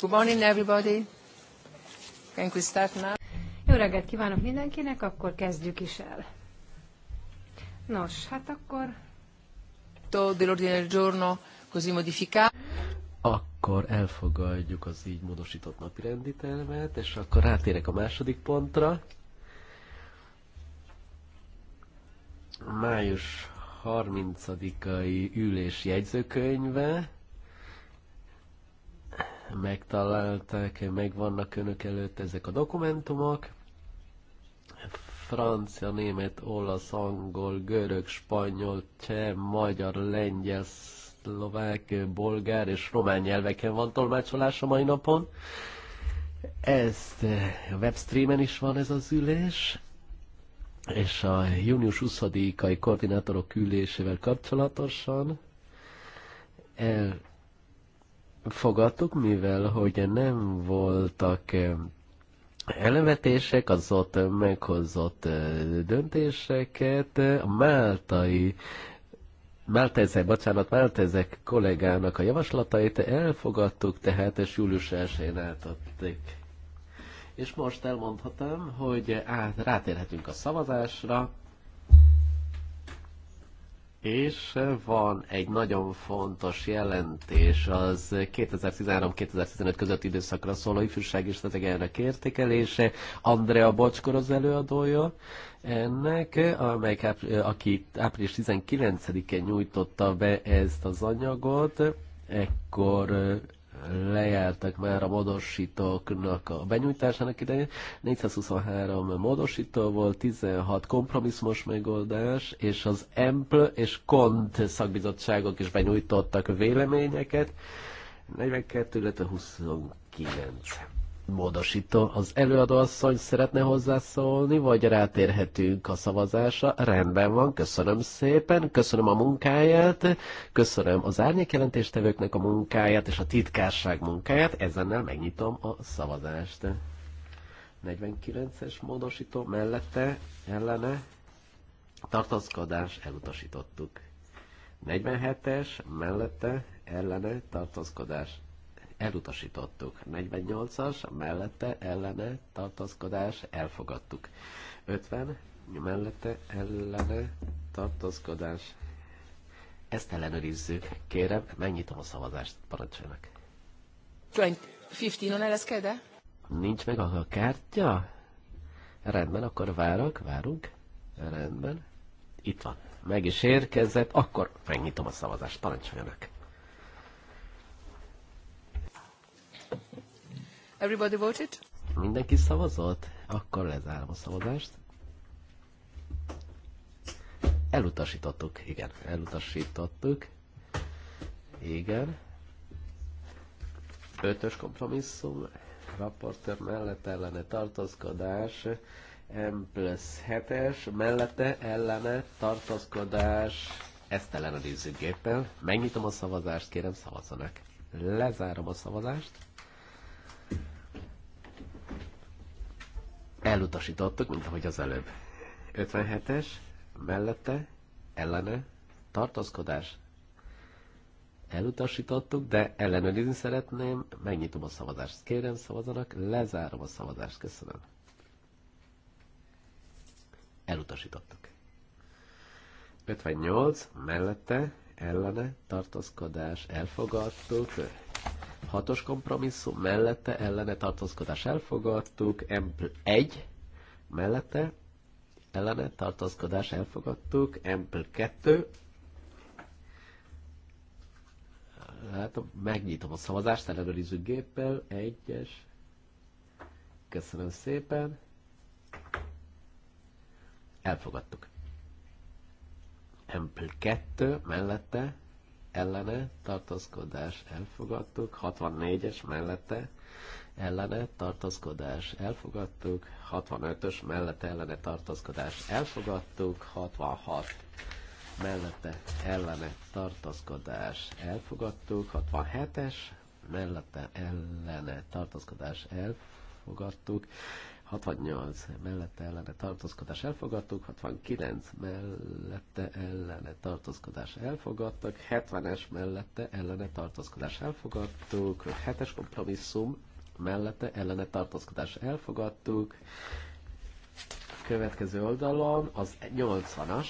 Good morning, everybody. Can we start now? Jó reggelt kívánok mindenkinek, akkor kezdjük is el. Nos, hát akkor... dell'ordine del giorno così modificato. Akkor elfogadjuk az így módosított napirendi tervet, és akkor rátérek a második pontra. Május 30-ai ülés jegyzőkönyve megtalálták, megvannak önök előtt ezek a dokumentumok. Francia, német, olasz, angol, görög, spanyol, cseh, magyar, lengyel, szlovák, bolgár és román nyelveken van tolmácsolás a mai napon. Ezt eh, a webstreamen is van ez az ülés, és a június 20-ai koordinátorok ülésével kapcsolatosan el fogadtuk, mivel hogy nem voltak elemetések, az ott meghozott döntéseket a máltai Máltezek, bocsánat, Máltezek kollégának a javaslatait elfogadtuk, tehát és július 1-én átadték. És most elmondhatom, hogy át, rátérhetünk a szavazásra és van egy nagyon fontos jelentés az 2013-2015 közötti időszakra szóló ifjúsági stratégiának értékelése. Andrea Bocskor az előadója ennek, amelyik aki április 19-én nyújtotta be ezt az anyagot. Ekkor lejártak már a módosítóknak a benyújtásának idején. 423 módosító volt, 16 kompromisszumos megoldás, és az EMPL és KONT szakbizottságok is benyújtottak véleményeket. 42, illetve 29 módosító. Az előadó asszony szeretne hozzászólni, vagy rátérhetünk a szavazásra? Rendben van, köszönöm szépen, köszönöm a munkáját, köszönöm az árnyékjelentéstevőknek a munkáját és a titkárság munkáját, ezennel megnyitom a szavazást. 49-es módosító mellette, ellene, tartózkodás elutasítottuk. 47-es mellette, ellene, tartózkodás elutasítottuk. 48-as, mellette, ellene, tartózkodás, elfogadtuk. 50, mellette, ellene, tartózkodás. Ezt ellenőrizzük. Kérem, megnyitom a szavazást, parancsoljanak. 15-on -e? Nincs meg a kártya? Rendben, akkor várok, várunk. Rendben. Itt van. Meg is érkezett, akkor megnyitom a szavazást, parancsoljanak. Everybody voted? Mindenki szavazott? Akkor lezárom a szavazást. Elutasítottuk, igen, elutasítottuk. Igen. Ötös kompromisszum, raportőr mellett ellene tartozkodás. M plusz 7-es, mellette ellene tartozkodás. ezt ellenőrizzük géppel. Megnyitom a szavazást, kérem szavazzanak. Lezárom a szavazást. elutasítottuk, mint ahogy az előbb. 57-es, mellette, ellene, tartózkodás. Elutasítottuk, de ellenőrizni szeretném, megnyitom a szavazást. Kérem, szavazanak, lezárom a szavazást, köszönöm. Elutasítottuk. 58, mellette, ellene, tartózkodás, elfogadtuk, Hatos kompromisszum mellette ellene tartózkodás elfogadtuk. M1 mellette ellene tartózkodás elfogadtuk. M2 látom, megnyitom a szavazást, ellenőrizzük géppel, egyes. Köszönöm szépen. Elfogadtuk. Ample 2 mellette ellene tartózkodás elfogadtuk, 64-es mellette ellene tartózkodás elfogadtuk, 65-ös mellette ellene tartózkodás elfogadtuk, 66 mellette ellene tartózkodás elfogadtuk, 67-es mellette ellene tartózkodás elfogadtuk, 68 mellette ellene tartózkodás elfogadtuk, 69 mellette ellene tartózkodás elfogadtak, 70-es mellette ellene tartózkodás elfogadtuk, 7-es kompromisszum mellette ellene tartózkodás elfogadtuk, következő oldalon az 80-as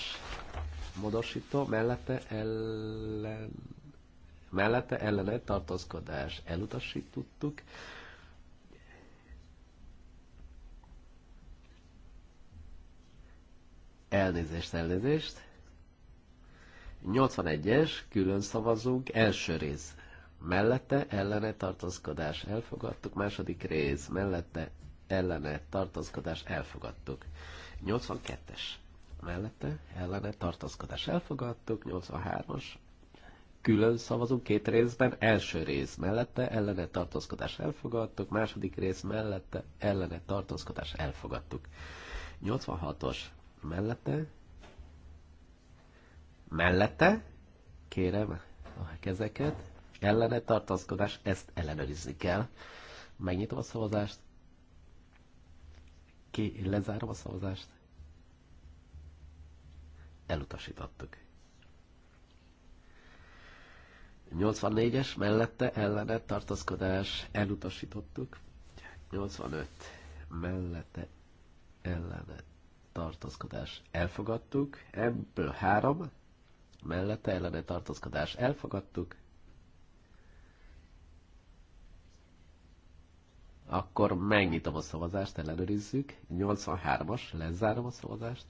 modosító mellette ellen mellette ellene tartózkodás elutasítottuk, Elnézést, elnézést. 81-es, külön szavazunk, első rész. Mellette, ellene, tartózkodás, elfogadtuk. Második rész, mellette, ellene, tartózkodás, elfogadtuk. 82-es, mellette, ellene, tartózkodás, elfogadtuk. 83-as, külön szavazunk két részben, első rész mellette ellene tartózkodás elfogadtuk, második rész mellette ellene tartózkodás elfogadtuk. 86-os mellette, mellette, kérem a kezeket, ellene tartózkodás, ezt ellenőrizni kell. Megnyitom a szavazást, ki, lezárom a szavazást, elutasítottuk. 84-es mellette ellene tartózkodás elutasítottuk. 85 mellette ellene tartózkodás elfogadtuk, ebből három, mellette ellene tartózkodás elfogadtuk, akkor megnyitom a szavazást, ellenőrizzük, 83-as, lezárom a szavazást,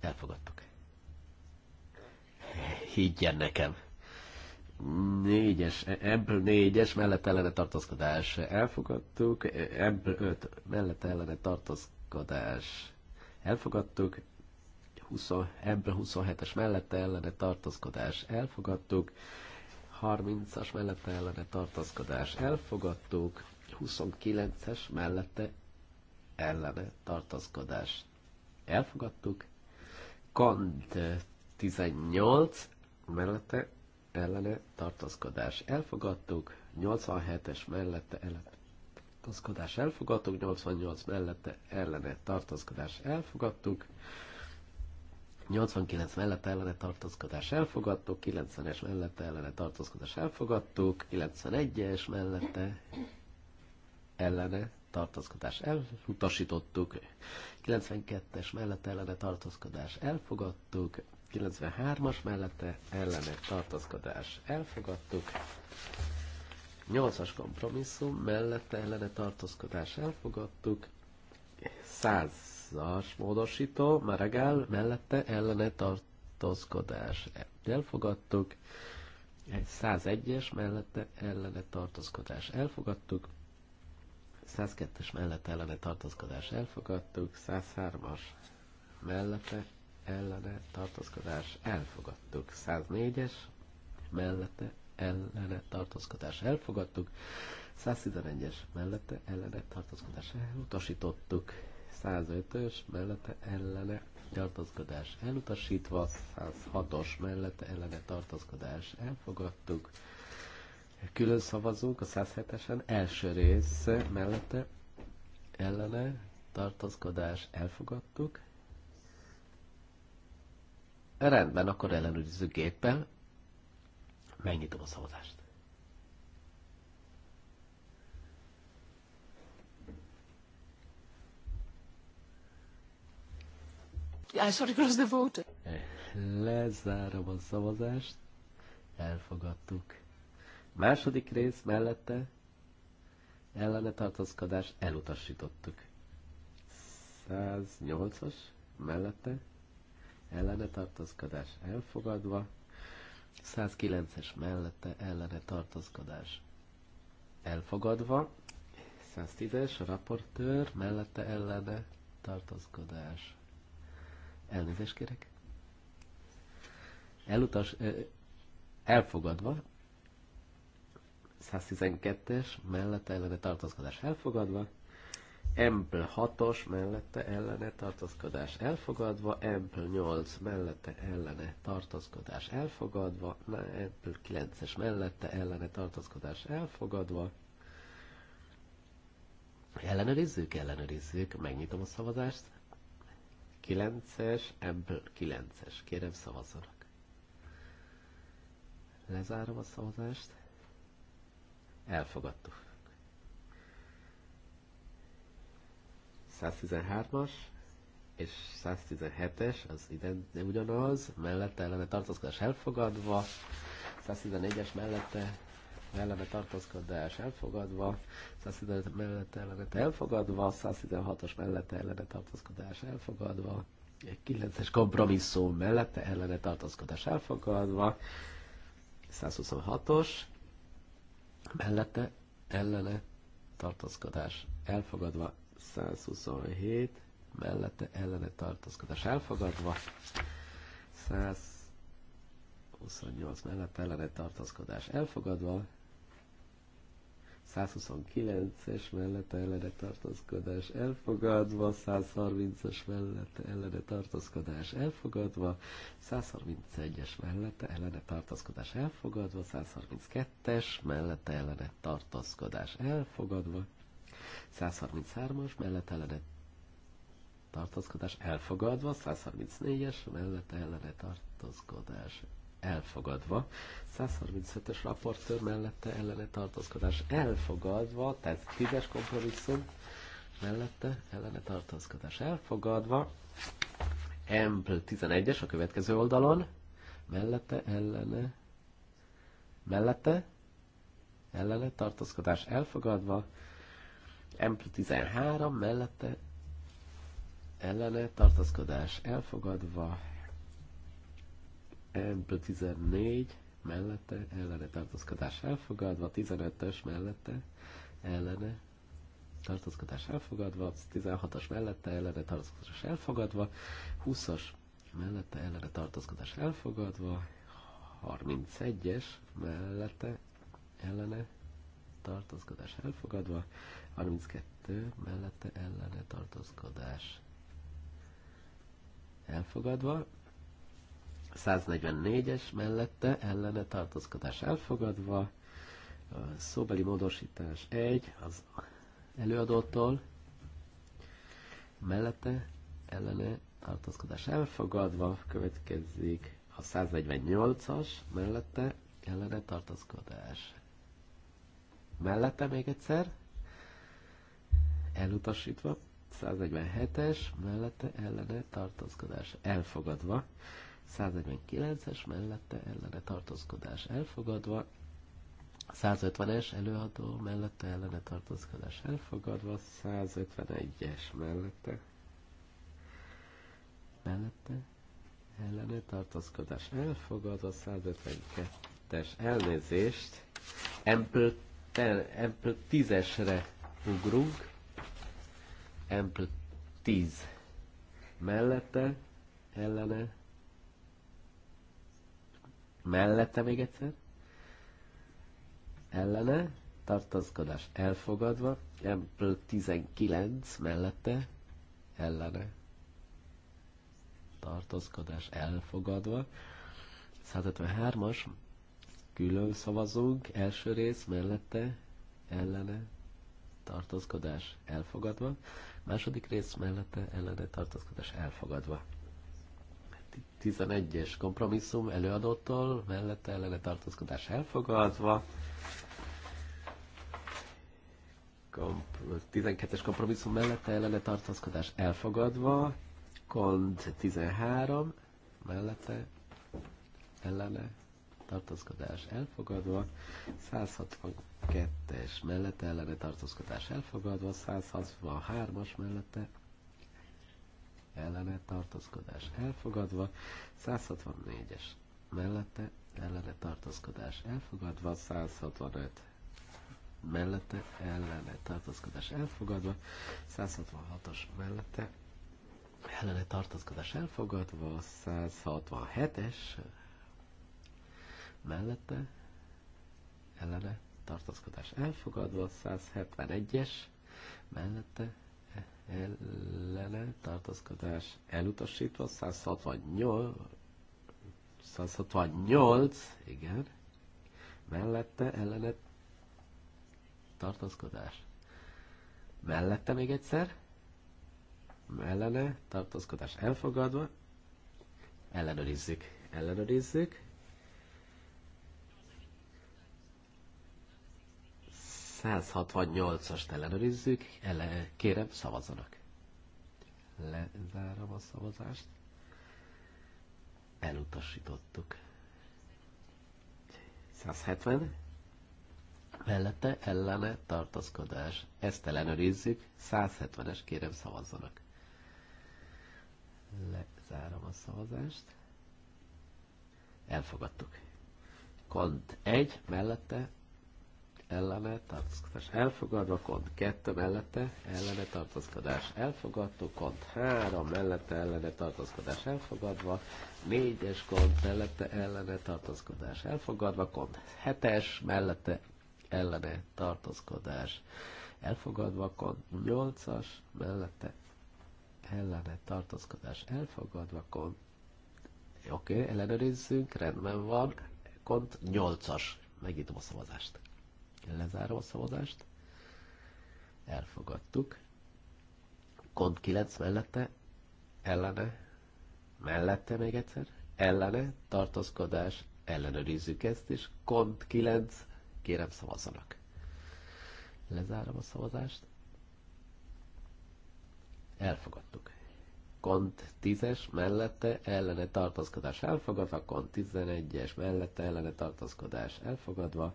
elfogadtuk. Higgyen nekem! négyes, ebből négyes mellett ellene tartózkodás elfogadtuk, ebből öt mellett ellene tartózkodás elfogadtuk, 20, ebből 27-es mellette ellene tartózkodás elfogadtuk, 30-as mellette ellene tartózkodás elfogadtuk, 29-es mellette ellene tartózkodás elfogadtuk, Kant 18 mellette ellene tartozkodás elfogadtuk, 87-es mellette ellene tartozkodás elfogadtuk, 88 mellette ellene tartozkodás elfogadtuk, 89 mellette ellene tartózkodás elfogadtuk, 90-es mellette ellene tartózkodás elfogadtuk, 91-es mellette ellene tartózkodás elutasítottuk, 92-es mellett ellene tartózkodás elfogadtuk, 93-as mellette ellene tartózkodás elfogadtuk. 8-as kompromisszum mellette ellene tartózkodás elfogadtuk. 100-as módosító, Maragall mellette ellene tartózkodás elfogadtuk. 101-es mellette ellene tartózkodás elfogadtuk. 102-es mellette ellene tartózkodás elfogadtuk, 103-as mellette ellene tartózkodás elfogadtuk. 104-es mellette ellene tartózkodás elfogadtuk. 111-es mellette ellene tartózkodás elutasítottuk. 105-ös mellette ellene tartózkodás elutasítva, 106-os mellette ellene tartózkodás elfogadtuk. Külön szavazunk a 107-esen első rész mellette ellene tartózkodás elfogadtuk, Rendben, akkor ellenőrizzük géppel. Megnyitom a szavazást. I sorry, close the vote. Lezárom a szavazást. Elfogadtuk. Második rész mellette ellene tartózkodás elutasítottuk. 108-as mellette ellene tartózkodás elfogadva, 109-es mellette ellene tartózkodás elfogadva, 110-es raportőr mellette ellene tartózkodás. Elnézést kérek. Elutas, ö, elfogadva, 112-es mellette ellene tartózkodás elfogadva, Ample 6-os mellette ellene tartózkodás elfogadva, Ample 8 mellette ellene tartózkodás elfogadva, Ample 9-es mellette ellene tartózkodás elfogadva. Ellenőrizzük, ellenőrizzük, megnyitom a szavazást. 9-es, Ample 9-es, kérem szavazzanak. Lezárom a szavazást. Elfogadtuk. 113-as és 117-es, az ide ugyanaz, mellette ellene tartózkodás elfogadva, 114-es mellette ellene tartózkodás elfogadva, 115 mellette ellene elfogadva, 116-os mellette ellene tartózkodás elfogadva, 9-es kompromisszum mellette ellene tartózkodás elfogadva, 126-os mellette ellene tartózkodás elfogadva, 127 mellette ellene tartózkodás elfogadva, 128 mellette ellene tartózkodás elfogadva, 129-es mellette ellene tartózkodás elfogadva, 130-es mellette ellene tartózkodás elfogadva, 131-es mellette ellene tartózkodás elfogadva, 132-es mellette ellene tartózkodás elfogadva, 133-as mellett ellenet tartózkodás elfogadva, 134-es mellett ellene tartózkodás elfogadva, 135-ös raportőr mellette ellene tartózkodás elfogadva, tehát 10-es kompromisszum mellette ellene tartózkodás elfogadva, Ample 11-es a következő oldalon, mellette ellene, mellette ellene tartózkodás elfogadva, M13 mellette ellene tartózkodás elfogadva, M14 mellette ellene tartózkodás elfogadva, 15-ös mellette ellene tartózkodás elfogadva, 16-as mellette ellene tartózkodás elfogadva, 20-as mellette ellene tartózkodás elfogadva, 31-es mellette ellene tartózkodás elfogadva, 32 mellette ellene tartózkodás elfogadva. 144-es mellette ellene tartózkodás elfogadva. A szóbeli módosítás 1 az előadótól mellette ellene tartózkodás elfogadva. Következik a 148-as mellette ellene tartózkodás. Mellette még egyszer elutasítva, 147-es mellette ellene tartózkodás elfogadva, 149-es mellette ellene tartózkodás elfogadva, 150-es előadó mellette ellene tartózkodás elfogadva, 151-es mellette mellette ellene tartózkodás elfogadva, 152-es elnézést, Ample 10-esre ugrunk, Ample 10 mellette, ellene, mellette még egyszer, ellene, tartozkodás elfogadva, Ample 19 mellette, ellene, tartozkodás elfogadva, 153-as, külön szavazunk, első rész mellette, ellene, tartozkodás elfogadva, Második rész mellette ellene tartózkodás elfogadva. 11-es kompromisszum előadottól mellette ellene tartózkodás elfogadva. 12-es kompromisszum mellette ellene tartózkodás elfogadva. Kond 13 mellette ellene tartózkodás elfogadva, 162-es mellette ellene tartózkodás elfogadva, 163-as mellette ellene tartózkodás elfogadva, 164-es mellette ellene tartózkodás elfogadva, 165 mellette ellene tartózkodás elfogadva, 166-os mellette ellene tartózkodás elfogadva, 167-es mellette ellene tartózkodás elfogadva, 171-es mellette ellene tartózkodás elutasítva, 168, 168, igen, mellette ellene tartózkodás. Mellette még egyszer, mellene tartózkodás elfogadva, ellenőrizzük, ellenőrizzük, 168-ast ellenőrizzük, ele, kérem szavazzanak. Lezárom a szavazást. Elutasítottuk. 170. Mellette ellene tartaszkodás. Ezt ellenőrizzük. 170-es kérem szavazzanak. Lezárom a szavazást. Elfogadtuk. Kont 1 mellette ellene tartózkodás elfogadva, kont 2 mellette ellene tartózkodás elfogadva, kont 3 mellette ellene tartózkodás elfogadva, 4-es kont mellette ellene tartózkodás elfogadva, kont 7-es mellette ellene tartózkodás elfogadva, kont 8-as mellette ellene tartózkodás elfogadva, kont Oké, okay, ellenőrizzünk, rendben van. Kont 8-as. Megítom a szavazást. Lezárom a szavazást. Elfogadtuk. Kont 9 mellette, ellene, mellette még egyszer, ellene, tartózkodás, ellenőrizzük ezt, is kont 9, kérem szavazzanak. Lezárom a szavazást. Elfogadtuk. Kont 10-es mellette ellene tartózkodás elfogadva, Kont 11-es mellette ellene tartózkodás elfogadva,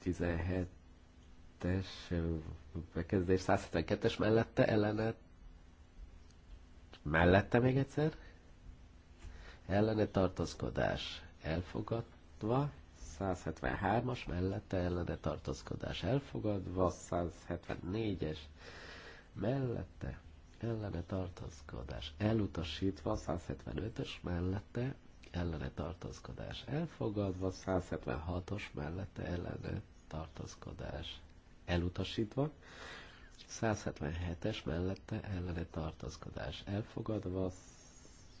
117 es bekezdés 172-es mellette ellenet. mellette még egyszer ellene tartózkodás elfogadva 173-as mellette ellene tartózkodás elfogadva 174-es mellette ellene tartózkodás elutasítva 175-ös mellette ellene tartózkodás elfogadva, 176-os mellette ellene tartózkodás elutasítva, 177-es mellette ellene tartózkodás elfogadva,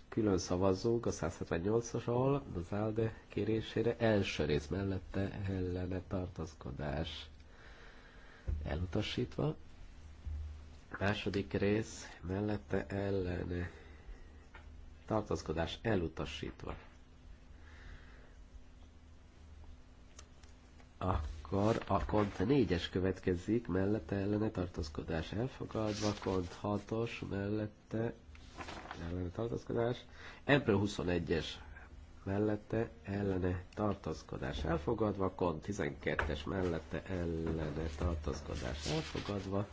külön szavazzunk a 178-asról az ALDE kérésére, első rész mellette ellene tartózkodás elutasítva, második rész mellette ellene tartózkodás elutasítva. Akkor a kont 4-es következik, mellette ellene tartózkodás elfogadva, kont 6-os, mellette ellene tartózkodás, ebből 21-es mellette ellene tartózkodás elfogadva, kont 12-es mellette ellene tartózkodás elfogadva,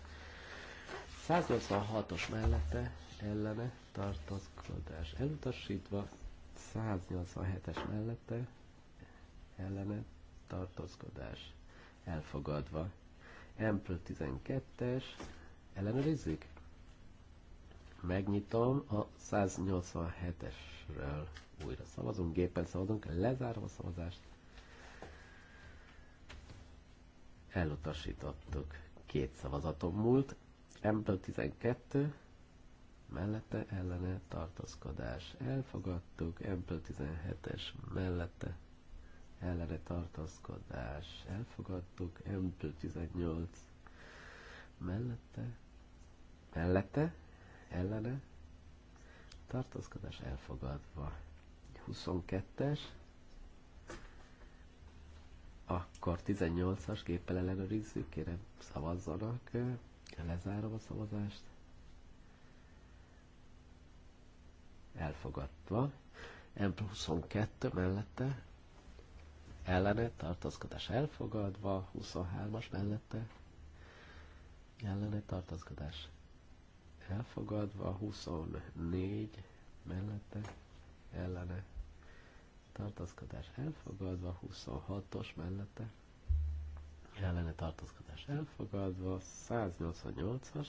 186-os mellette ellene tartózkodás elutasítva, 187-es mellette ellene tartózkodás elfogadva. Ample 12-es, ellenőrizzük? Megnyitom a 187-esről. Újra szavazunk, gépen szavazunk, lezárva a szavazást. Elutasítottuk. Két szavazatom múlt. Ample 12, mellette ellene tartózkodás elfogadtuk, ebből 17-es mellette ellene tartózkodás elfogadtuk, ebből 18 mellette mellette ellene tartózkodás elfogadva 22-es akkor 18-as géppel ellenőrizzük, kérem szavazzanak, lezárom a szavazást elfogadva, M22 mellette, ellene, tartózkodás elfogadva, 23-as mellette, ellene, tartózkodás elfogadva, 24 mellette, ellene, tartózkodás elfogadva, 26-os mellette, ellene tartózkodás elfogadva, 188-as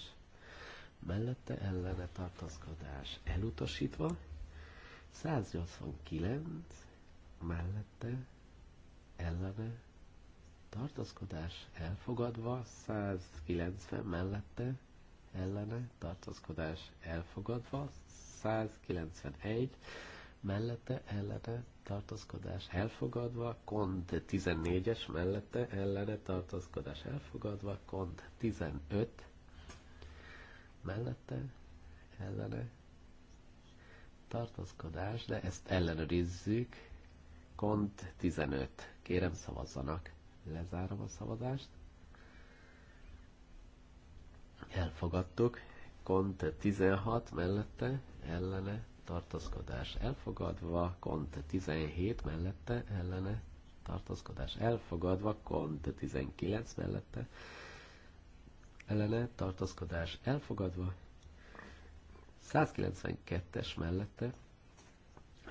mellette ellene tartózkodás elutasítva, 189 mellette ellene tartózkodás elfogadva, 190 mellette ellene tartózkodás elfogadva, 191 mellette ellene tartózkodás elfogadva, kont 14-es mellette ellene tartózkodás elfogadva, kont 15 mellette, ellene, tartózkodás, de ezt ellenőrizzük, kont 15, kérem szavazzanak, lezárom a szavazást, elfogadtuk, kont 16 mellette, ellene, tartózkodás elfogadva, kont 17 mellette, ellene, tartózkodás elfogadva, kont 19 mellette, ellene tartózkodás elfogadva, 192-es mellette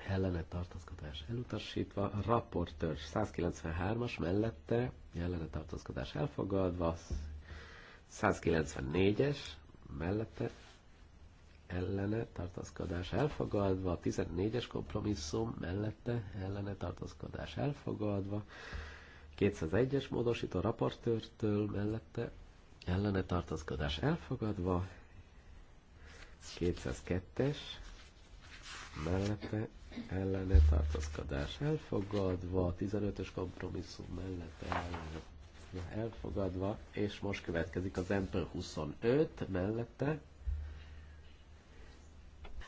ellene tartózkodás elutasítva, a raportőr 193-as mellette ellene tartózkodás elfogadva, 194-es mellette ellene tartózkodás elfogadva, 14-es kompromisszum mellette ellene tartózkodás elfogadva, 201-es módosító raportőrtől mellette ellene tartózkodás elfogadva, 202-es, mellette ellene tartózkodás elfogadva, 15-ös kompromisszum mellette ellene elfogadva, és most következik az mp 25 mellette.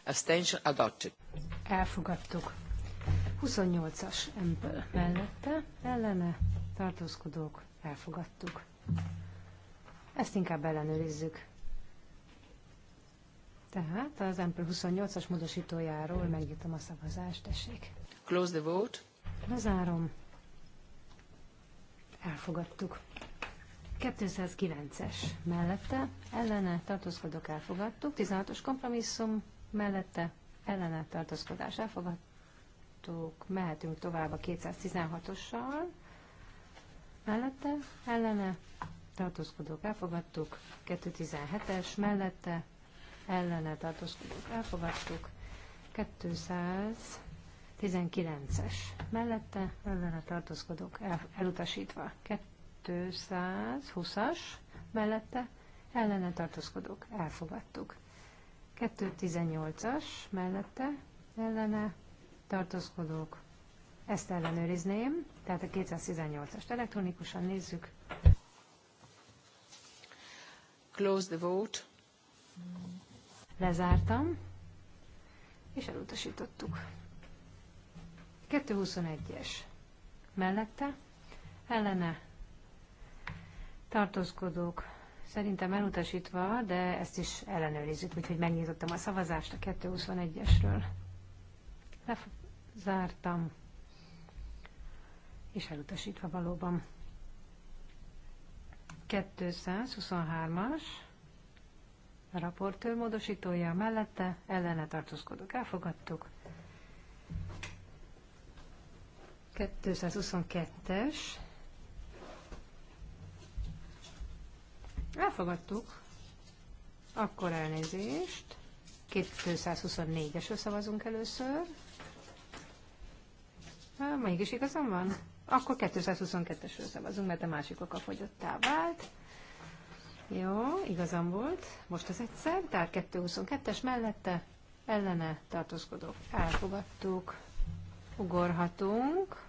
Abstention adopted. Elfogadtuk. 28-as MP mellette, ellene tartózkodók elfogadtuk. Ezt inkább ellenőrizzük. Tehát az MP 28-as módosítójáról megnyitom a szavazást, tessék. Close the vote. Lezárom. Elfogadtuk. 209-es mellette, ellene tartózkodok, elfogadtuk. 16-os kompromisszum mellette, ellene tartózkodás, elfogadtuk. Mehetünk tovább a 216-ossal. Mellette, ellene tartózkodók elfogadtuk, 217-es mellette ellene tartózkodók elfogadtuk, 219-es mellette ellene tartózkodók el, elutasítva, 220-as mellette ellene tartózkodók elfogadtuk, 218-as mellette ellene tartózkodók ezt ellenőrizném, tehát a 218-ast elektronikusan nézzük, Close the vote. Lezártam, és elutasítottuk. 221-es. Mellette, ellene tartózkodók. Szerintem elutasítva, de ezt is ellenőrizzük, úgyhogy megnyitottam a szavazást a 221-esről. Lezártam, és elutasítva valóban. 223-as a raportőr módosítója mellette ellene tartózkodók elfogadtuk. 222-es elfogadtuk akkor elnézést 224-esről szavazunk először Há, mégis igazam van? Akkor 222-esről szavazunk, mert a másik oka fogyottá vált. Jó, igazam volt. Most az egyszer, tehát 222-es mellette ellene tartózkodók. Elfogadtuk, ugorhatunk.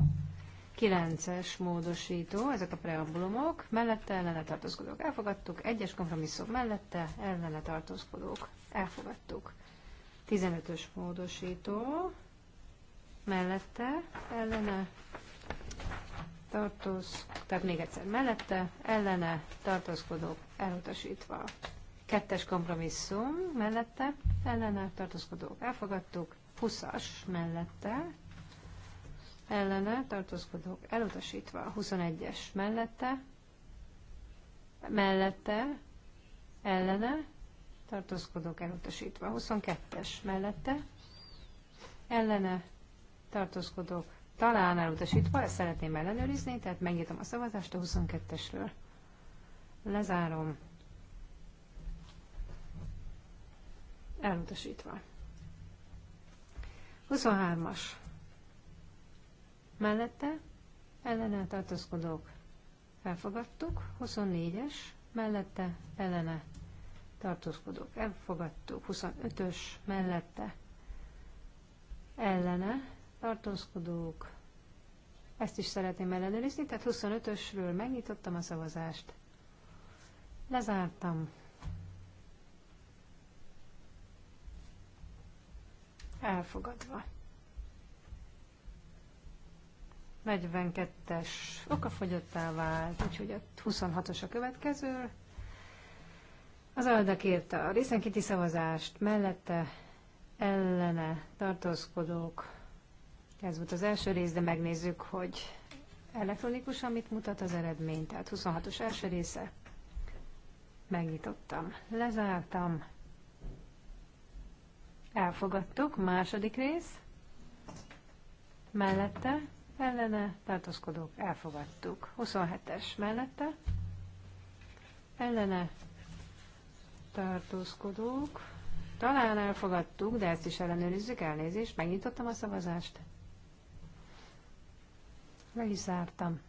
9-es módosító, ezek a preambulumok, mellette ellene tartózkodók elfogadtuk, 1-es kompromisszum mellette ellene tartózkodók elfogadtuk. 15-ös módosító, mellette ellene tartóz, tehát még egyszer mellette, ellene, tartózkodók, elutasítva. Kettes kompromisszum mellette, ellene, tartózkodók, elfogadtuk. Huszas, mellette, ellene, tartózkodók, elutasítva. 21-es mellette, mellette, ellene, tartózkodók, elutasítva. 22-es mellette, ellene, tartózkodók, talán elutasítva, ezt szeretném ellenőrizni, tehát megnyitom a szavazást a 22-esről. Lezárom. Elutasítva. 23-as. Mellette ellene tartózkodók elfogadtuk. 24-es. Mellette ellene tartózkodók elfogadtuk. 25-ös. Mellette ellene tartózkodók, ezt is szeretném ellenőrizni, tehát 25-ösről megnyitottam a szavazást. Lezártam. Elfogadva. 42-es okafogyottá vált, úgyhogy a 26-os a következő. Az aldak érte a részenkiti szavazást, mellette ellene tartózkodók ez volt az első rész, de megnézzük, hogy elektronikusan mit mutat az eredmény. Tehát 26-os első része. Megnyitottam, lezártam, elfogadtuk, második rész, mellette, ellene, tartózkodók, elfogadtuk. 27-es mellette, ellene, tartózkodók, talán elfogadtuk, de ezt is ellenőrizzük, elnézést, megnyitottam a szavazást. Le is zártam.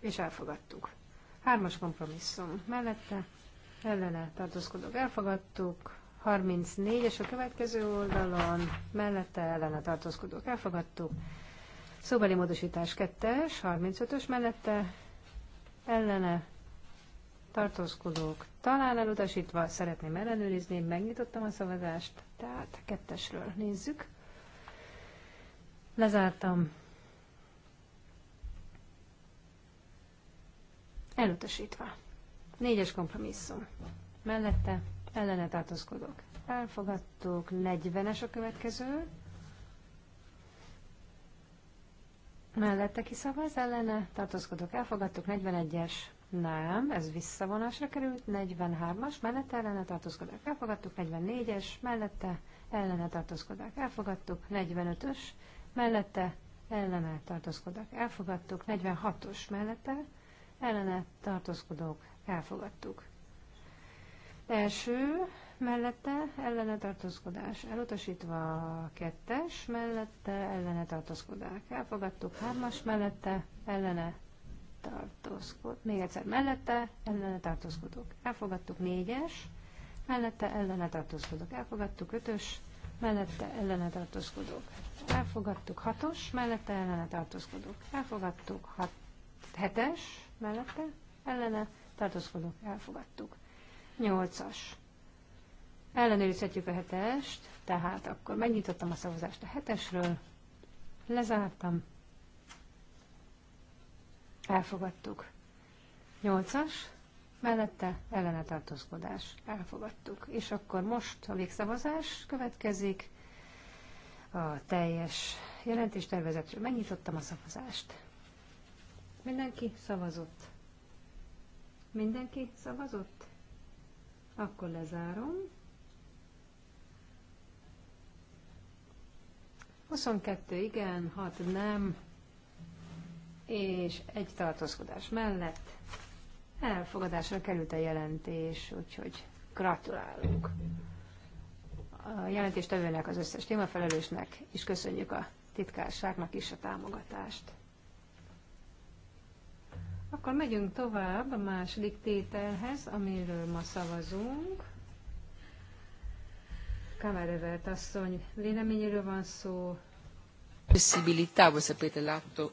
És elfogadtuk. Hármas kompromisszum mellette, ellene tartózkodok, elfogadtuk. 34 és a következő oldalon, mellette ellene tartózkodók elfogadtuk. Szóbeli módosítás 2-es, 35-ös mellette, ellene tartózkodók talán elutasítva, szeretném ellenőrizni, megnyitottam a szavazást, tehát 2-esről nézzük. Lezártam, Elutasítva. Négyes kompromisszum. Mellette ellene tartozkodok. Elfogadtuk. 40-es a következő. Mellette kiszavaz ellene, tartozkodok. elfogadtuk, 41-es, nem, ez visszavonásra került, 43-as, mellette ellene tartózkodák, elfogadtuk, 44-es, mellette ellene tartózkodák, elfogadtuk, 45-ös, mellette ellene tartózkodák, elfogadtuk, 46-os, mellette ellene tartózkodók elfogadtuk. Első mellette ellene tartózkodás elutasítva, kettes mellette ellene tartózkodás elfogadtuk, hármas mellette ellene tartózkod, még egyszer mellette ellene tartózkodók elfogadtuk, négyes mellette ellene tartózkodók elfogadtuk, ötös mellette ellene tartózkodók elfogadtuk, hatos mellette ellene tartózkodók elfogadtuk, hat, hetes mellette, ellene, tartózkodok, elfogadtuk. 8-as. Ellenőrizhetjük a hetest, tehát akkor megnyitottam a szavazást a hetesről, lezártam, elfogadtuk. 8-as, mellette ellene tartózkodás, elfogadtuk. És akkor most a végszavazás következik, a teljes jelentéstervezetről megnyitottam a szavazást. Mindenki szavazott. Mindenki szavazott? Akkor lezárom. 22 igen, 6 nem, és egy tartózkodás mellett elfogadásra került a jelentés, úgyhogy gratulálunk. A jelentéstevőnek, az összes témafelelősnek, és köszönjük a titkárságnak is a támogatást. Akkor megyünk tovább a második tételhez, amiről ma szavazunk. Kamerevert asszony véleményéről van szó. Possibilità, sapete l'atto.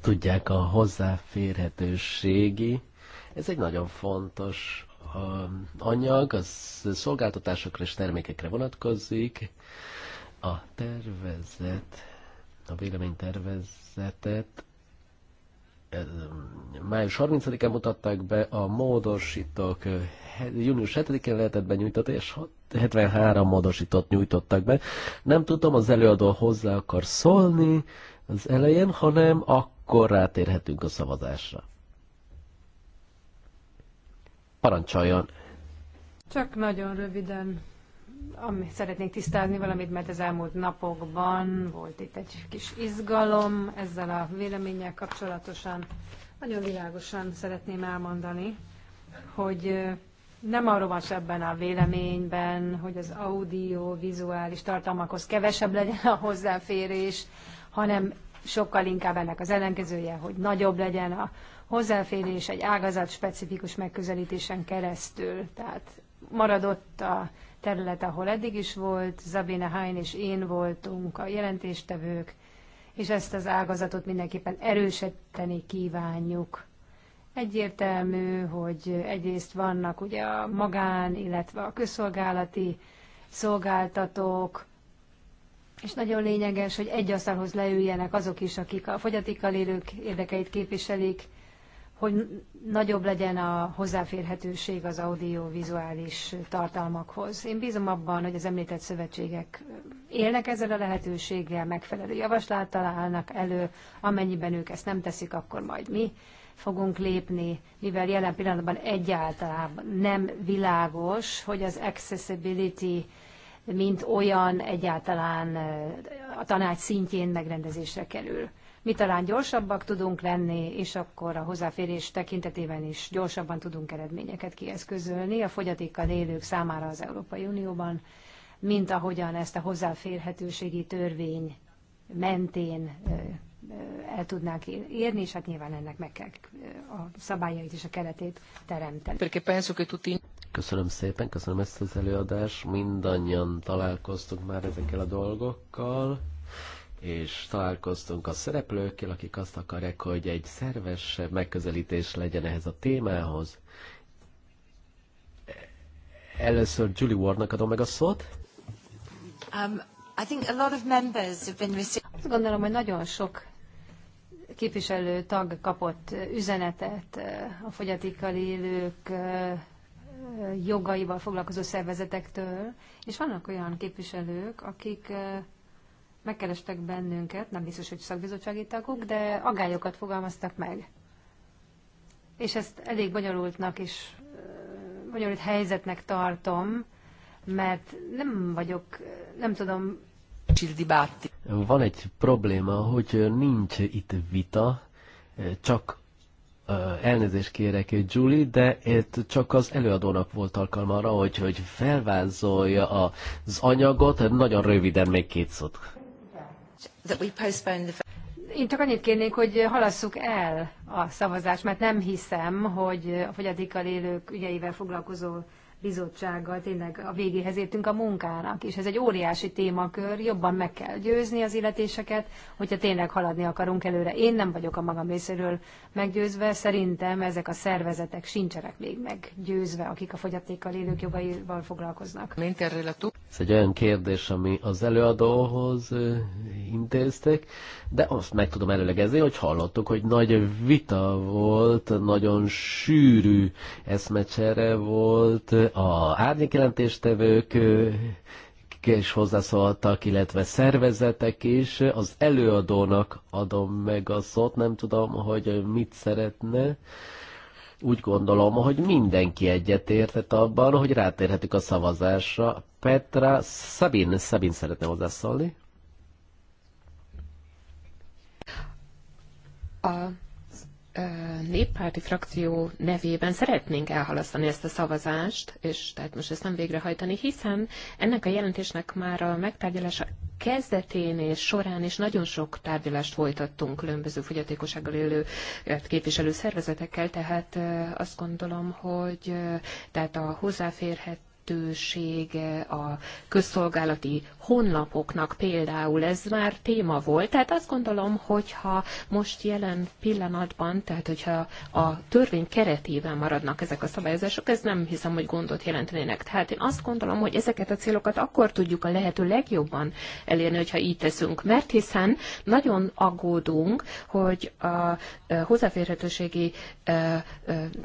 Tudják, a hozzáférhetőségi, ez egy nagyon fontos um, anyag, az szolgáltatásokra és termékekre vonatkozik. A tervezet, a véleménytervezetet május 30-án mutatták be, a módosítók eh, június 7-én lehetett benyújtani, és 73 módosítót nyújtottak be. Nem tudom, az előadó hozzá akar szólni az elején, hanem akkor rátérhetünk a szavazásra. Parancsoljon! Csak nagyon röviden amit szeretnék tisztázni valamit, mert az elmúlt napokban volt itt egy kis izgalom ezzel a véleménnyel kapcsolatosan. Nagyon világosan szeretném elmondani, hogy nem arról van ebben a véleményben, hogy az audio-vizuális tartalmakhoz kevesebb legyen a hozzáférés, hanem sokkal inkább ennek az ellenkezője, hogy nagyobb legyen a hozzáférés egy ágazat specifikus megközelítésen keresztül. Tehát maradott a terület, ahol eddig is volt, Zabina Hain és én voltunk a jelentéstevők, és ezt az ágazatot mindenképpen erősíteni kívánjuk. Egyértelmű, hogy egyrészt vannak ugye a magán, illetve a közszolgálati szolgáltatók, és nagyon lényeges, hogy egy asztalhoz leüljenek azok is, akik a fogyatékkal élők érdekeit képviselik, hogy nagyobb legyen a hozzáférhetőség az audiovizuális tartalmakhoz. Én bízom abban, hogy az említett szövetségek élnek ezzel a lehetőséggel, megfelelő javaslattal állnak elő, amennyiben ők ezt nem teszik, akkor majd mi fogunk lépni, mivel jelen pillanatban egyáltalán nem világos, hogy az accessibility mint olyan egyáltalán a tanács szintjén megrendezésre kerül mi talán gyorsabbak tudunk lenni, és akkor a hozzáférés tekintetében is gyorsabban tudunk eredményeket kieszközölni a fogyatékkal élők számára az Európai Unióban, mint ahogyan ezt a hozzáférhetőségi törvény mentén el tudnánk érni, és hát nyilván ennek meg kell a szabályait és a keretét teremteni. Köszönöm szépen, köszönöm ezt az előadást, mindannyian találkoztunk már ezekkel a dolgokkal és találkoztunk a szereplőkkel, akik azt akarják, hogy egy szerves megközelítés legyen ehhez a témához. Először Julie Wardnak adom meg a szót. Um, I think a lot of members have been Azt gondolom, hogy nagyon sok képviselő tag kapott üzenetet eh, a fogyatékkal élők eh, jogaival foglalkozó szervezetektől, és vannak olyan képviselők, akik eh, megkerestek bennünket, nem biztos, hogy szakbizottsági tagok, de agályokat fogalmaztak meg. És ezt elég bonyolultnak és bonyolult helyzetnek tartom, mert nem vagyok, nem tudom... Van egy probléma, hogy nincs itt vita, csak elnézést kérek, Julie, de itt csak az előadónak volt alkalma arra, hogy, hogy felvázolja az anyagot, nagyon röviden még két szót that we postpone the én csak annyit kérnék, hogy halasszuk el a szavazást, mert nem hiszem, hogy a fogyatékkal élők ügyeivel foglalkozó bizottsággal tényleg a végéhez értünk a munkának, és ez egy óriási témakör, jobban meg kell győzni az illetéseket, hogyha tényleg haladni akarunk előre. Én nem vagyok a magam részéről meggyőzve, szerintem ezek a szervezetek sincsenek még meggyőzve, akik a fogyatékkal élők jogaival foglalkoznak. Ez egy olyan kérdés, ami az előadóhoz intéztek, de azt meg tudom előlegezni, hogy hallottuk, hogy nagy vita volt, nagyon sűrű eszmecsere volt, a árnyékjelentéstevők és hozzászóltak, illetve szervezetek is. Az előadónak adom meg a szót, nem tudom, hogy mit szeretne. Úgy gondolom, hogy mindenki egyetértett abban, hogy rátérhetünk a szavazásra. Petra, Szabin, Szabin szeretne hozzászólni. A néppárti frakció nevében szeretnénk elhalasztani ezt a szavazást, és tehát most ezt nem végrehajtani, hiszen ennek a jelentésnek már a megtárgyalása kezdetén és során is nagyon sok tárgyalást folytattunk különböző fogyatékossággal élő képviselő szervezetekkel, tehát azt gondolom, hogy tehát a hozzáférhet lehetősége a közszolgálati honlapoknak például ez már téma volt. Tehát azt gondolom, hogyha most jelen pillanatban, tehát hogyha a törvény keretében maradnak ezek a szabályozások, ez nem hiszem, hogy gondot jelentenének. Tehát én azt gondolom, hogy ezeket a célokat akkor tudjuk a lehető legjobban elérni, hogyha így teszünk, mert hiszen nagyon aggódunk, hogy a hozzáférhetőségi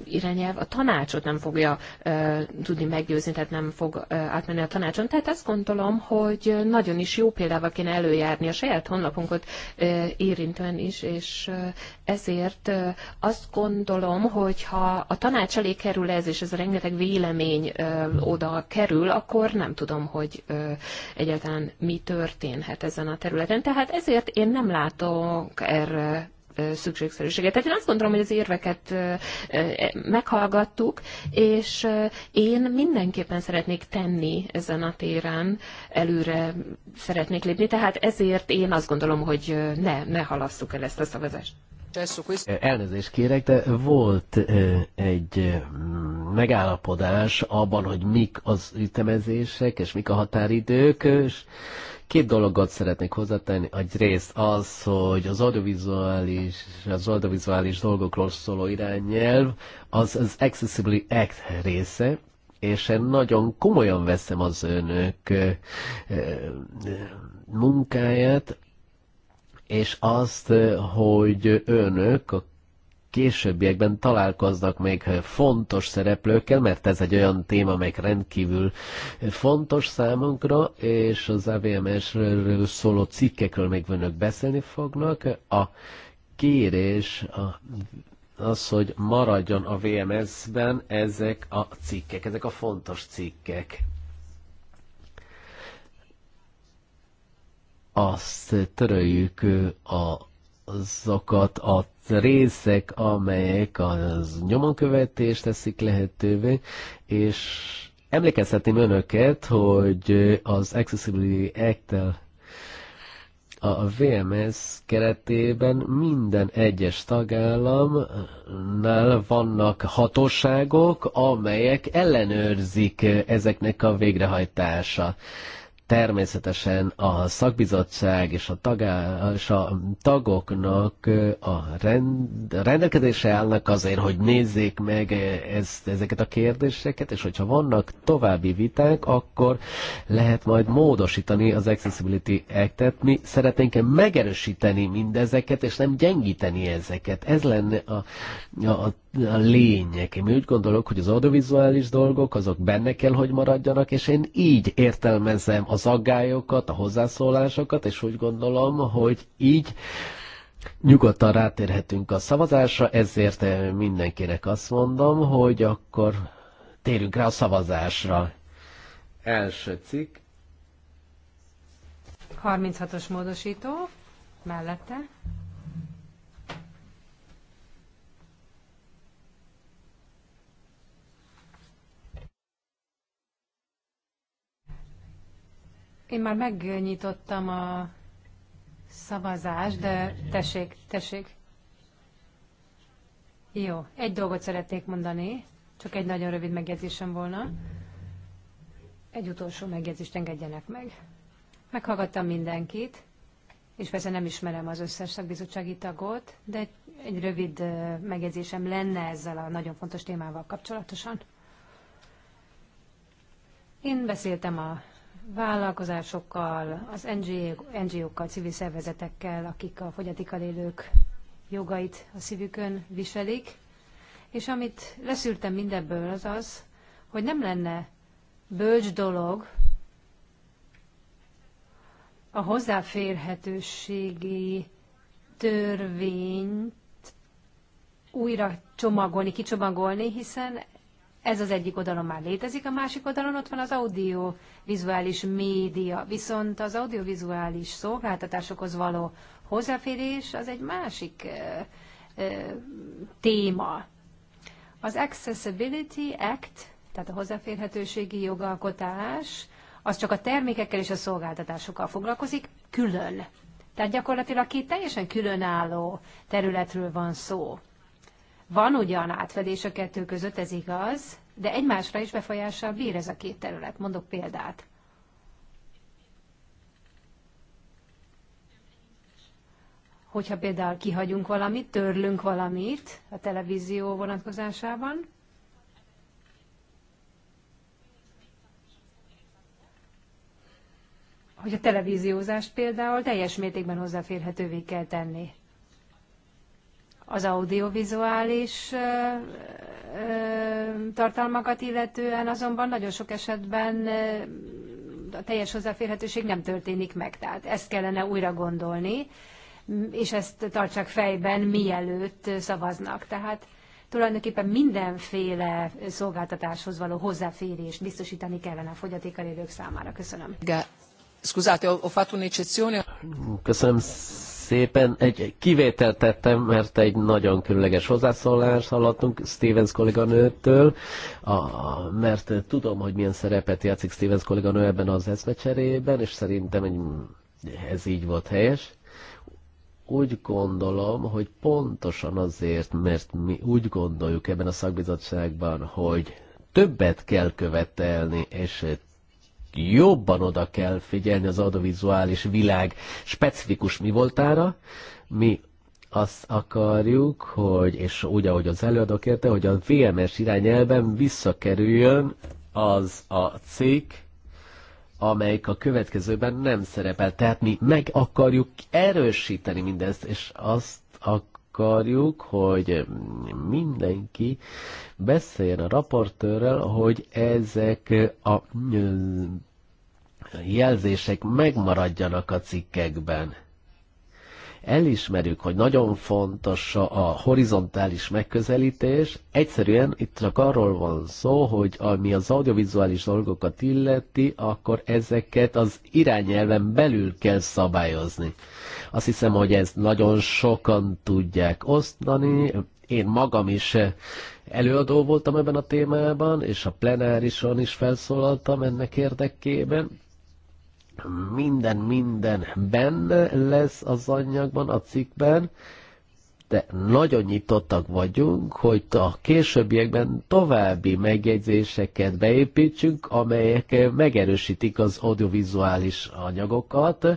irányelv a tanácsot nem fogja tudni meggyőzni, tehát nem fog átmenni a tanácson. Tehát azt gondolom, hogy nagyon is jó példával kéne előjárni a saját honlapunkat érintően is, és ezért azt gondolom, hogy ha a tanács elé kerül ez, és ez a rengeteg vélemény oda kerül, akkor nem tudom, hogy egyáltalán mi történhet ezen a területen. Tehát ezért én nem látok erre szükségszerűséget. Tehát én azt gondolom, hogy az érveket meghallgattuk, és én mindenképpen szeretnék tenni ezen a téren, előre szeretnék lépni, tehát ezért én azt gondolom, hogy ne, ne halasszuk el ezt a szavazást. Elnézést kérek, de volt egy megállapodás abban, hogy mik az ütemezések, és mik a határidők, és Két dologot szeretnék hozzátenni. Egyrészt az, hogy az audiovizuális, az audiovizuális dolgokról szóló irányelv az az Accessibility Act része, és én nagyon komolyan veszem az önök ö, ö, munkáját, és azt, hogy önök a későbbiekben találkoznak még fontos szereplőkkel, mert ez egy olyan téma, amely rendkívül fontos számunkra, és az AVMS-ről szóló cikkekről még önök beszélni fognak. A kérés a az, hogy maradjon a VMS-ben ezek a cikkek, ezek a fontos cikkek. Azt töröljük a azokat a részek, amelyek az nyomonkövetést teszik lehetővé, és emlékezhetném önöket, hogy az Accessibility Act-tel a VMS keretében minden egyes tagállamnál vannak hatóságok, amelyek ellenőrzik ezeknek a végrehajtása. Természetesen a szakbizottság és a, tagá, és a tagoknak a rend, rendelkezésre állnak azért, hogy nézzék meg ezt, ezeket a kérdéseket, és hogyha vannak további viták, akkor lehet majd módosítani az Accessibility Act-et. Mi szeretnénk megerősíteni mindezeket, és nem gyengíteni ezeket. Ez lenne a, a, a a lényeg. Én úgy gondolok, hogy az audiovizuális dolgok azok benne kell, hogy maradjanak, és én így értelmezem az aggályokat, a hozzászólásokat, és úgy gondolom, hogy így nyugodtan rátérhetünk a szavazásra, ezért eh, mindenkinek azt mondom, hogy akkor térünk rá a szavazásra. Első cikk. 36-os módosító mellette. Én már megnyitottam a szavazást, de tessék, tessék. Jó, egy dolgot szeretnék mondani, csak egy nagyon rövid megjegyzésem volna. Egy utolsó megjegyzést engedjenek meg. Meghallgattam mindenkit, és persze nem ismerem az összes szakbizottsági tagot, de egy rövid megjegyzésem lenne ezzel a nagyon fontos témával kapcsolatosan. Én beszéltem a vállalkozásokkal, az NGO-kkal, civil szervezetekkel, akik a fogyatékkal élők jogait a szívükön viselik. És amit leszűrtem mindebből az az, hogy nem lenne bölcs dolog a hozzáférhetőségi törvényt újra csomagolni, kicsomagolni, hiszen ez az egyik oldalon már létezik, a másik oldalon ott van az audiovizuális média, viszont az audiovizuális szolgáltatásokhoz való hozzáférés az egy másik ö, ö, téma. Az Accessibility Act, tehát a hozzáférhetőségi jogalkotás, az csak a termékekkel és a szolgáltatásokkal foglalkozik külön. Tehát gyakorlatilag két teljesen különálló területről van szó. Van ugyan átfedés a kettő között, ez igaz, de egymásra is befolyással bír ez a két terület. Mondok példát. Hogyha például kihagyunk valamit, törlünk valamit a televízió vonatkozásában, hogy a televíziózást például teljes mértékben hozzáférhetővé kell tenni az audiovizuális tartalmakat illetően azonban nagyon sok esetben a teljes hozzáférhetőség nem történik meg. Tehát ezt kellene újra gondolni, és ezt tartsák fejben, mielőtt szavaznak. Tehát tulajdonképpen mindenféle szolgáltatáshoz való hozzáférést biztosítani kellene a fogyatékkal élők számára. Köszönöm. Scusate, ho fatto Köszönöm szépen. Egy kivételt tettem, mert egy nagyon különleges hozzászólást hallottunk Stevens kolléganőtől, a, mert tudom, hogy milyen szerepet játszik Stevens kolléganő ebben az eszmecserében, és szerintem egy, ez így volt helyes úgy gondolom, hogy pontosan azért, mert mi úgy gondoljuk ebben a szakbizottságban, hogy többet kell követelni, és jobban oda kell figyelni az audiovizuális világ specifikus mi voltára. Mi azt akarjuk, hogy, és úgy, ahogy az előadók érte, hogy a VMS irányelben visszakerüljön az a cikk, amelyik a következőben nem szerepel. Tehát mi meg akarjuk erősíteni mindezt, és azt akarjuk, akarjuk, hogy mindenki beszéljen a raportőrrel, hogy ezek a jelzések megmaradjanak a cikkekben elismerjük, hogy nagyon fontos a horizontális megközelítés. Egyszerűen itt csak arról van szó, hogy ami az audiovizuális dolgokat illeti, akkor ezeket az irányelven belül kell szabályozni. Azt hiszem, hogy ezt nagyon sokan tudják osztani. Én magam is előadó voltam ebben a témában, és a plenárison is felszólaltam ennek érdekében minden, minden benne lesz az anyagban, a cikkben, de nagyon nyitottak vagyunk, hogy a későbbiekben további megjegyzéseket beépítsünk, amelyek megerősítik az audiovizuális anyagokat,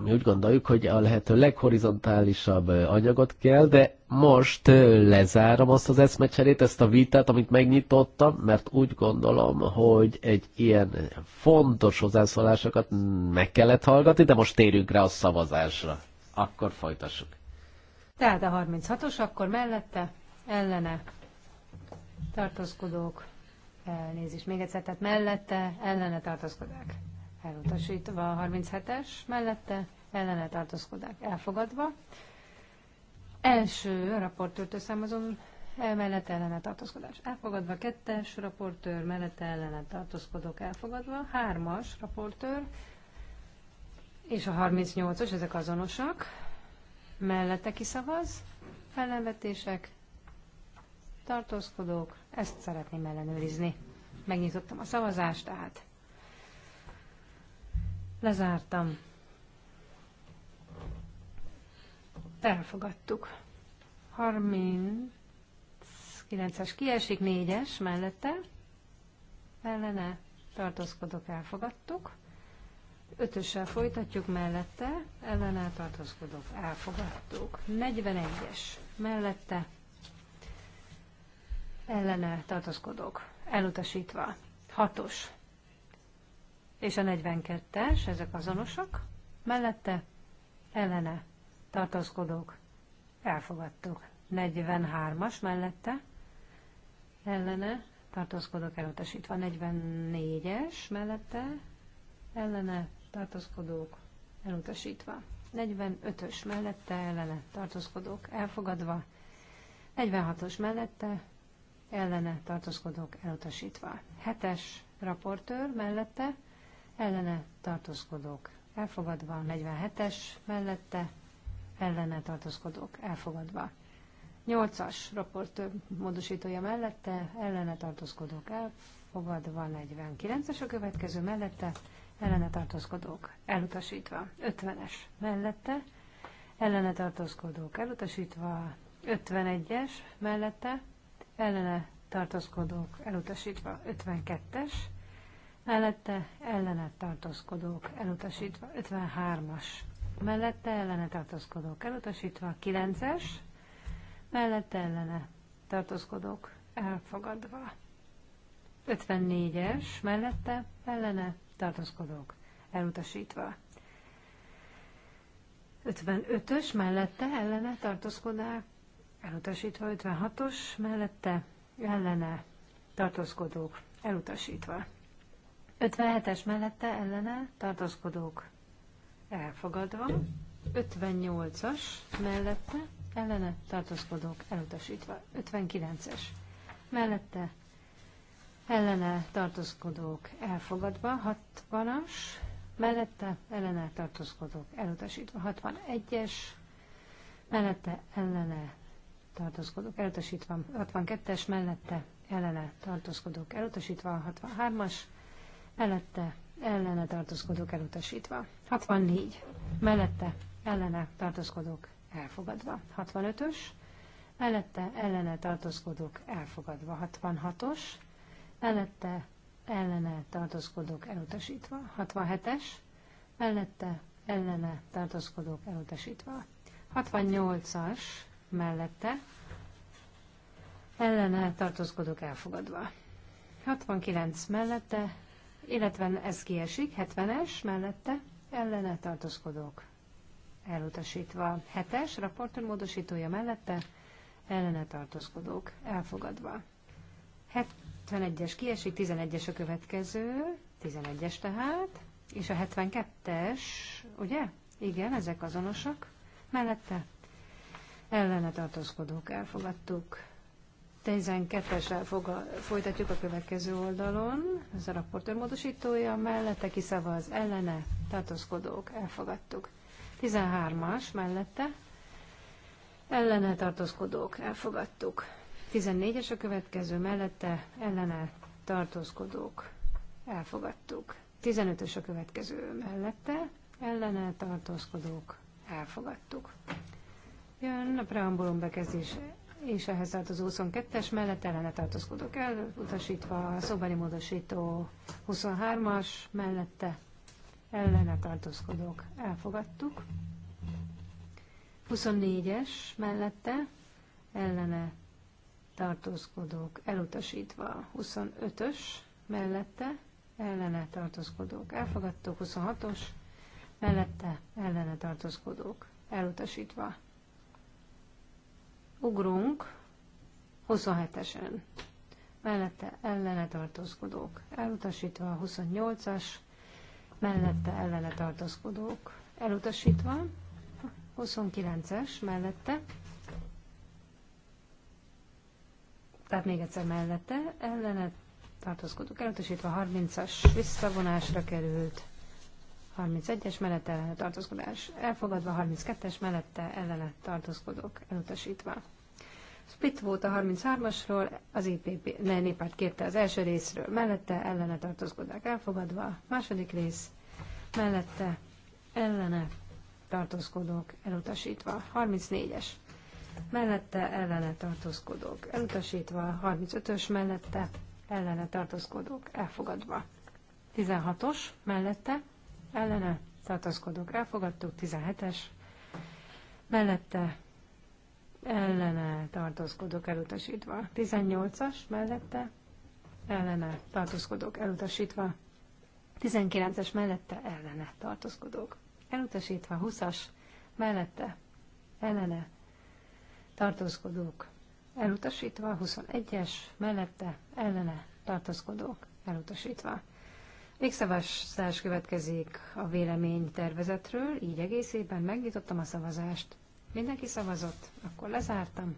mi úgy gondoljuk, hogy a lehető leghorizontálisabb anyagot kell, de most lezárom azt az eszmecserét, ezt a vitát, amit megnyitottam, mert úgy gondolom, hogy egy ilyen fontos hozzászólásokat meg kellett hallgatni, de most térjünk rá a szavazásra. Akkor folytassuk. Tehát a 36-os, akkor mellette, ellene, tartózkodók, elnézést még egyszer, tehát mellette, ellene tartózkodák elutasítva a 37-es, mellette ellene tartózkodák elfogadva. Első raportőrtől számozom, mellette ellene tartózkodás elfogadva, kettes raportőr, mellette ellene tartózkodók elfogadva, hármas raportőr, és a 38-os, ezek azonosak, mellette kiszavaz, ellenvetések, tartózkodók, ezt szeretném ellenőrizni. Megnyitottam a szavazást, tehát Lezártam. Elfogadtuk. 39-es kiesik, 4-es mellette. Ellene tartózkodok, elfogadtuk. 5-össel folytatjuk mellette, ellene tartózkodok, elfogadtuk. 41-es mellette, ellene tartózkodok, elutasítva. 6-os és a 42-es, ezek azonosak, mellette ellene tartózkodók elfogadtuk. 43-as mellette ellene tartózkodók elutasítva, 44-es mellette ellene tartózkodók elutasítva, 45-ös mellette ellene tartózkodók elfogadva, 46-os mellette ellene tartózkodók elutasítva, 7-es raportőr mellette ellene tartózkodók elfogadva, 47-es mellette ellene tartózkodók elfogadva. 8-as raportőr módosítója mellette ellene tartózkodók elfogadva, 49-es a következő mellette ellene tartózkodók elutasítva, 50-es mellette ellene tartózkodók elutasítva, 51-es mellette ellene tartózkodók elutasítva, 52-es mellette ellenet tartózkodók elutasítva, 53-as mellette ellene tartózkodók elutasítva, 9-es mellette ellene tartózkodók elfogadva, 54-es mellette ellene tartózkodók elutasítva. 55-ös mellette ellene tartózkodák, elutasítva 56-os mellette ellene tartózkodók elutasítva. 57-es mellette ellene tartózkodók elfogadva, 58-as mellette ellene tartózkodók elutasítva, 59-es mellette ellene tartózkodók elfogadva, 60-as mellette ellene tartózkodók elutasítva, 61-es mellette ellene tartózkodók elutasítva, 62-es mellette ellene tartózkodók elutasítva, 63-as mellette ellene tartózkodók elutasítva. 64 mellette ellene tartózkodók elfogadva. 65-ös mellette ellene tartózkodók elfogadva. 66-os mellette ellene tartózkodók elutasítva. 67-es mellette ellene tartózkodók elutasítva. 68-as mellette ellene tartózkodók elfogadva. 69 mellette illetve ez kiesik, 70-es mellette ellene tartózkodók elutasítva. 7-es raportőr módosítója mellette ellene tartózkodók elfogadva. 71-es kiesik, 11-es a következő, 11-es tehát, és a 72-es, ugye? Igen, ezek azonosak. Mellette ellene tartózkodók elfogadtuk. 12-essel folytatjuk a következő oldalon. Ez a raportőr módosítója mellette kiszavaz ellene, tartózkodók, elfogadtuk. 13-as mellette ellene tartózkodók, elfogadtuk. 14-es a következő mellette ellene tartózkodók, elfogadtuk. 15-ös a következő mellette ellene tartózkodók, elfogadtuk. Jön a preambulum bekezdése és ehhez tartozó 22-es mellett ellene tartózkodok el, utasítva a szobani módosító 23-as mellette ellene tartózkodok. elfogadtuk. 24-es mellette ellene tartózkodók elutasítva 25-ös mellette ellene tartózkodók elfogadtuk 26-os mellette ellene tartózkodók elutasítva Ugrunk 27-esen. Mellette ellene tartózkodók. Elutasítva 28-as. Mellette ellene tartózkodók. Elutasítva 29-es. Mellette tehát még egyszer mellette, ellene tartózkodók elutasítva, 30-as visszavonásra került, 31-es mellette ellene tartózkodás elfogadva, 32-es mellette ellene tartózkodók elutasítva. Split volt a 33-asról, az IPP, e népárt kérte az első részről, mellette ellene tartózkodák elfogadva, második rész mellette ellene tartózkodók elutasítva, 34-es mellette ellene tartózkodók elutasítva, 35-ös mellette ellene tartózkodók elfogadva. 16-os mellette ellene tartaszkodók elfogadtuk, 17-es mellette ellene tartózkodók elutasítva, 18-as mellette ellene tartózkodók elutasítva, 19-es mellette ellene tartózkodók elutasítva, 20-as mellette ellene tartózkodók elutasítva, 21-es mellette ellene tartózkodók elutasítva. Végszavazás következik a véleménytervezetről, így egészében megnyitottam a szavazást. Mindenki szavazott, akkor lezártam.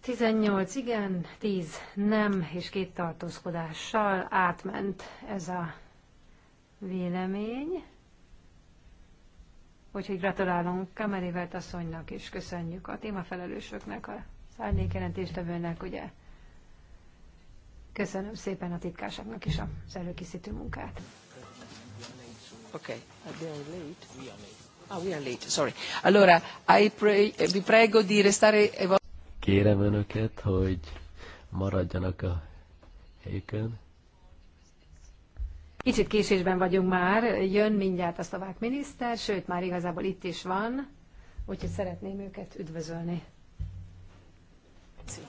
18 igen, 10 nem, és két tartózkodással átment ez a vélemény. Úgyhogy gratulálunk Kamerivelt asszonynak, és köszönjük a témafelelősöknek, a szárnyékjelentéstevőnek, ugye Köszönöm szépen a titkárságnak is az előkészítő munkát. Okay. Are they late? We are late. Ah, we are late. Sorry. Allora, I pray, vi prego di restare... Kérem önöket, hogy maradjanak a helyükön. Kicsit késésben vagyunk már, jön mindjárt a szlovák miniszter, sőt már igazából itt is van, úgyhogy szeretném őket üdvözölni. Köszönöm.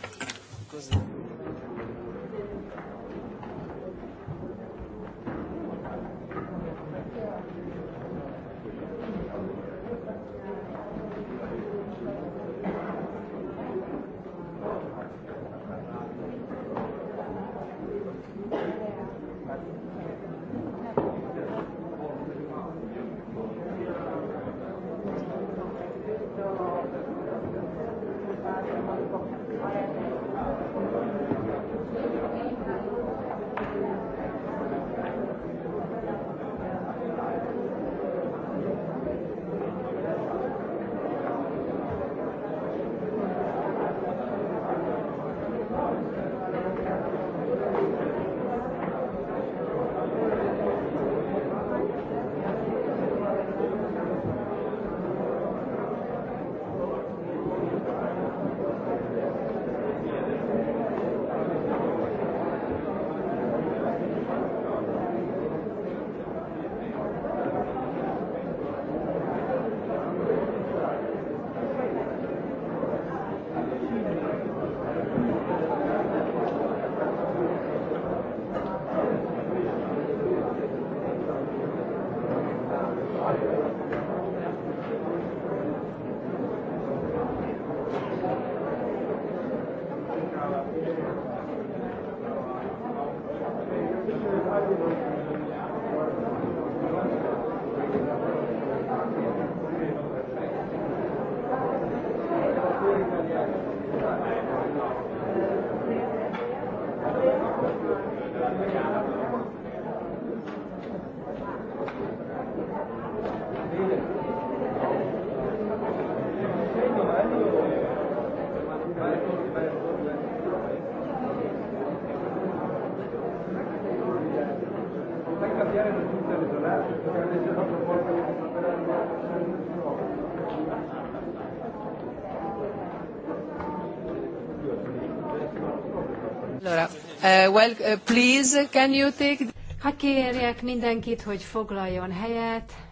Uh, well, uh, please, can you take... Ha kérjek mindenkit, hogy foglaljon helyet,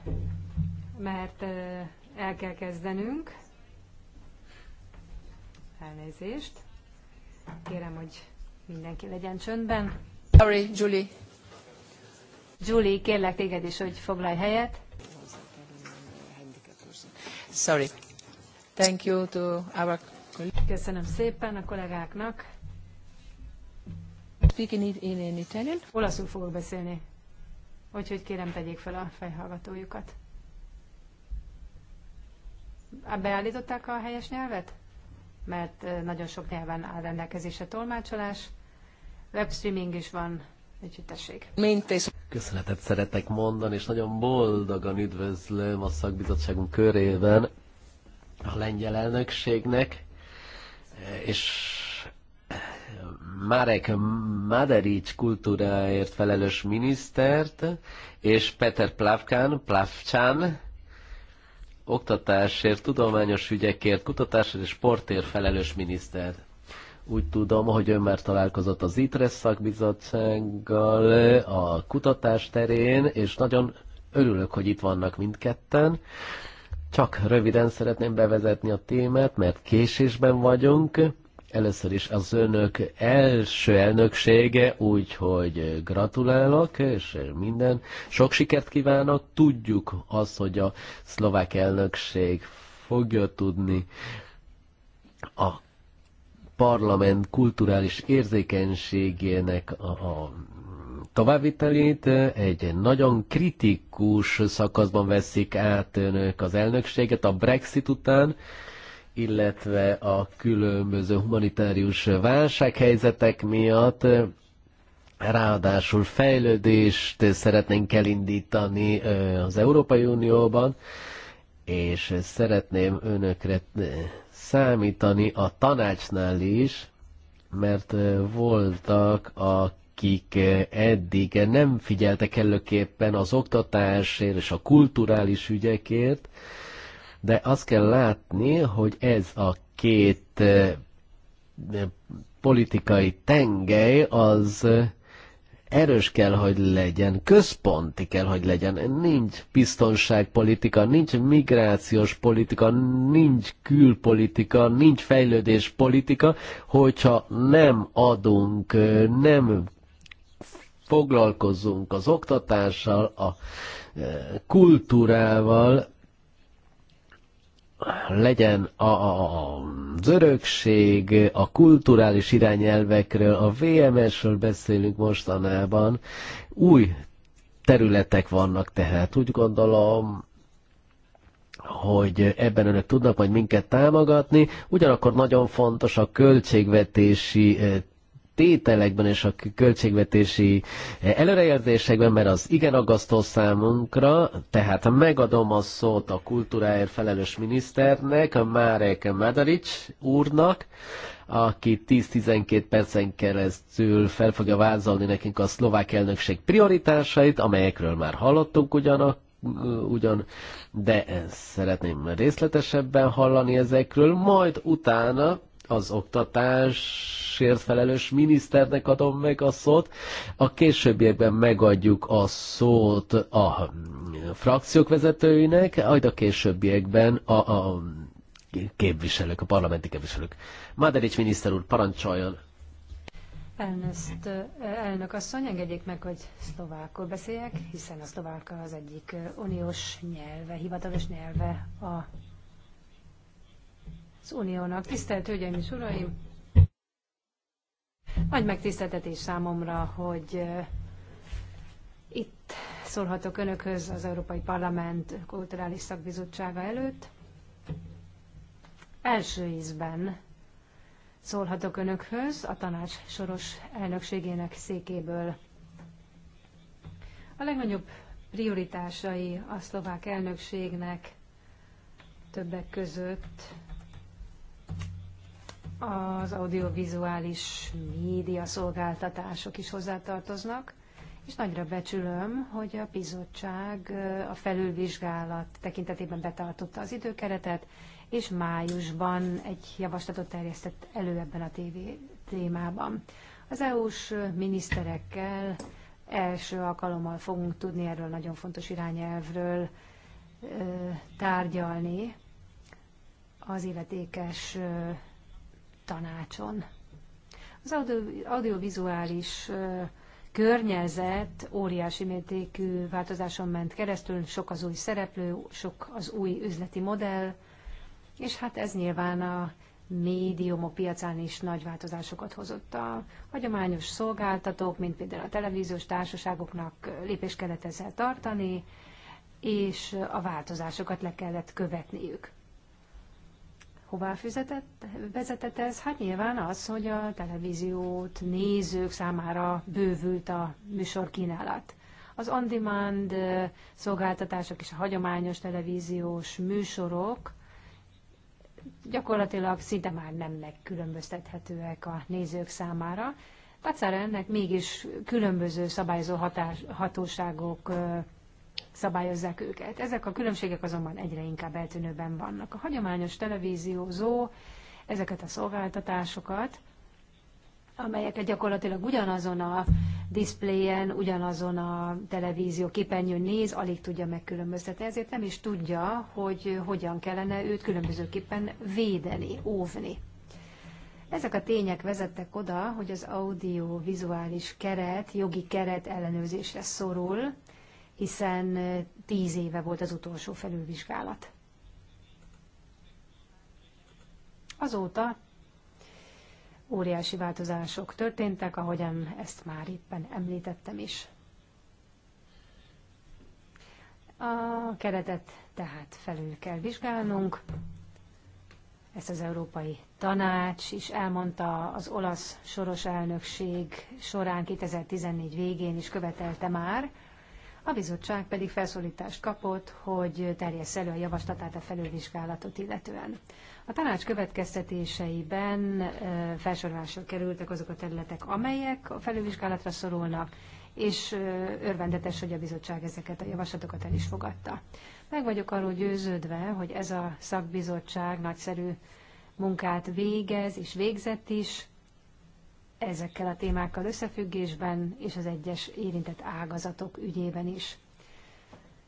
mert uh, el kell kezdenünk. Elnézést. Kérem, hogy mindenki legyen csöndben. Sorry, Julie. Julie, kérlek téged is, hogy foglalj helyet. Sorry. Thank you to our... Köszönöm szépen a kollégáknak. Speak in, in, Italian. Olaszul fogok beszélni. Úgyhogy kérem, tegyék fel a fejhallgatójukat. Beállították a helyes nyelvet? Mert nagyon sok nyelven áll rendelkezésre tolmácsolás. Webstreaming is van, úgyhogy tessék. Köszönetet szeretek mondani, és nagyon boldogan üdvözlöm a szakbizottságunk körében a lengyel elnökségnek, és Marek Maderic kultúráért felelős minisztert, és Peter Plavkán, Plavcsán, oktatásért, tudományos ügyekért, kutatásért és sportért felelős miniszter. Úgy tudom, hogy ön már találkozott az ITRES szakbizottsággal a kutatás terén, és nagyon örülök, hogy itt vannak mindketten. Csak röviden szeretném bevezetni a témát, mert késésben vagyunk. Először is az önök első elnöksége, úgyhogy gratulálok, és minden. Sok sikert kívánok. Tudjuk azt, hogy a szlovák elnökség fogja tudni a parlament kulturális érzékenységének a, a továbbvitelét egy nagyon kritikus szakaszban veszik át önök az elnökséget a Brexit után illetve a különböző humanitárius válsághelyzetek miatt. Ráadásul fejlődést szeretnénk elindítani az Európai Unióban, és szeretném önökre számítani a tanácsnál is, mert voltak, akik eddig nem figyeltek előképpen az oktatásért és a kulturális ügyekért, de azt kell látni, hogy ez a két eh, politikai tengely az eh, erős kell, hogy legyen, központi kell, hogy legyen. Nincs biztonságpolitika, nincs migrációs politika, nincs külpolitika, nincs fejlődéspolitika, hogyha nem adunk, eh, nem foglalkozunk az oktatással, a kultúrával, legyen a, a, az örökség, a kulturális irányelvekről, a VMS-ről beszélünk mostanában. Új területek vannak tehát. Úgy gondolom, hogy ebben önök tudnak majd minket támogatni, ugyanakkor nagyon fontos a költségvetési eh, tételekben és a költségvetési eh, előrejelzésekben, mert az igen aggasztó számunkra, tehát megadom a szót a kultúráért felelős miniszternek, a Márek Madarics úrnak, aki 10-12 percen keresztül fel fogja vázolni nekünk a szlovák elnökség prioritásait, amelyekről már hallottunk ugyanak, ugyan, de szeretném részletesebben hallani ezekről, majd utána az oktatásért felelős miniszternek adom meg a szót. A későbbiekben megadjuk a szót a frakciók vezetőinek, majd a későbbiekben a, a képviselők, a parlamenti képviselők. Máderics miniszter úr, parancsoljon! Elnözt, elnök asszony, engedjék meg, hogy szlovákul beszéljek, hiszen a szlovák az egyik uniós nyelve, hivatalos nyelve a az Uniónak. Tisztelt Hölgyeim és Uraim! Nagy megtiszteltetés számomra, hogy itt szólhatok Önökhöz az Európai Parlament Kulturális Szakbizottsága előtt. Első ízben szólhatok Önökhöz a tanács soros elnökségének székéből. A legnagyobb prioritásai a szlovák elnökségnek többek között az audiovizuális média szolgáltatások is hozzátartoznak, és nagyra becsülöm, hogy a bizottság a felülvizsgálat tekintetében betartotta az időkeretet, és májusban egy javaslatot terjesztett elő ebben a tévé témában. Az EU-s miniszterekkel első alkalommal fogunk tudni erről nagyon fontos irányelvről tárgyalni az illetékes tanácson. Az audio, audiovizuális környezet óriási mértékű változáson ment keresztül, sok az új szereplő, sok az új üzleti modell, és hát ez nyilván a médiumok piacán is nagy változásokat hozott. A hagyományos szolgáltatók, mint például a televíziós társaságoknak lépés kellett ezzel tartani, és a változásokat le kellett követniük. Hová füzetett, vezetett ez? Hát nyilván az, hogy a televíziót nézők számára bővült a műsor kínálat. Az on-demand szolgáltatások és a hagyományos televíziós műsorok gyakorlatilag szinte már nem megkülönböztethetőek a nézők számára. Tehát ennek mégis különböző szabályozó hatás, hatóságok szabályozzák őket. Ezek a különbségek azonban egyre inkább eltűnőben vannak. A hagyományos televíziózó ezeket a szolgáltatásokat, amelyeket gyakorlatilag ugyanazon a diszpléjen, ugyanazon a televízió képernyőn néz, alig tudja megkülönböztetni, ezért nem is tudja, hogy hogyan kellene őt különbözőképpen védeni, óvni. Ezek a tények vezettek oda, hogy az audiovizuális keret, jogi keret ellenőrzésre szorul, hiszen tíz éve volt az utolsó felülvizsgálat. Azóta óriási változások történtek, ahogyan ezt már éppen említettem is. A keretet tehát felül kell vizsgálnunk. Ezt az Európai Tanács is elmondta az olasz soros elnökség során 2014 végén is követelte már, a bizottság pedig felszólítást kapott, hogy terjessz elő a javaslatát a felülvizsgálatot illetően. A tanács következtetéseiben felsorolásra kerültek azok a területek, amelyek a felülvizsgálatra szorulnak, és örvendetes, hogy a bizottság ezeket a javaslatokat el is fogadta. Meg vagyok arról győződve, hogy ez a szakbizottság nagyszerű munkát végez, és végzett is, ezekkel a témákkal összefüggésben és az egyes érintett ágazatok ügyében is.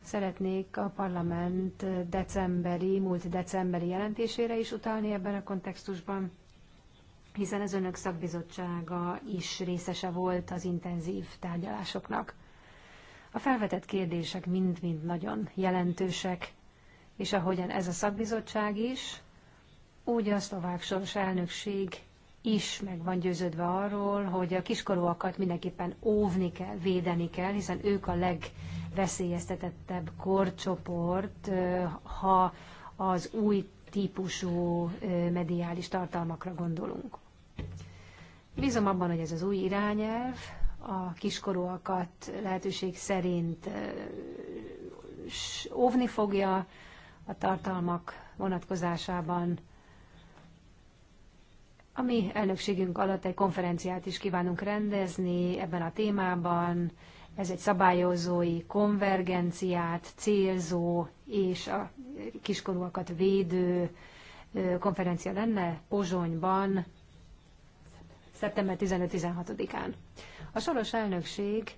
Szeretnék a parlament decemberi, múlt decemberi jelentésére is utalni ebben a kontextusban, hiszen az önök szakbizottsága is részese volt az intenzív tárgyalásoknak. A felvetett kérdések mind-mind nagyon jelentősek, és ahogyan ez a szakbizottság is, úgy a szlovák soros elnökség is meg van győződve arról, hogy a kiskorúakat mindenképpen óvni kell, védeni kell, hiszen ők a legveszélyeztetettebb korcsoport, ha az új típusú mediális tartalmakra gondolunk. Bízom abban, hogy ez az új irányelv a kiskorúakat lehetőség szerint óvni fogja a tartalmak vonatkozásában, a mi elnökségünk alatt egy konferenciát is kívánunk rendezni ebben a témában. Ez egy szabályozói konvergenciát célzó és a kiskorúakat védő konferencia lenne Pozsonyban szeptember 15-16-án. A soros elnökség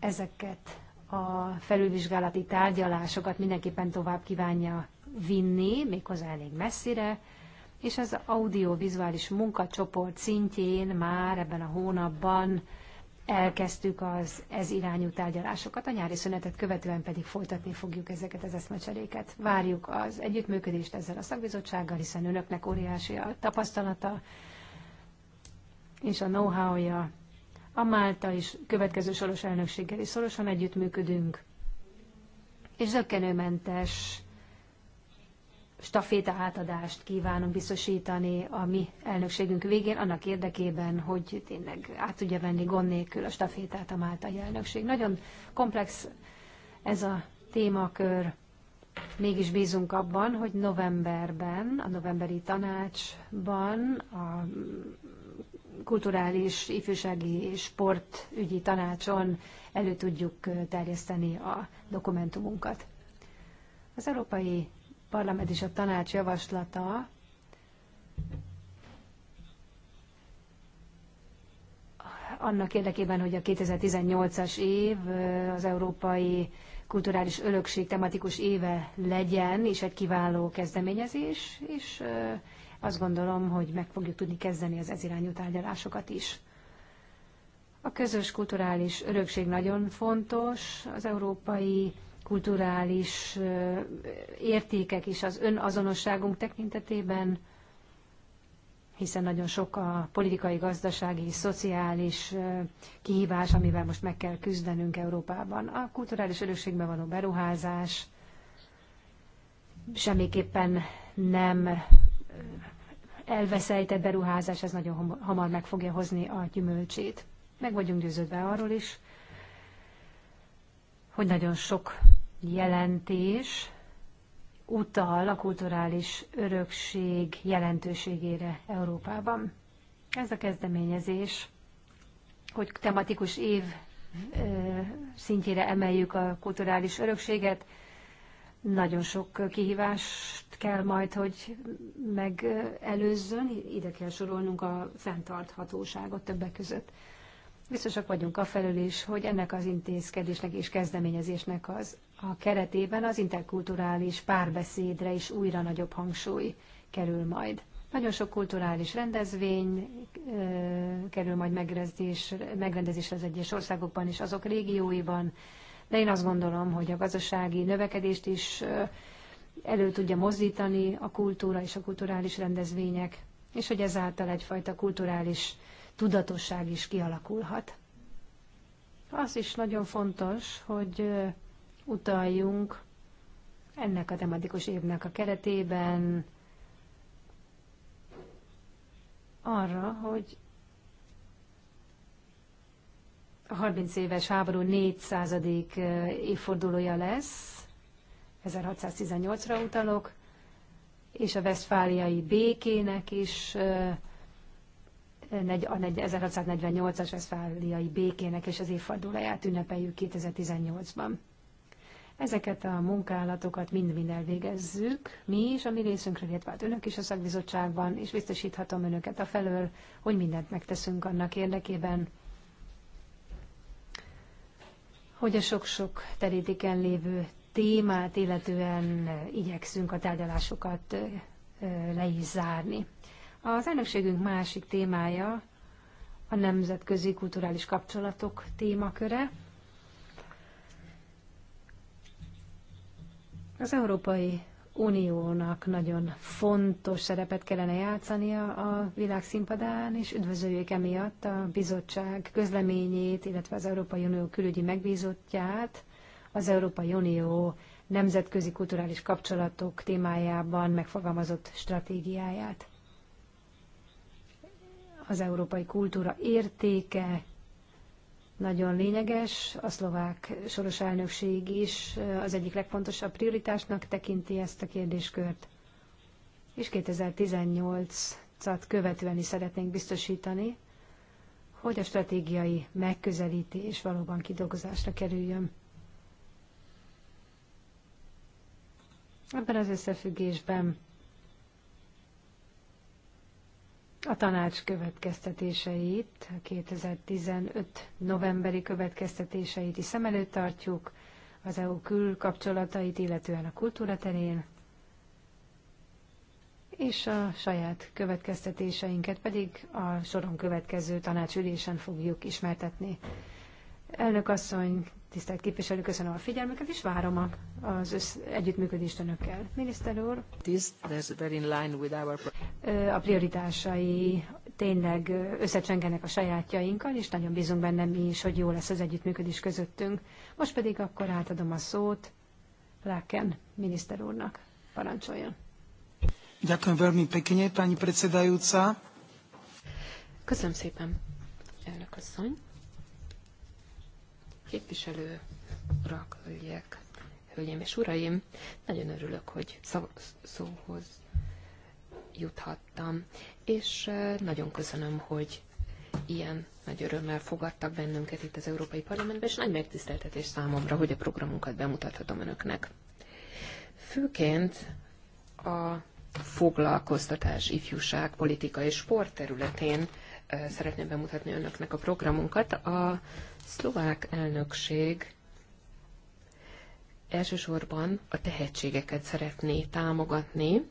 ezeket a felülvizsgálati tárgyalásokat mindenképpen tovább kívánja vinni, méghozzá elég messzire, és az audiovizuális munkacsoport szintjén már ebben a hónapban elkezdtük az ez irányú tárgyalásokat, a nyári szünetet követően pedig folytatni fogjuk ezeket az eszmecseréket. Várjuk az együttműködést ezzel a szakbizottsággal, hiszen önöknek óriási a tapasztalata és a know-how-ja. A Málta is következő soros elnökséggel is szorosan együttműködünk, és zöggenőmentes staféta átadást kívánunk biztosítani a mi elnökségünk végén, annak érdekében, hogy tényleg át tudja venni gond nélkül a stafétát a máltai elnökség. Nagyon komplex ez a témakör. Mégis bízunk abban, hogy novemberben, a novemberi tanácsban a kulturális, ifjúsági és sportügyi tanácson elő tudjuk terjeszteni a dokumentumunkat. Az Európai parlament és a tanács javaslata annak érdekében, hogy a 2018-as év az Európai Kulturális Örökség tematikus éve legyen, és egy kiváló kezdeményezés, és azt gondolom, hogy meg fogjuk tudni kezdeni az ezirányú tárgyalásokat is. A közös kulturális örökség nagyon fontos az európai kulturális értékek is az önazonosságunk tekintetében, hiszen nagyon sok a politikai, gazdasági, szociális kihívás, amivel most meg kell küzdenünk Európában. A kulturális örökségben való beruházás semmiképpen nem elveszejtett beruházás, ez nagyon hamar meg fogja hozni a gyümölcsét. Meg vagyunk győződve arról is, hogy nagyon sok jelentés utal a kulturális örökség jelentőségére Európában. Ez a kezdeményezés, hogy tematikus év szintjére emeljük a kulturális örökséget, nagyon sok kihívást kell majd, hogy megelőzzön, ide kell sorolnunk a fenntarthatóságot többek között. Biztosak vagyunk afelől is, hogy ennek az intézkedésnek és kezdeményezésnek az a keretében az interkulturális párbeszédre is újra nagyobb hangsúly kerül majd. Nagyon sok kulturális rendezvény kerül majd megrendezésre az egyes országokban és azok régióiban, de én azt gondolom, hogy a gazdasági növekedést is elő tudja mozdítani a kultúra és a kulturális rendezvények, és hogy ezáltal egyfajta kulturális tudatosság is kialakulhat. Az is nagyon fontos, hogy utaljunk ennek a tematikus évnek a keretében arra, hogy a 30 éves háború 400. Eh, évfordulója lesz, 1618-ra utalok, és a vesztfáliai békének is, eh, a 1648-as Veszfáliai békének és az évfordulóját ünnepeljük 2018-ban. Ezeket a munkálatokat mind-mind elvégezzük, mi is a mi részünkről, illetve hát önök is a szakbizottságban, és biztosíthatom önöket a felől, hogy mindent megteszünk annak érdekében, hogy a sok-sok terítéken lévő témát illetően igyekszünk a tárgyalásokat le is zárni. Az elnökségünk másik témája a nemzetközi kulturális kapcsolatok témaköre. Az Európai Uniónak nagyon fontos szerepet kellene játszania a világszínpadán, és üdvözöljük emiatt a bizottság közleményét, illetve az Európai Unió külügyi megbízottját, az Európai Unió nemzetközi kulturális kapcsolatok témájában megfogalmazott stratégiáját. Az európai kultúra értéke nagyon lényeges. A szlovák soros elnökség is eh, az egyik legfontosabb prioritásnak tekinti ezt a kérdéskört. És 2018-at követően is szeretnénk biztosítani, hogy a stratégiai megközelítés valóban kidolgozásra kerüljön. Ebben az összefüggésben a tanács következtetéseit, a 2015 novemberi következtetéseit is szem előtt tartjuk, az EU külkapcsolatait, illetően a kultúra terén, és a saját következtetéseinket pedig a soron következő tanácsülésen fogjuk ismertetni. Elnök asszony, Tisztelt képviselő, köszönöm a figyelmüket, és várom az össz, együttműködést önökkel. Miniszter úr. A prioritásai tényleg összecsengenek a sajátjainkkal, és nagyon bízunk benne mi is, hogy jó lesz az együttműködés közöttünk. Most pedig akkor átadom a szót Láken miniszter úrnak. Parancsoljon. Köszönöm szépen, elnök asszony képviselő urak, hölgyek, hölgyeim és uraim, nagyon örülök, hogy szóhoz juthattam, és nagyon köszönöm, hogy ilyen nagy örömmel fogadtak bennünket itt az Európai Parlamentben, és nagy megtiszteltetés számomra, hogy a programunkat bemutathatom önöknek. Főként a foglalkoztatás, ifjúság, politika és sport területén szeretném bemutatni önöknek a programunkat. A szlovák elnökség elsősorban a tehetségeket szeretné támogatni,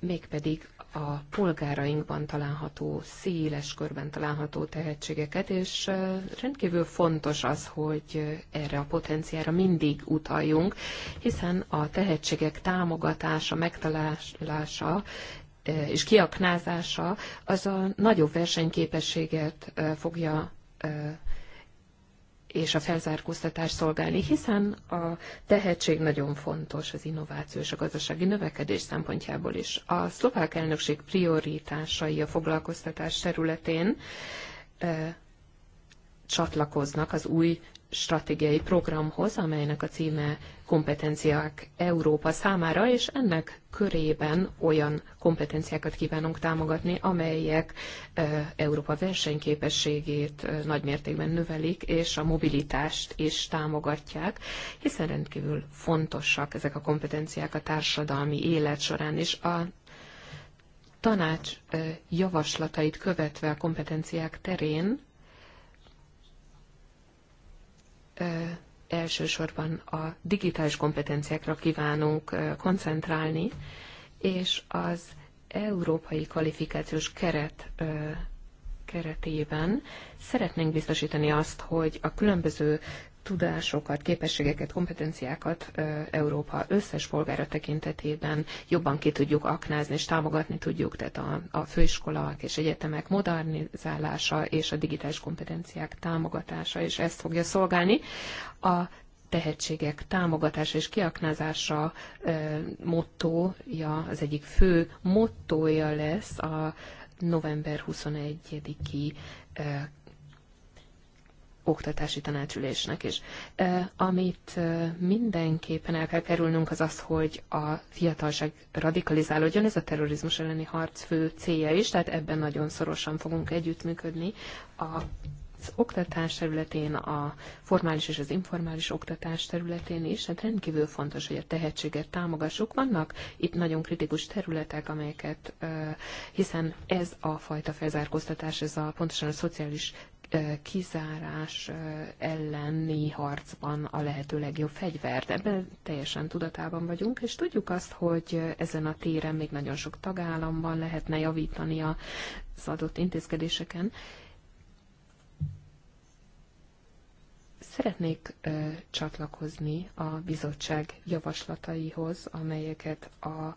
mégpedig a polgárainkban található, széles körben található tehetségeket, és rendkívül fontos az, hogy erre a potenciára mindig utaljunk, hiszen a tehetségek támogatása, megtalálása és kiaknázása, az a nagyobb versenyképességet fogja és a felzárkóztatást szolgálni, hiszen a tehetség nagyon fontos az innováció és a gazdasági növekedés szempontjából is. A szlovák elnökség prioritásai a foglalkoztatás területén csatlakoznak az új stratégiai programhoz, amelynek a címe kompetenciák Európa számára, és ennek körében olyan kompetenciákat kívánunk támogatni, amelyek Európa versenyképességét nagymértékben növelik, és a mobilitást is támogatják, hiszen rendkívül fontosak ezek a kompetenciák a társadalmi élet során is. A tanács javaslatait követve a kompetenciák terén elsősorban a digitális kompetenciákra kívánunk koncentrálni, és az európai kvalifikációs keret keretében szeretnénk biztosítani azt, hogy a különböző tudásokat, képességeket, kompetenciákat Európa összes polgára tekintetében jobban ki tudjuk aknázni és támogatni tudjuk, tehát a, a főiskolák és egyetemek modernizálása és a digitális kompetenciák támogatása, és ezt fogja szolgálni. A tehetségek támogatása és kiaknázása e, az egyik fő mottoja lesz a november 21-i oktatási tanácsülésnek is. Amit mindenképpen el kell kerülnünk az az, hogy a fiatalság radikalizálódjon, ez a terrorizmus elleni harc fő célja is, tehát ebben nagyon szorosan fogunk együttműködni a az oktatás területén, a formális és az informális oktatás területén is, hát rendkívül fontos, hogy a tehetséget támogassuk. Vannak itt nagyon kritikus területek, amelyeket, hiszen ez a fajta felzárkóztatás, ez a pontosan a szociális kizárás elleni harcban a lehető legjobb fegyver. Ebben teljesen tudatában vagyunk, és tudjuk azt, hogy ezen a téren még nagyon sok tagállamban lehetne javítani az adott intézkedéseken, Szeretnék ö, csatlakozni a bizottság javaslataihoz, amelyeket a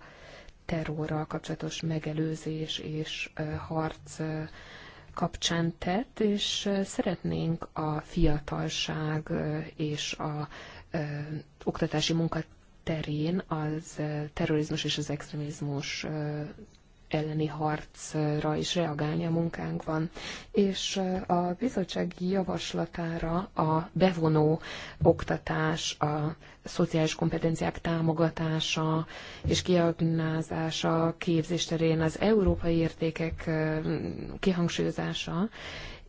terrorral kapcsolatos megelőzés és ö, harc ö, kapcsán tett, és szeretnénk a fiatalság és a oktatási munka terén az terrorizmus és az extrémizmus elleni harcra is reagálni a munkánkban. És a bizottsági javaslatára a bevonó oktatás, a szociális kompetenciák támogatása és kiagnázása, képzés terén az európai értékek kihangsúlyozása,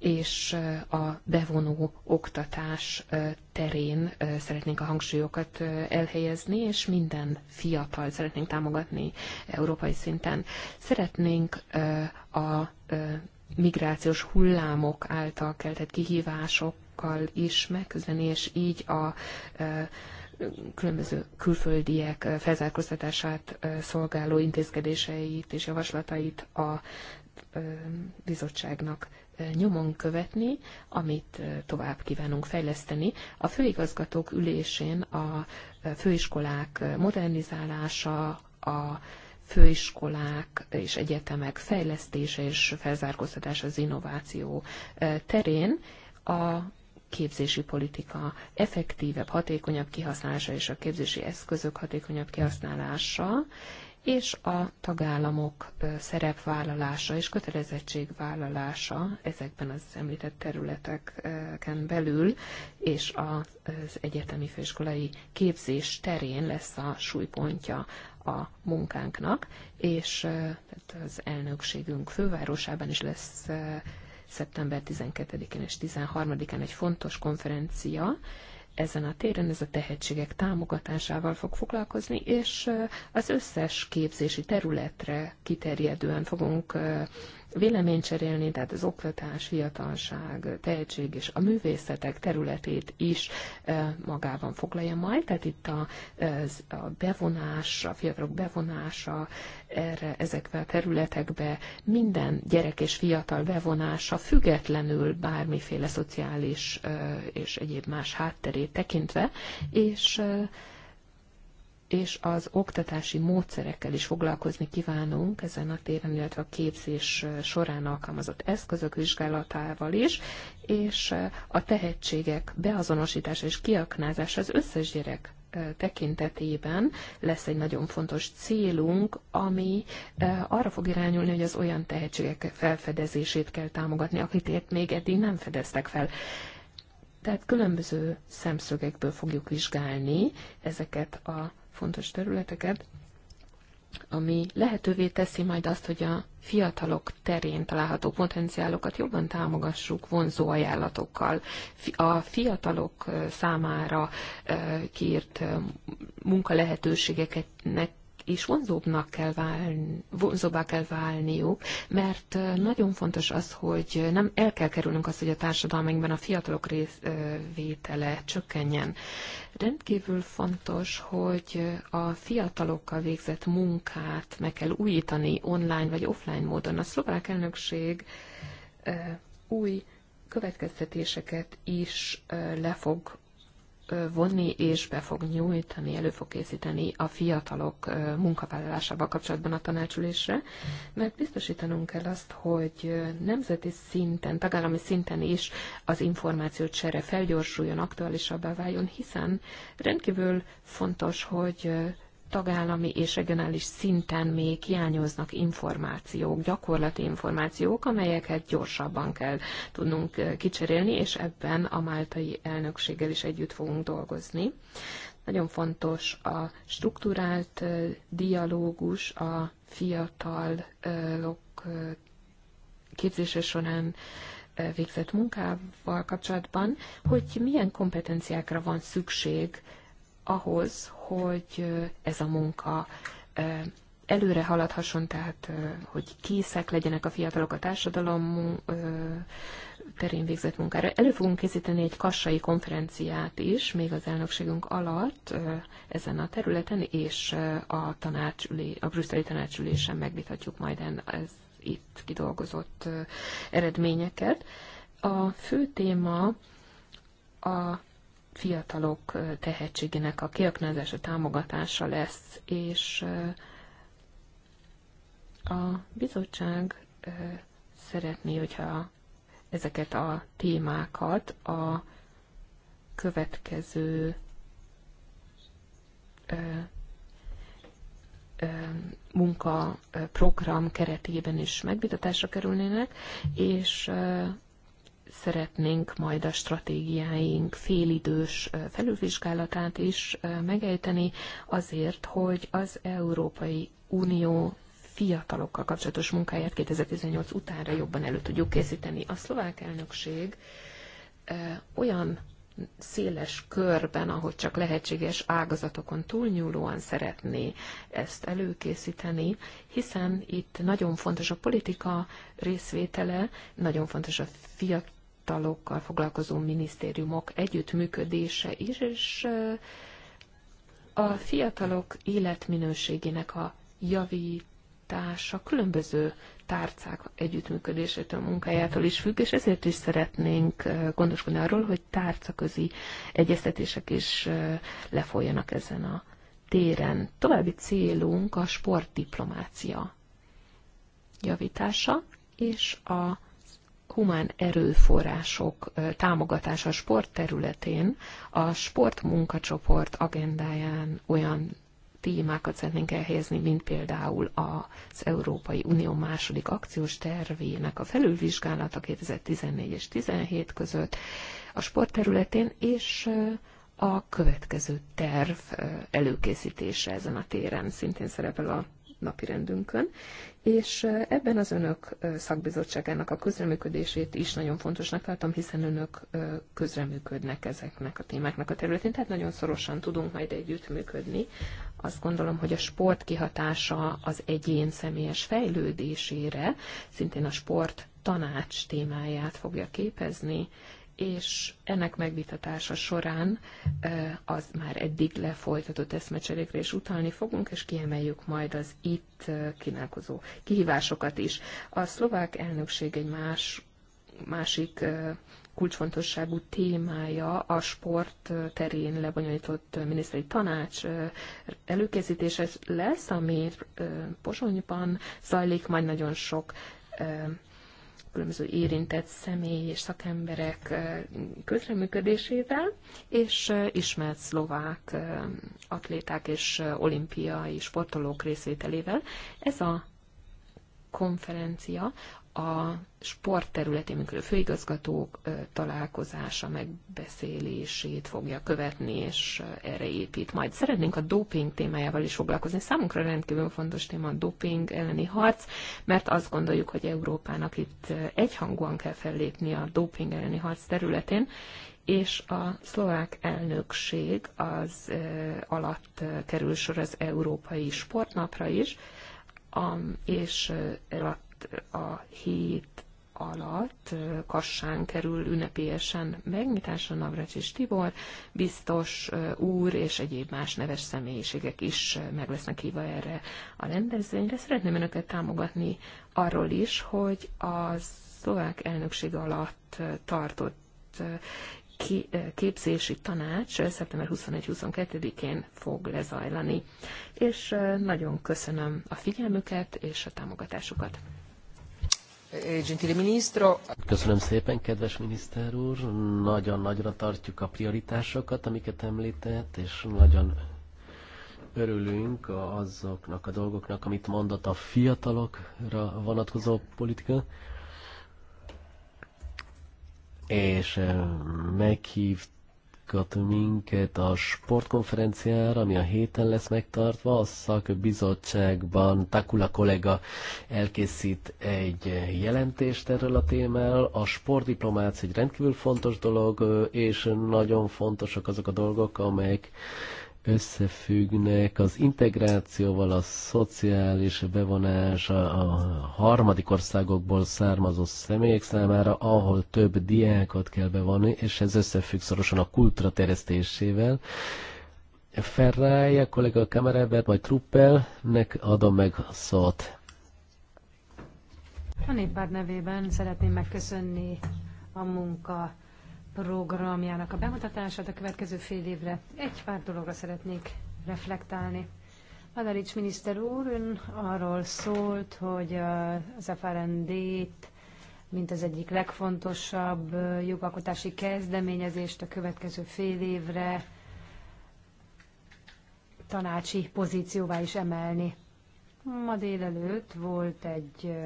és a bevonó oktatás terén szeretnénk a hangsúlyokat elhelyezni, és minden fiatal szeretnénk támogatni európai szinten. Szeretnénk a migrációs hullámok által keltett kihívásokkal is megküzdeni, és így a különböző külföldiek felzárkóztatását szolgáló intézkedéseit és javaslatait a bizottságnak nyomon követni, amit tovább kívánunk fejleszteni. A főigazgatók ülésén a főiskolák modernizálása, a főiskolák és egyetemek fejlesztése és felzárkóztatása az innováció terén a képzési politika effektívebb, hatékonyabb kihasználása és a képzési eszközök hatékonyabb kihasználása és a tagállamok szerepvállalása és kötelezettségvállalása ezekben az említett területeken belül, és az egyetemi főiskolai képzés terén lesz a súlypontja a munkánknak, és az elnökségünk fővárosában is lesz szeptember 12-én és 13-án egy fontos konferencia, ezen a téren, ez a tehetségek támogatásával fog foglalkozni, és az összes képzési területre kiterjedően fogunk véleményt cserélni, tehát az oktatás, fiatalság, tehetség és a művészetek területét is magában foglalja majd, tehát itt a, a bevonás, a fiatalok bevonása erre, ezekbe a területekbe, minden gyerek és fiatal bevonása függetlenül bármiféle szociális és egyéb más hátterét tekintve, és és az oktatási módszerekkel is foglalkozni kívánunk ezen a téren, illetve a képzés során alkalmazott eszközök vizsgálatával is, és a tehetségek beazonosítása és kiaknázása az összes gyerek tekintetében lesz egy nagyon fontos célunk, ami arra fog irányulni, hogy az olyan tehetségek felfedezését kell támogatni, akit még eddig nem fedeztek fel. Tehát különböző szemszögekből fogjuk vizsgálni ezeket a fontos területeket, ami lehetővé teszi majd azt, hogy a fiatalok terén található potenciálokat jobban támogassuk vonzó ajánlatokkal. A fiatalok számára kiírt munkalehetőségeknek és vonzóbbnak kell válni, vonzóbbá kell válniuk, mert nagyon fontos az, hogy nem el kell kerülnünk azt, hogy a társadalmainkban a fiatalok részvétele csökkenjen. Rendkívül fontos, hogy a fiatalokkal végzett munkát meg kell újítani online vagy offline módon. A szlovák elnökség új következtetéseket is le fog vonni, és be fog nyújtani, elő fog készíteni a fiatalok munkavállalásával kapcsolatban a tanácsülésre, mert biztosítanunk kell azt, hogy nemzeti szinten, tagállami szinten is az információt csere felgyorsuljon, aktuálisabbá váljon, hiszen rendkívül fontos, hogy tagállami és regionális szinten még hiányoznak információk, gyakorlati információk, amelyeket gyorsabban kell tudnunk kicserélni, és ebben a máltai elnökséggel is együtt fogunk dolgozni. Nagyon fontos a struktúrált dialógus a fiatalok képzése során végzett munkával kapcsolatban, hogy milyen kompetenciákra van szükség ahhoz, hogy ez a munka előre haladhasson, tehát hogy készek legyenek a fiatalok a társadalom terén végzett munkára. Elő fogunk készíteni egy kassai konferenciát is, még az elnökségünk alatt ezen a területen, és a, tanácsülé, a brüsszeli tanácsülésen megvitatjuk majd ez itt kidolgozott eredményeket. A fő téma a fiatalok tehetségének a kiaknázása, támogatása lesz, és a bizottság szeretné, hogyha ezeket a témákat a következő munkaprogram keretében is megvitatásra kerülnének, és szeretnénk majd a stratégiáink félidős felülvizsgálatát is megejteni azért, hogy az Európai Unió fiatalokkal kapcsolatos munkáját 2018 utánra jobban elő tudjuk készíteni. A szlovák elnökség olyan széles körben, ahogy csak lehetséges ágazatokon túlnyúlóan szeretné ezt előkészíteni, hiszen itt nagyon fontos a politika részvétele, nagyon fontos a fiatal fiatalokkal foglalkozó minisztériumok együttműködése is, és a fiatalok életminőségének a javítása különböző tárcák együttműködésétől, munkájától is függ, és ezért is szeretnénk gondoskodni arról, hogy tárcaközi egyeztetések is lefolyjanak ezen a téren. További célunk a sportdiplomácia javítása és a humán erőforrások támogatása a sport területén, a sportmunkacsoport agendáján olyan témákat szeretnénk elhelyezni, mint például az Európai Unió második akciós tervének a felülvizsgálata 2014 és 2017 között a sportterületén, és a következő terv előkészítése ezen a téren szintén szerepel a napirendünkön, és ebben az önök szakbizottságának a közreműködését is nagyon fontosnak tartom, hiszen önök közreműködnek ezeknek a témáknak a területén, tehát nagyon szorosan tudunk majd együttműködni. Azt gondolom, hogy a sport kihatása az egyén személyes fejlődésére, szintén a sport tanács témáját fogja képezni, és ennek megvitatása során az már eddig lefolytatott eszmecserékre is utalni fogunk, és kiemeljük majd az itt kínálkozó kihívásokat is. A szlovák elnökség egy más, másik kulcsfontosságú témája a sport terén lebonyolított miniszteri tanács előkészítése lesz, ami Pozsonyban zajlik, majd nagyon sok különböző érintett személy és szakemberek közreműködésével, és ismert szlovák atléták és olimpiai sportolók részvételével. Ez a konferencia a sport területén működő főigazgatók találkozása megbeszélését fogja követni, és erre épít. Majd szeretnénk a doping témájával is foglalkozni. Számunkra rendkívül fontos téma a doping elleni harc, mert azt gondoljuk, hogy Európának itt egyhangúan kell fellépni a doping elleni harc területén, és a szlovák elnökség az alatt kerül sor az Európai Sportnapra is, a, és a a hét alatt Kassán kerül ünnepélyesen megnyitásra és Tibor, biztos úr és egyéb más neves személyiségek is meg lesznek hívva erre a rendezvényre. Szeretném önöket támogatni arról is, hogy a szlovák elnökség alatt tartott képzési tanács szeptember 21-22-én fog lezajlani. És nagyon köszönöm a figyelmüket és a támogatásukat. Eh, gentile Ministro. Köszönöm szépen, kedves miniszter úr. Nagyon nagyra tartjuk a prioritásokat, amiket említett, és nagyon örülünk azoknak a dolgoknak, amit mondott a fiatalokra vonatkozó politika. És eh, meghívt meghívtak minket a sportkonferenciára, ami a héten lesz megtartva. A szakbizottságban Takula kollega elkészít egy jelentést erről a témáról. A sportdiplomáció egy rendkívül fontos dolog, és nagyon fontosak azok a dolgok, amelyek összefüggnek az integrációval, a szociális bevonás a harmadik országokból származó személyek számára, ahol több diákat kell bevonni, és ez összefügg szorosan a kultúra terjesztésével. Ferrari, kollega a vagy majd Truppelnek adom meg a szót. A néppárt nevében szeretném megköszönni a munka programjának a bemutatását a következő fél évre. Egy pár dologra szeretnék reflektálni. Madarics miniszter úr, ön arról szólt, hogy az frnd mint az egyik legfontosabb jogalkotási kezdeményezést a következő fél évre tanácsi pozícióvá is emelni. Ma délelőtt volt egy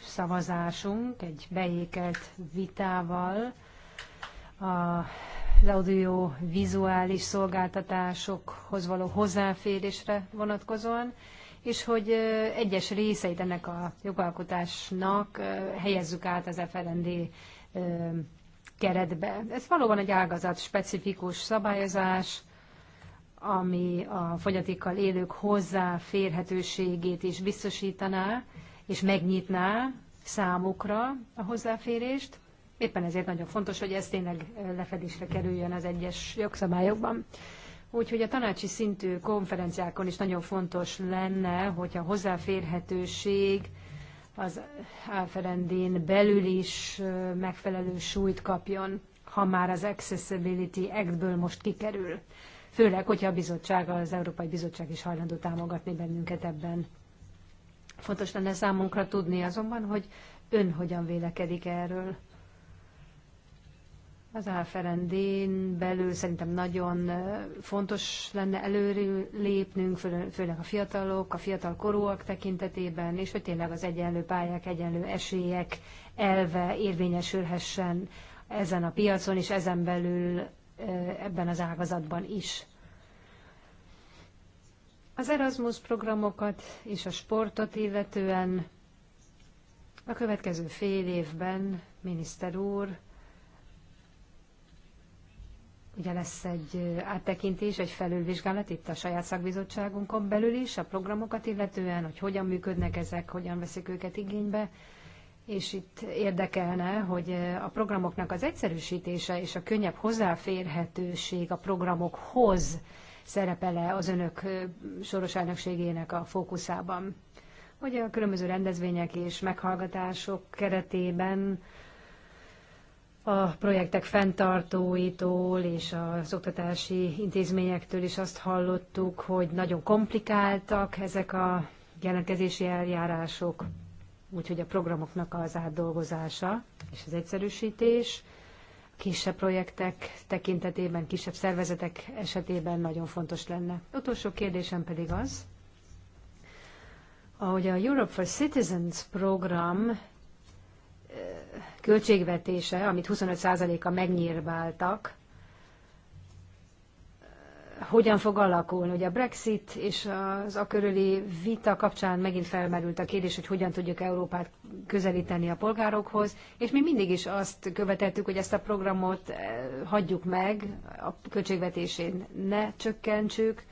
szavazásunk, egy beékelt vitával, az audio-vizuális szolgáltatásokhoz való hozzáférésre vonatkozóan, és hogy egyes részeit ennek a jogalkotásnak helyezzük át az FLND keretbe. Ez valóban egy ágazat specifikus szabályozás, ami a fogyatékkal élők hozzáférhetőségét is biztosítaná, és megnyitná számukra a hozzáférést, Éppen ezért nagyon fontos, hogy ez tényleg lefedésre kerüljön az egyes jogszabályokban. Úgyhogy a tanácsi szintű konferenciákon is nagyon fontos lenne, hogy a hozzáférhetőség az Alferendén belül is megfelelő súlyt kapjon, ha már az Accessibility actből most kikerül. Főleg, hogyha a bizottság, az Európai Bizottság is hajlandó támogatni bennünket ebben. Fontos lenne számunkra tudni azonban, hogy ön hogyan vélekedik erről. Az áferendén belül szerintem nagyon fontos lenne előlépnünk, főleg a fiatalok, a fiatal korúak tekintetében, és hogy tényleg az egyenlő pályák, egyenlő esélyek elve érvényesülhessen ezen a piacon, és ezen belül ebben az ágazatban is. Az Erasmus programokat és a sportot illetően a következő fél évben, miniszter úr, Ugye lesz egy áttekintés, egy felülvizsgálat itt a saját szakbizottságunkon belül is, a programokat illetően, hogy hogyan működnek ezek, hogyan veszik őket igénybe, és itt érdekelne, hogy a programoknak az egyszerűsítése és a könnyebb hozzáférhetőség a programokhoz szerepele az önök soros elnökségének a fókuszában. Hogy a különböző rendezvények és meghallgatások keretében a projektek fenntartóitól és az oktatási intézményektől is azt hallottuk, hogy nagyon komplikáltak ezek a jelentkezési eljárások, úgyhogy a programoknak az átdolgozása és az egyszerűsítés kisebb projektek tekintetében, kisebb szervezetek esetében nagyon fontos lenne. Utolsó kérdésem pedig az, ahogy a Europe for Citizens program költségvetése, amit 25%-a megnyírbáltak, hogyan fog alakulni. Ugye a Brexit és az a körüli vita kapcsán megint felmerült a kérdés, hogy hogyan tudjuk Európát közelíteni a polgárokhoz, és mi mindig is azt követeltük, hogy ezt a programot eh, hagyjuk meg, a költségvetésén ne csökkentsük,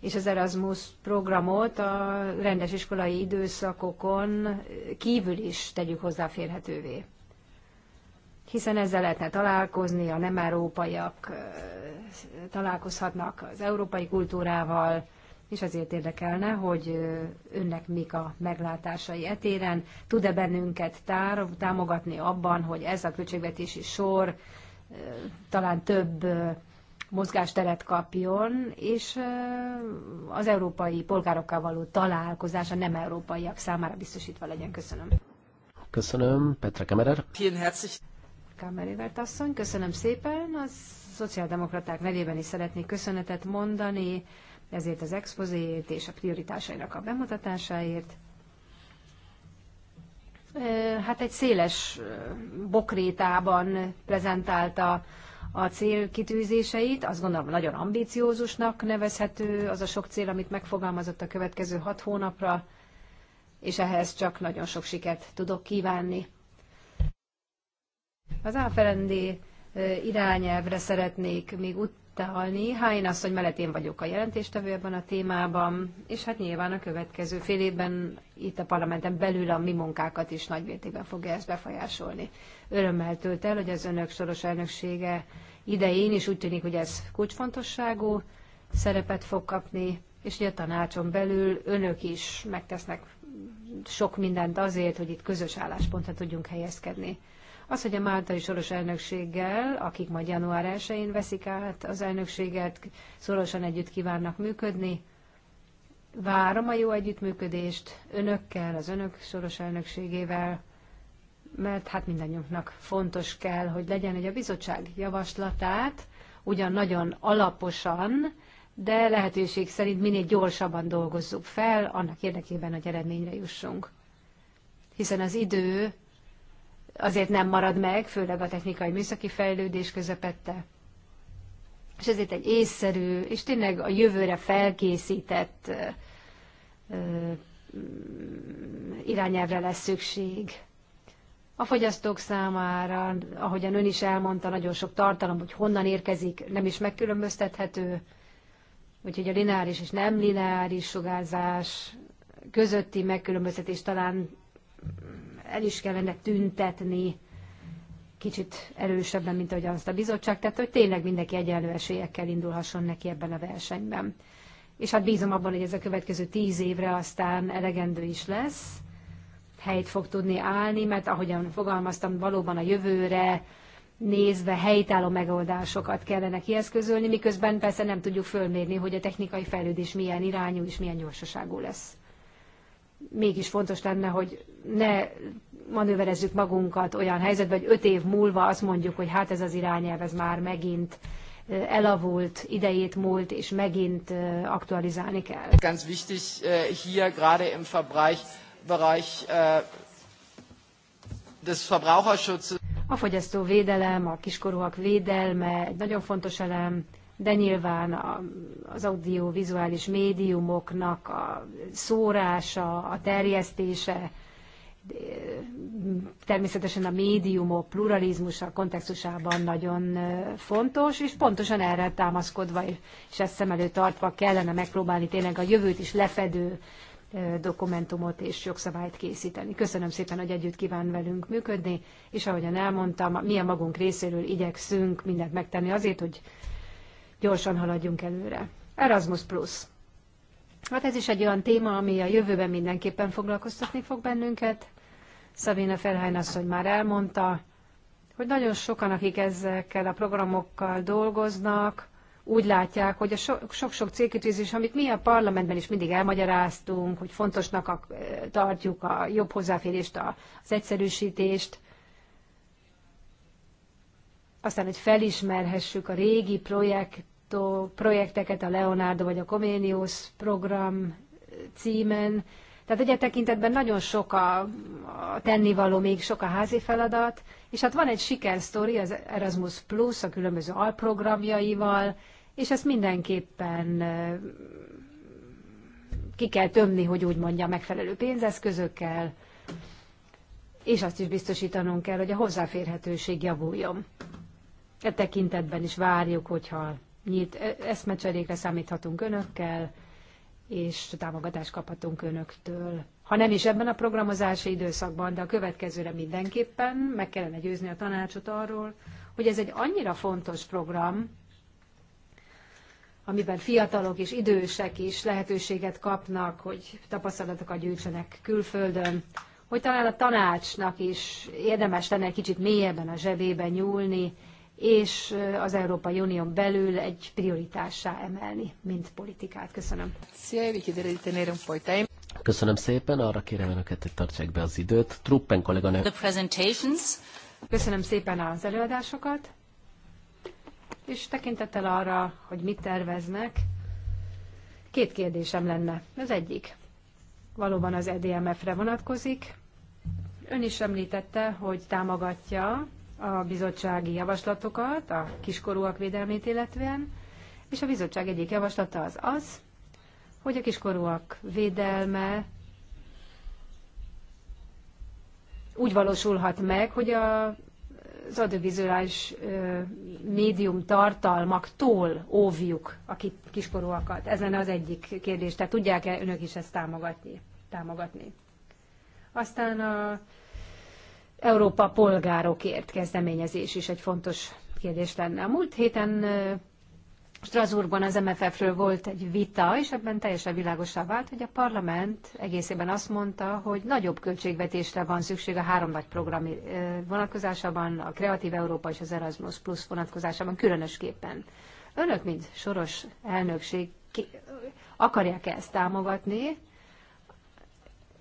és az Erasmus programot a rendes iskolai időszakokon kívül is tegyük hozzáférhetővé. Hiszen ezzel lehetne találkozni, a nem európaiak találkozhatnak az európai kultúrával, és ezért érdekelne, hogy önnek mik a meglátásai etéren, tud-e bennünket tár, támogatni abban, hogy ez a költségvetési sor talán több mozgásteret kapjon, és az európai polgárokkal való találkozása nem európaiak számára biztosítva legyen. Köszönöm. Köszönöm, Petra Kamerer. Kamerivert asszony, köszönöm szépen. A szociáldemokraták nevében is szeretnék köszönetet mondani, ezért az expozéért és a prioritásainak a bemutatásáért. Hát egy széles bokrétában prezentálta a célkitűzéseit. Azt gondolom nagyon ambíciózusnak nevezhető az a sok cél, amit megfogalmazott a következő hat hónapra, és ehhez csak nagyon sok sikert tudok kívánni. Az áferendi irányelvre szeretnék még utalni. azt hogy mellett én vagyok a jelentéstevő ebben a témában, és hát nyilván a következő fél évben itt a parlamenten belül a mi munkákat is nagymértékben fogja ezt befolyásolni örömmel tölt el, hogy az önök soros elnöksége idején is úgy tűnik, hogy ez kulcsfontosságú szerepet fog kapni, és ugye a tanácson belül önök is megtesznek sok mindent azért, hogy itt közös álláspontra tudjunk helyezkedni. Az, hogy a Máltai Soros elnökséggel, akik majd január 1-én veszik át az elnökséget, szorosan együtt kívánnak működni, várom a jó együttműködést önökkel, az önök soros elnökségével, mert hát mindannyiunknak fontos kell, hogy legyen, hogy a bizottság javaslatát ugyan nagyon alaposan, de lehetőség szerint minél gyorsabban dolgozzuk fel, annak érdekében, hogy eredményre jussunk. Hiszen az idő azért nem marad meg, főleg a technikai műszaki fejlődés közepette. És ezért egy észszerű, és tényleg a jövőre felkészített irányelvre lesz szükség a fogyasztók számára, ahogyan ön is elmondta, nagyon sok tartalom, hogy honnan érkezik, nem is megkülönböztethető, úgyhogy a lineáris és nem lineáris sugárzás közötti megkülönböztetés talán el is kellene tüntetni kicsit erősebben, mint ahogy azt a bizottság tehát hogy tényleg mindenki egyenlő esélyekkel indulhasson neki ebben a versenyben. És hát bízom abban, hogy ez a következő tíz évre aztán elegendő is lesz, helyt fog tudni állni, mert ahogyan fogalmaztam, valóban a jövőre nézve helytálló megoldásokat kellene kieszközölni, miközben persze nem tudjuk fölmérni, hogy a technikai fejlődés milyen irányú és milyen gyorsaságú lesz. Mégis fontos lenne, hogy ne manőverezzük magunkat olyan helyzetbe, hogy öt év múlva azt mondjuk, hogy hát ez az irányelv, ez már megint elavult, idejét múlt, és megint aktualizálni kell. Ganz wichtig äh, hier gerade im Bereich äh, des Verbraucherschutzes. A fogyasztóvédelem, a kiskorúak védelme egy nagyon fontos elem, de nyilván az audiovizuális médiumoknak a szórása, a terjesztése, természetesen a médiumok pluralizmusa kontextusában nagyon fontos, és pontosan erre támaszkodva és ezt szem előtt tartva kellene megpróbálni tényleg a jövőt is lefedő dokumentumot és jogszabályt készíteni. Köszönöm szépen, hogy együtt kíván velünk működni, és ahogyan elmondtam, mi a magunk részéről igyekszünk mindent megtenni azért, hogy gyorsan haladjunk előre. Erasmus Plus. Hát ez is egy olyan téma, ami a jövőben mindenképpen foglalkoztatni fog bennünket. Szabina Ferhány asszony már elmondta, hogy nagyon sokan, akik ezekkel a programokkal dolgoznak, úgy látják, hogy a sok-sok célkitűzés, amit mi a parlamentben is mindig elmagyaráztunk, hogy fontosnak a, tartjuk a jobb hozzáférést, az egyszerűsítést, aztán, hogy felismerhessük a régi projektó, projekteket, a Leonardo vagy a Comenius program címen. Tehát egy e tekintetben nagyon sok a, a tennivaló, még sok a házi feladat, és hát van egy sikersztori az Erasmus Plus a különböző alprogramjaival, és ezt mindenképpen ki kell tömni, hogy úgy mondja, megfelelő pénzeszközökkel, és azt is biztosítanunk kell, hogy a hozzáférhetőség javuljon. E tekintetben is várjuk, hogyha nyílt eszmecserékre számíthatunk önökkel, és támogatást kaphatunk önöktől. Ha nem is ebben a programozási időszakban, de a következőre mindenképpen meg kellene győzni a tanácsot arról, hogy ez egy annyira fontos program, amiben fiatalok és idősek is lehetőséget kapnak, hogy tapasztalatokat gyűjtsenek külföldön, hogy talán a tanácsnak is érdemes lenne egy kicsit mélyebben a zsebébe nyúlni, és az Európai Unión belül egy prioritássá emelni, mint politikát. Köszönöm. Köszönöm szépen, arra kérem önöket, hogy tartsák be az időt. Truppen kolléganő. Köszönöm szépen az előadásokat és tekintettel arra, hogy mit terveznek, két kérdésem lenne. Az egyik valóban az EDMF-re vonatkozik. Ön is említette, hogy támogatja a bizottsági javaslatokat a kiskorúak védelmét illetően, és a bizottság egyik javaslata az az, hogy a kiskorúak védelme úgy valósulhat meg, hogy a az audiovizuális médium tartalmaktól óvjuk a kiskorúakat. Ez lenne az egyik kérdés. Tehát tudják-e önök is ezt támogatni? támogatni. Aztán a Európa polgárokért kezdeményezés is egy fontos kérdés lenne. A múlt héten Strasbourgban az MFF-ről volt egy vita, és ebben teljesen világosá vált, hogy a parlament egészében azt mondta, hogy nagyobb költségvetésre van szükség a három nagy program vonatkozásában, a Kreatív Európa és az Erasmus Plus vonatkozásában különösképpen. Önök, mint soros elnökség, akarják -e ezt támogatni,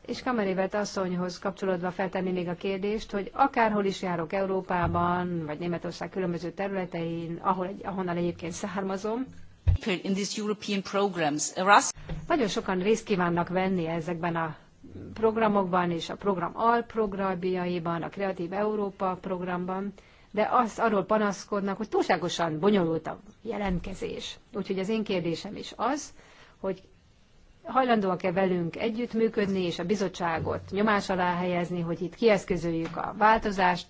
és Kamerévet asszonyhoz kapcsolódva feltenni még a kérdést, hogy akárhol is járok Európában, vagy Németország különböző területein, ahol, ahonnan egyébként származom, in these European programs. Erasmus. Nagyon sokan részt kívánnak venni ezekben a programokban és a program alprogramjaiban, a Kreatív Európa programban, de azt arról panaszkodnak, hogy túlságosan bonyolult a jelentkezés. Úgyhogy az én kérdésem is az, hogy hajlandóak-e velünk együttműködni, és a bizottságot nyomás alá helyezni, hogy itt kieszközöljük a változást,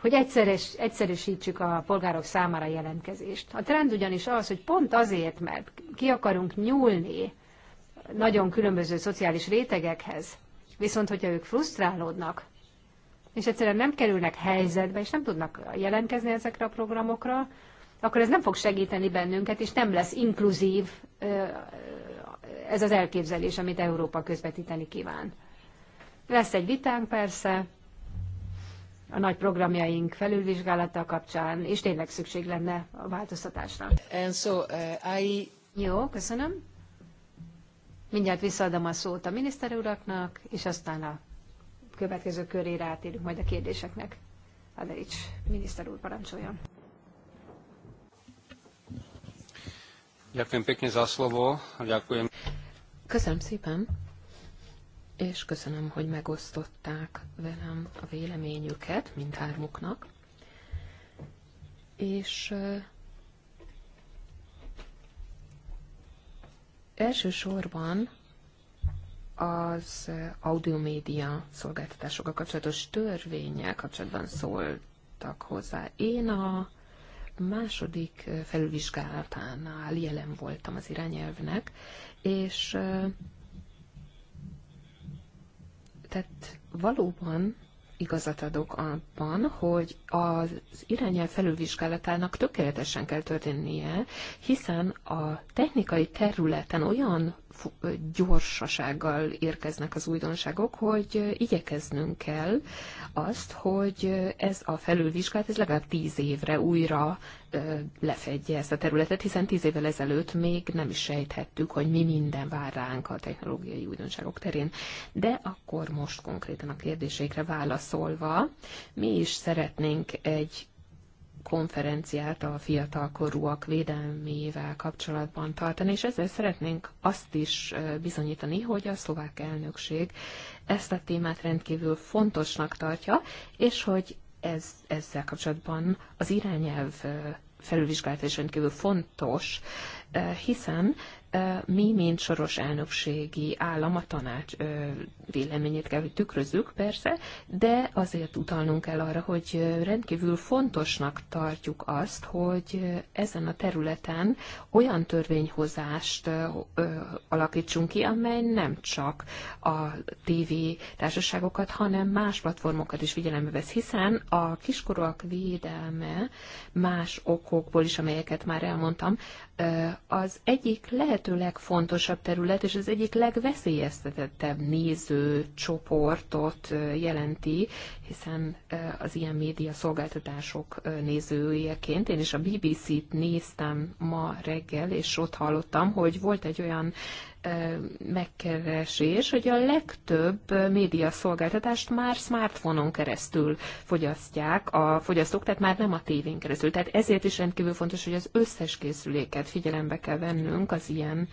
hogy egyszeres, egyszerűsítsük a polgárok számára jelentkezést. A trend ugyanis az, hogy pont azért, mert ki akarunk nyúlni nagyon különböző szociális rétegekhez, viszont hogyha ők frusztrálódnak, és egyszerűen nem kerülnek helyzetbe, és nem tudnak jelentkezni ezekre a programokra, akkor ez nem fog segíteni bennünket, és nem lesz inkluzív ez az elképzelés, amit Európa közvetíteni kíván. Lesz egy vitánk persze, a nagy programjaink felülvizsgálata kapcsán, és tényleg szükség lenne a változtatásra. And so, uh, I... Jó, köszönöm. Mindjárt visszaadom a szót a miniszter uraknak, és aztán a következő körére átérünk majd a kérdéseknek. Adelics miniszter úr parancsoljon. Ďakujem pekne za slovo. Ďakujem. Köszönöm szépen, és köszönöm, hogy megosztották velem a véleményüket mindhármuknak. És elsősorban az audiomédia szolgáltatásokkal kapcsolatos törvényel kapcsolatban szóltak hozzá. Én a második felülvizsgálatánál jelen voltam az irányelvnek, és tehát valóban igazat adok abban, hogy az irányel felülvizsgálatának tökéletesen kell történnie, hiszen a technikai területen olyan gyorsasággal érkeznek az újdonságok, hogy igyekeznünk kell azt, hogy ez a felülvizsgálat, ez legalább tíz évre újra lefedje ezt a területet, hiszen tíz évvel ezelőtt még nem is sejthettük, hogy mi minden vár ránk a technológiai újdonságok terén. De akkor most konkrétan a kérdésekre válaszolva, mi is szeretnénk egy konferenciát a fiatalkorúak védelmével kapcsolatban tartani, és ezzel szeretnénk azt is bizonyítani, hogy a szlovák elnökség ezt a témát rendkívül fontosnak tartja, és hogy ez, ezzel kapcsolatban az irányelv felülvizsgálata is rendkívül fontos, hiszen mi, mint soros elnökségi állam, a tanács véleményét kell, hogy tükrözzük persze, de azért utalnunk kell arra, hogy rendkívül fontosnak tartjuk azt, hogy ezen a területen olyan törvényhozást alakítsunk ki, amely nem csak a TV társaságokat, hanem más platformokat is figyelembe vesz, hiszen a kiskorúak védelme más okokból is, amelyeket már elmondtam, az egyik lehet lehető legfontosabb terület, és az egyik legveszélyeztetettebb néző csoportot jelenti, hiszen az ilyen média szolgáltatások nézőjeként. Én is a BBC-t néztem ma reggel, és ott hallottam, hogy volt egy olyan megkeresés, hogy a legtöbb média szolgáltatást már smartphone-on keresztül fogyasztják a fogyasztók, tehát már nem a tévén keresztül. Tehát ezért is rendkívül fontos, hogy az összes készüléket figyelembe kell vennünk az ilyen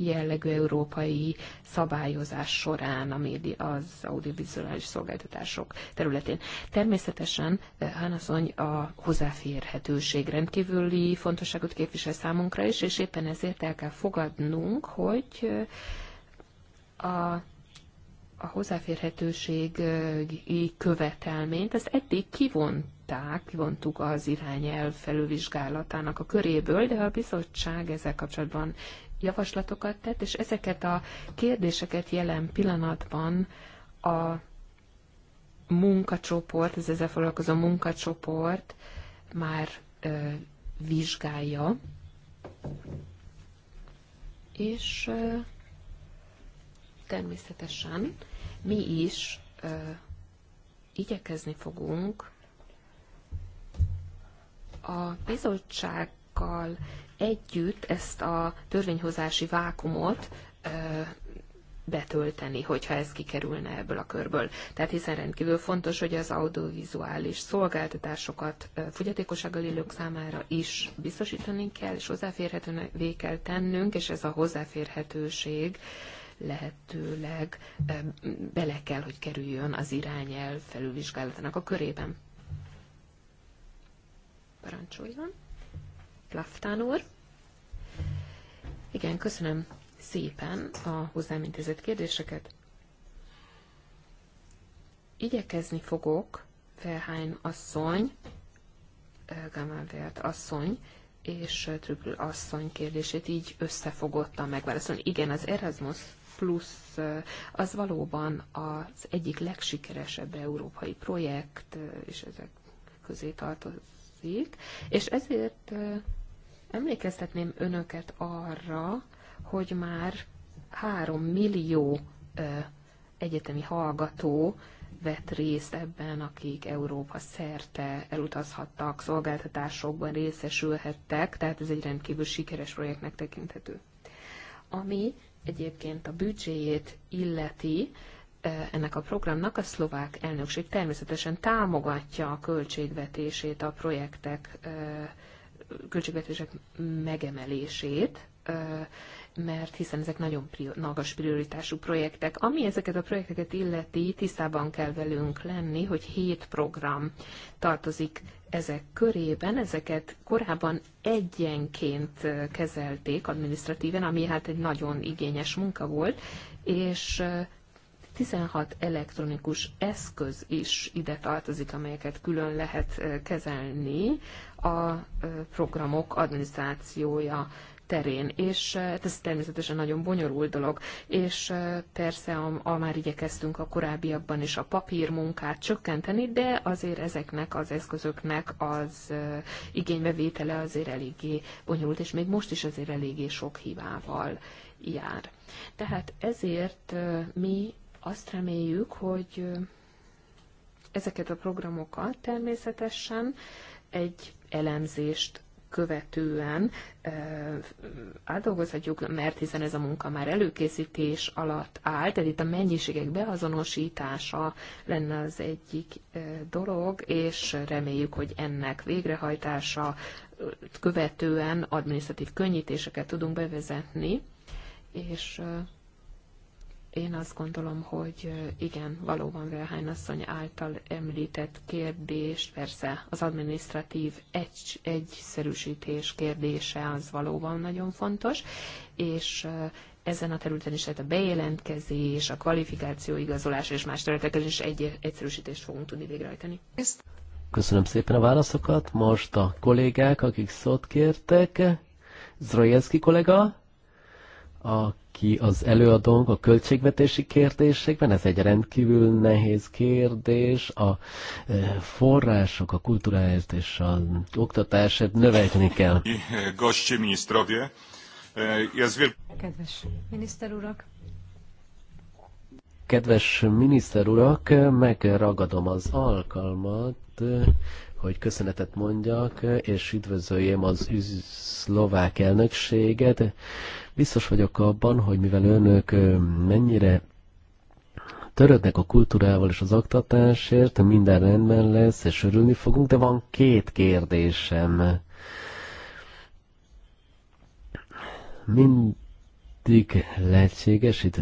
jellegű európai szabályozás során a média, az audiovizuális szolgáltatások területén. Természetesen eh, Hánaszony a hozzáférhetőség rendkívüli fontosságot képvisel számunkra is, és éppen ezért el kell fogadnunk, hogy eh, a a hozzáférhetőségi eh, követelményt, az eddig kivonták, kivontuk az irányelv felülvizsgálatának a köréből, de a bizottság ezzel kapcsolatban javaslatokat tett, és ezeket a kérdéseket jelen pillanatban a munkacsoport, az ezzel foglalkozó munkacsoport már ö, vizsgálja, és ö, természetesen mi is ö, igyekezni fogunk a bizottsággal együtt ezt a törvényhozási vákumot betölteni, hogyha ez kikerülne ebből a körből. Tehát hiszen rendkívül fontos, hogy az audiovizuális szolgáltatásokat fogyatékossággal élők számára is biztosítani kell, és hozzáférhetővé kell tennünk, és ez a hozzáférhetőség lehetőleg bele kell, hogy kerüljön az irányel felülvizsgálatának a körében. Parancsoljon! Plaftán úr. Igen, köszönöm szépen a hozzám intézett kérdéseket. Igyekezni fogok Felhány asszony, Gamavert asszony és Trüppel asszony kérdését így összefogottan megválaszolni. Igen, az Erasmus Plus az valóban az egyik legsikeresebb európai projekt, és ezek közé tartozik, és ezért Emlékeztetném önöket arra, hogy már három millió ö, egyetemi hallgató vett részt ebben, akik Európa szerte elutazhattak, szolgáltatásokban részesülhettek, tehát ez egy rendkívül sikeres projektnek tekinthető. Ami egyébként a büdzséjét illeti, ennek a programnak a szlovák elnökség természetesen támogatja a költségvetését a projektek költségvetések megemelését, mert hiszen ezek nagyon prior, magas prioritású projektek. Ami ezeket a projekteket illeti, tisztában kell velünk lenni, hogy hét program tartozik ezek körében, ezeket korábban egyenként kezelték adminisztratíven, ami hát egy nagyon igényes munka volt, és 16 elektronikus eszköz is ide tartozik, amelyeket külön lehet kezelni a programok adminisztrációja terén, és hát ez természetesen nagyon bonyolult dolog, és persze a, a már igyekeztünk a korábbiakban is a papírmunkát csökkenteni, de azért ezeknek az eszközöknek az igénybevétele azért eléggé bonyolult, és még most is azért eléggé sok hibával jár. Tehát ezért mi azt reméljük, hogy ezeket a programokat természetesen egy elemzést követően ö, átdolgozhatjuk, mert hiszen ez a munka már előkészítés alatt áll, tehát itt a mennyiségek beazonosítása lenne az egyik dolog, és reméljük, hogy ennek végrehajtása követően administratív könnyítéseket tudunk bevezetni, és én azt gondolom, hogy igen, valóban Verhány asszony által említett kérdés, persze az administratív egy, egyszerűsítés kérdése az valóban nagyon fontos, és ezen a területen is, tehát a bejelentkezés, a kvalifikáció igazolás és más területeken is egy egyszerűsítést fogunk tudni végrehajtani. Köszönöm szépen a válaszokat. Most a kollégák, akik szót kértek. Zrojewski kollega, aki az előadónk a költségvetési kérdésekben. Ez egy rendkívül nehéz kérdés. A e, források, a kulturáért és az oktatásért növelni kell. Gosti minisztrovje. E, Kedves miniszter urak! Kedves miniszter urak, megragadom az alkalmat, e, hogy köszönetet mondjak, és üdvözöljem az szlovák elnökséget. Biztos vagyok abban, hogy mivel önök mennyire törődnek a kultúrával és az oktatásért, minden rendben lesz, és örülni fogunk, de van két kérdésem. Mindig lehetséges itt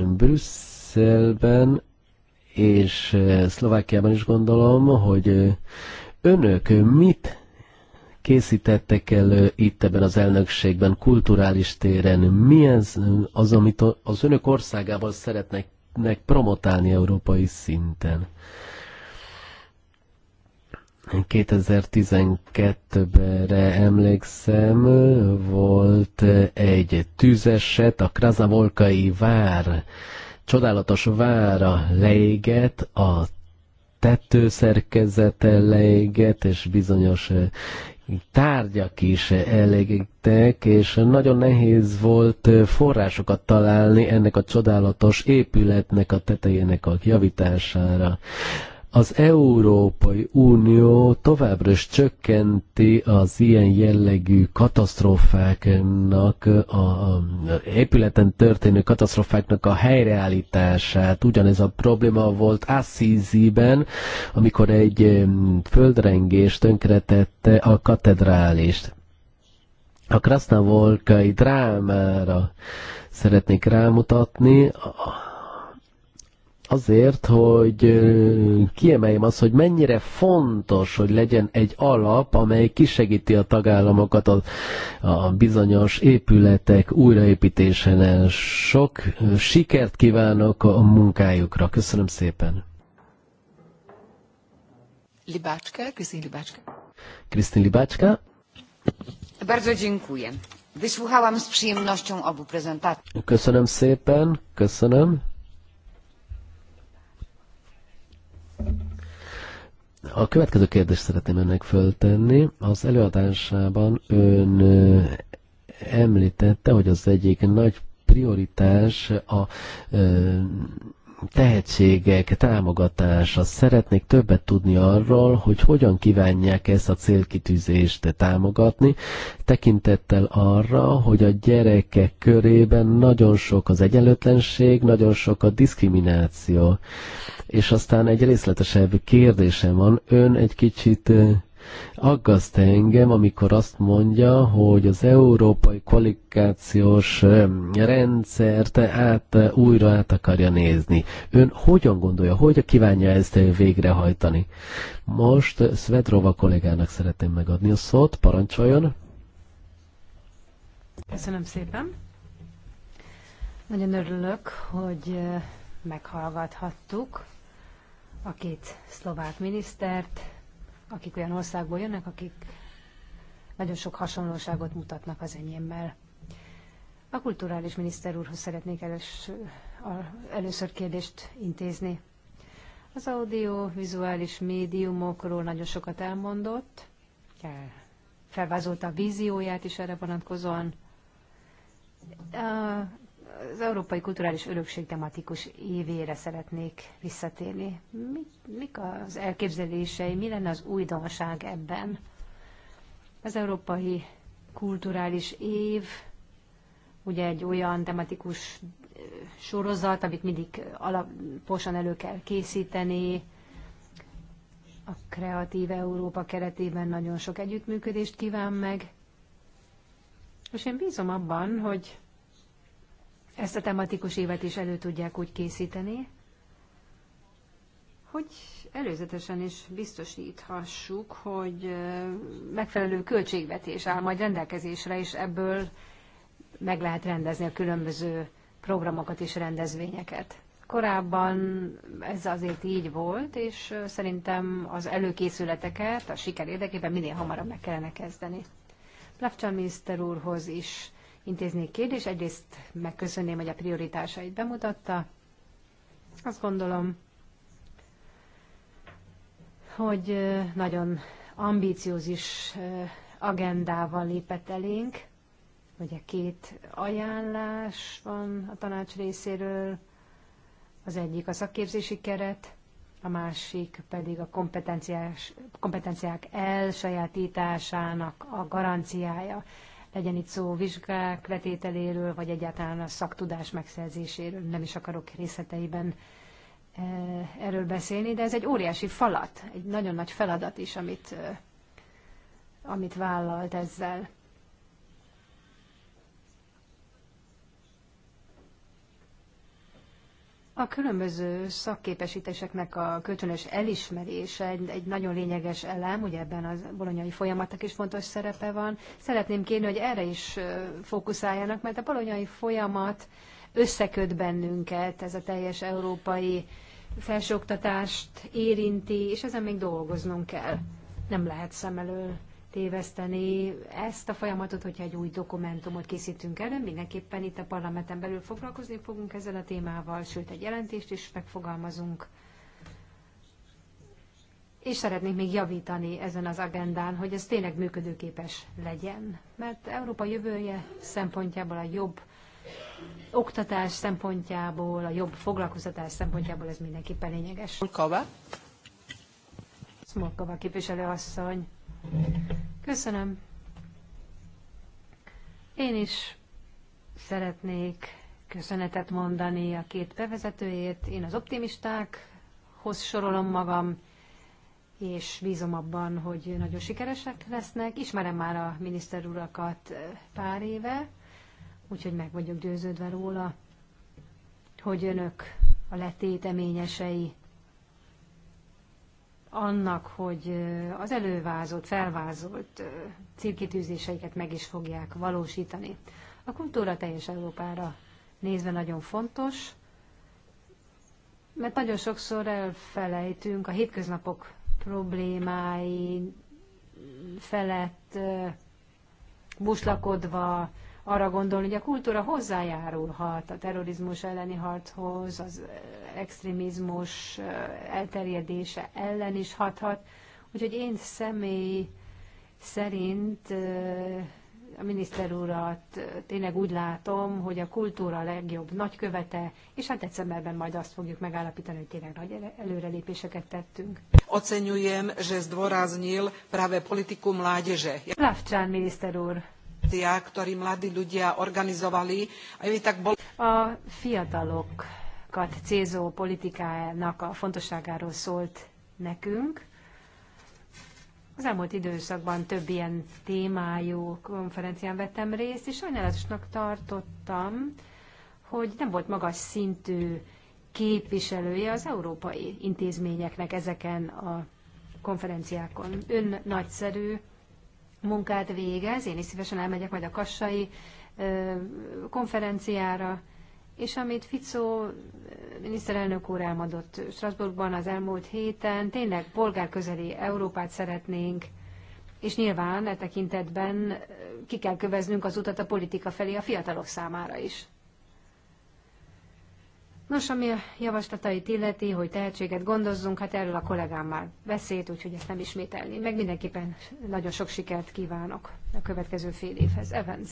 Brüsszelben és Szlovákiában is gondolom, hogy önök mit készítettek elő itt ebben az elnökségben, kulturális téren? Mi ez az, amit az önök országával szeretnek promotálni európai szinten? 2012-re emlékszem, volt egy tűzeset, a Krasnavolkai vár, csodálatos vára leégett, a tetőszerkezete leégett, és bizonyos tárgyak is elégítek, és nagyon nehéz volt forrásokat találni ennek a csodálatos épületnek a tetejének a javítására az Európai Unió továbbra is csökkenti az ilyen jellegű katasztrófáknak, a, a épületen történő katasztrófáknak a helyreállítását. Ugyanez a probléma volt Assisi-ben, amikor egy földrengés tönkretette a katedrálist. A Krasznavolkai drámára szeretnék rámutatni, azért, hogy kiemeljem azt, hogy mennyire fontos, hogy legyen egy alap, amely kisegíti a tagállamokat a, a bizonyos épületek újraépítésen. Sok sikert kívánok a munkájukra. Köszönöm szépen. Libácska, Krisztin Libácska. Krisztin Libácska. Bardzo dziękuję. Wysłuchałam z przyjemnością obu prezentacji. Köszönöm szépen, köszönöm. A következő kérdést szeretném önnek föltenni. Az előadásában ön említette, hogy az egyik nagy prioritás a tehetségek támogatása. Szeretnék többet tudni arról, hogy hogyan kívánják ezt a célkitűzést támogatni, tekintettel arra, hogy a gyerekek körében nagyon sok az egyenlőtlenség, nagyon sok a diszkrimináció. És aztán egy részletesebb kérdésem van. Ön egy kicsit eh, aggaszt engem, amikor azt mondja, hogy az európai kvalifikációs rendszert át, újra át akarja nézni. Ön hogyan gondolja, hogy kívánja ezt végrehajtani? Most Svetrova kollégának szeretném megadni a szót, parancsoljon. Köszönöm szépen. Nagyon örülök, hogy eh, meghallgathattuk a két szlovák minisztert, akik olyan országból jönnek, akik nagyon sok hasonlóságot mutatnak az enyémmel. A kulturális miniszter úrhoz szeretnék először kérdést intézni. Az audio-vizuális médiumokról nagyon sokat elmondott, felvázolta a vízióját is erre vonatkozóan az Európai Kulturális Örökség tematikus évére szeretnék visszatérni. Mi, mik az elképzelései, mi lenne az újdonság ebben? Az Európai Kulturális Év ugye egy olyan tematikus sorozat, amit mindig alaposan elő kell készíteni, a Kreatív Európa keretében nagyon sok együttműködést kíván meg, és én bízom abban, hogy ezt a tematikus évet is elő tudják úgy készíteni, hogy előzetesen is biztosíthassuk, hogy megfelelő költségvetés áll majd rendelkezésre, és ebből meg lehet rendezni a különböző programokat és rendezvényeket. Korábban ez azért így volt, és szerintem az előkészületeket a siker érdekében minél hamarabb meg kellene kezdeni. Plavcsa miniszter úrhoz is intéznék kérdést. Egyrészt megköszönném, hogy a prioritásait bemutatta. Azt gondolom, hogy nagyon ambíciózis agendával lépett elénk. Ugye két ajánlás van a tanács részéről, az egyik a szakképzési keret, a másik pedig a kompetenciák elsajátításának a garanciája legyen itt szó vizsgák vetételéről, vagy egyáltalán a szaktudás megszerzéséről. Nem is akarok részleteiben eh, erről beszélni, de ez egy óriási falat, egy nagyon nagy feladat is, amit, eh, amit vállalt ezzel. A különböző szakképesítéseknek a kölcsönös elismerése egy, egy nagyon lényeges elem, ugye ebben a bolonyai folyamatnak is fontos szerepe van. Szeretném kérni, hogy erre is fókuszáljanak, mert a bolonyai folyamat összeköt bennünket, ez a teljes európai felsőoktatást érinti, és ezen még dolgoznunk kell. Nem lehet szem elől téveszteni ezt a folyamatot, hogyha egy új dokumentumot készítünk elő. Mindenképpen itt a parlamenten belül foglalkozni fogunk ezzel a témával, sőt egy jelentést is megfogalmazunk. És szeretnék még javítani ezen az agendán, hogy ez tényleg működőképes legyen. Mert Európa jövője szempontjából a jobb oktatás szempontjából, a jobb foglalkoztatás szempontjából ez mindenképpen lényeges. Smolkova. Smolkova képviselőasszony. Köszönöm. Én is szeretnék köszönetet mondani a két bevezetőjét. Én az optimistákhoz sorolom magam, és bízom abban, hogy nagyon sikeresek lesznek. Ismerem már a miniszter urakat eh, pár éve, úgyhogy meg vagyok győződve róla, hogy önök a letéteményesei annak, hogy az elővázolt, felvázolt célkitűzéseiket meg is fogják valósítani. A kultúra teljes Európára nézve nagyon fontos, mert nagyon sokszor elfelejtünk a hétköznapok problémái felett buslakodva, arra gondolni, hogy a kultúra hozzájárulhat a terrorizmus elleni harchoz, az extrémizmus elterjedése ellen is hathat. Úgyhogy én személy szerint a miniszter urat tényleg úgy látom, hogy a kultúra a legjobb nagykövete, és hát decemberben majd azt fogjuk megállapítani, hogy tényleg nagy előrelépéseket tettünk. Oceňujem, že zdôraznil práve politiku mládeže. Lavcsán miniszter úr, partia, ktorý mladí ľudia organizovali. A mi tak bol... A fiatalokat célzó politikának a fontosságáról szólt nekünk. Az elmúlt időszakban több ilyen témájú konferencián vettem részt, és sajnálatosnak tartottam, hogy nem volt magas szintű képviselője az európai intézményeknek ezeken a konferenciákon. Ön nagyszerű munkát végez, én is szívesen elmegyek majd a kassai konferenciára, és amit Ficó miniszterelnök úr elmondott Strasbourgban az elmúlt héten, tényleg polgárközeli Európát szeretnénk, és nyilván e tekintetben ki kell köveznünk az utat a politika felé a fiatalok számára is. Nos, ami a javaslatait illeti, hogy tehetséget gondozzunk, hát erről a kollégám már beszélt, úgyhogy ezt nem ismételni. Meg mindenképpen nagyon sok sikert kívánok a következő fél évhez. Evans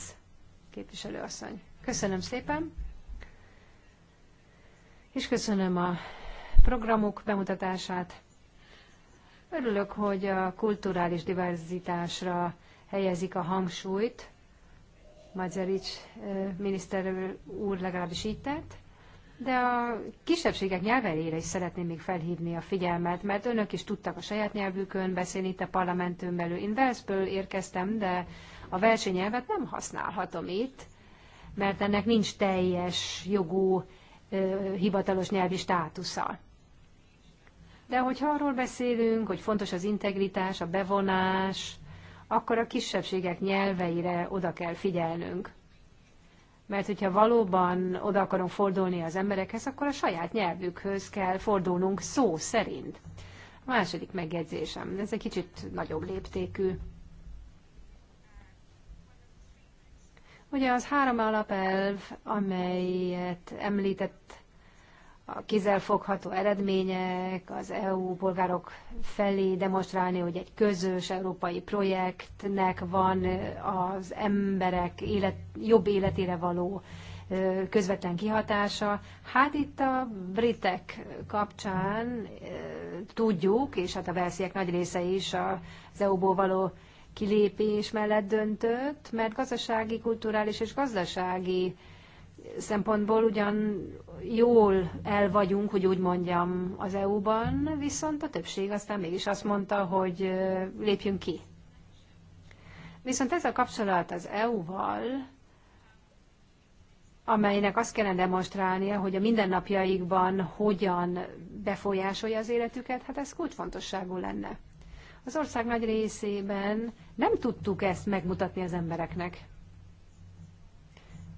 képviselőasszony. Köszönöm szépen, és köszönöm a programok bemutatását. Örülök, hogy a kulturális diverzitásra helyezik a hangsúlyt. Magyarics eh, miniszter úr legalábbis így tett de a kisebbségek nyelvelére is szeretném még felhívni a figyelmet, mert önök is tudtak a saját nyelvükön beszélni itt a parlamentön belül. Én Velszből érkeztem, de a velsi nyelvet nem használhatom itt, mert ennek nincs teljes jogú hivatalos nyelvi státusza. De hogyha arról beszélünk, hogy fontos az integritás, a bevonás, akkor a kisebbségek nyelveire oda kell figyelnünk mert hogyha valóban oda akarunk fordulni az emberekhez, akkor a saját nyelvükhöz kell fordulnunk szó szerint. A második megjegyzésem, ez egy kicsit nagyobb léptékű. Ugye az három alapelv, amelyet említett a kizelfogható eredmények az EU polgárok felé demonstrálni, hogy egy közös európai projektnek van az emberek élet, jobb életére való közvetlen kihatása. Hát itt a britek kapcsán tudjuk, és hát a versziek nagy része is az EU-ból való kilépés mellett döntött, mert gazdasági, kulturális és gazdasági szempontból ugyan jól el vagyunk, hogy úgy mondjam, az EU-ban, viszont a többség aztán mégis azt mondta, hogy lépjünk ki. Viszont ez a kapcsolat az EU-val, amelynek azt kellene demonstrálnia, hogy a mindennapjaikban hogyan befolyásolja az életüket, hát ez kulcsfontosságú lenne. Az ország nagy részében nem tudtuk ezt megmutatni az embereknek.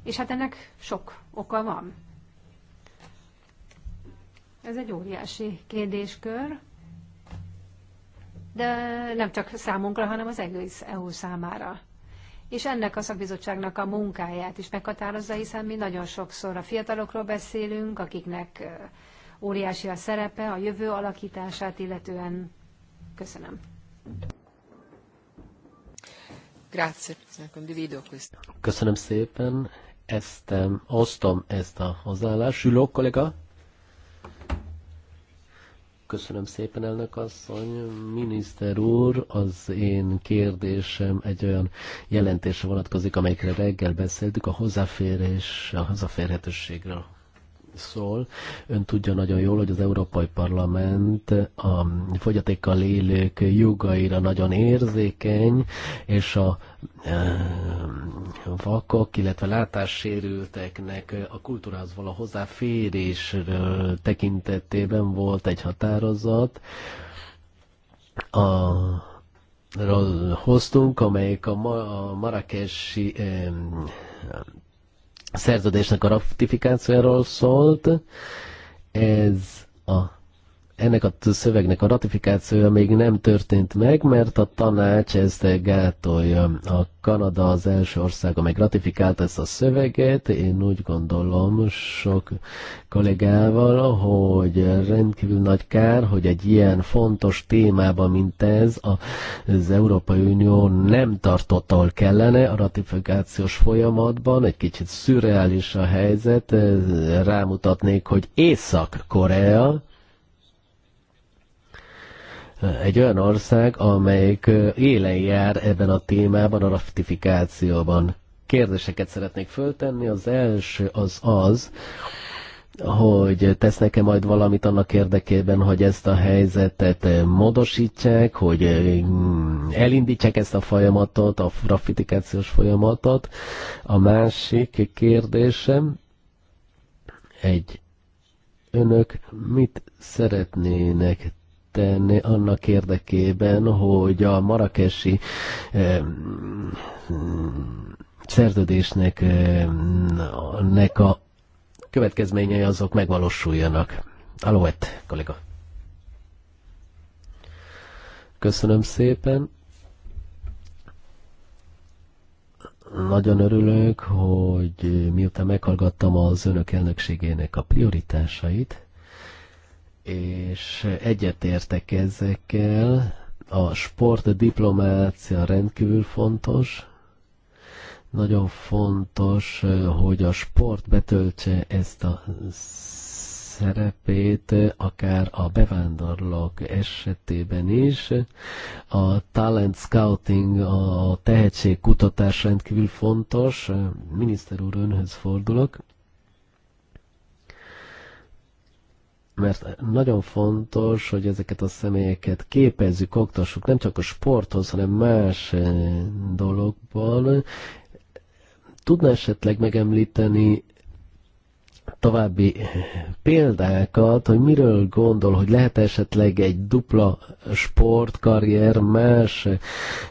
És hát ennek sok oka van. Ez egy óriási kérdéskör, de nem csak számunkra, hanem az egész EU számára. És ennek a szakbizottságnak a munkáját is meghatározza, hiszen mi nagyon sokszor a fiatalokról beszélünk, akiknek óriási a szerepe, a jövő alakítását illetően. Köszönöm. Grazie, questo. Köszönöm szépen, ezt, osztom ezt a hozzáállás. Süló kollega? Köszönöm szépen, elnök asszony. Miniszter úr, az én kérdésem egy olyan jelentésre vonatkozik, amelyikre reggel beszéltük, a hozzáférés, a hozzáférhetőségről szól. Ön tudja nagyon jól, hogy az Európai Parlament a fogyatékkal élők jogaira nagyon érzékeny, és a e, vakok, illetve látássérülteknek a kultúrához való hozzáférés tekintetében volt egy határozat. A hoztunk, amelyik a, ma, a marakesi e, szerződésnek a ratifikációról szólt. Ez a ennek a szövegnek a ratifikációja még nem történt meg, mert a tanács ezt gátolja. A Kanada az első ország, amely ratifikálta ezt a szöveget. Én úgy gondolom sok kollégával, hogy rendkívül nagy kár, hogy egy ilyen fontos témában, mint ez, az Európai Unió nem tartott, ahol kellene a ratifikációs folyamatban. Egy kicsit szürreális a helyzet. Rámutatnék, hogy Észak-Korea, egy olyan ország, amelyik élen jár ebben a témában, a ratifikációban. Kérdéseket szeretnék föltenni. Az első az az, hogy tesznek-e majd valamit annak érdekében, hogy ezt a helyzetet módosítsák, hogy elindítsák ezt a folyamatot, a ratifikációs folyamatot. A másik kérdésem egy önök mit szeretnének tenni annak érdekében, hogy a marakesi szerződésnek nek a következményei azok megvalósuljanak. Alouette, kollega. Köszönöm szépen. Nagyon örülök, hogy miután meghallgattam az önök elnökségének a prioritásait, és egyetértek ezekkel. A sportdiplomácia rendkívül fontos, nagyon fontos, hogy a sport betöltse ezt a szerepét, akár a bevándorlók esetében is. A talent scouting, a tehetségkutatás rendkívül fontos. Miniszter úr, önhöz fordulok. mert nagyon fontos, hogy ezeket a személyeket képezzük, oktassuk, nem csak a sporthoz, hanem más eh, dologban. Tudná esetleg megemlíteni további példákat, hogy miről gondol, hogy lehet esetleg egy dupla sportkarrier más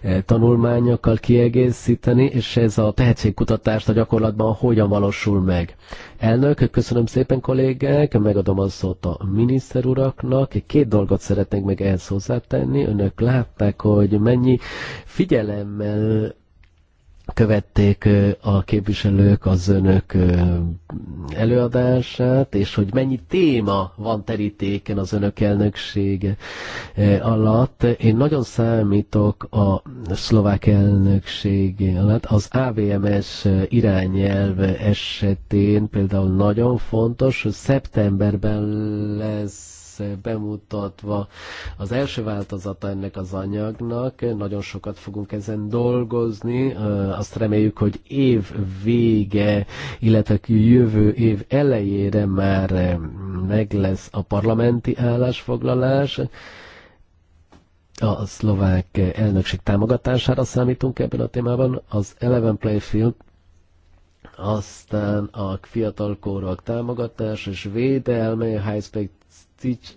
eh, tanulmányokkal kiegészíteni, és ez a tehetségkutatást a gyakorlatban hogyan valósul meg. Elnök, köszönöm szépen kollégák, megadom a szót a miniszter uraknak. Két dolgot szeretnék meg ehhez hozzátenni. Önök látták, hogy mennyi figyelemmel követték a képviselők az önök előadását, és hogy mennyi téma van terítéken az önök elnöksége alatt. Én nagyon számítok a szlovák elnökség alatt. Az AVMS irányelv esetén például nagyon fontos, hogy szeptemberben lesz lesz bemutatva az első változata ennek az anyagnak. Nagyon sokat fogunk ezen dolgozni. Azt reméljük, hogy év vége, illetve jövő év elejére már meg lesz a parlamenti állásfoglalás a szlovák elnökség támogatására számítunk ebben a témában, az Eleven Playfield, aztán a fiatal korok támogatás és védelme, a High Spec így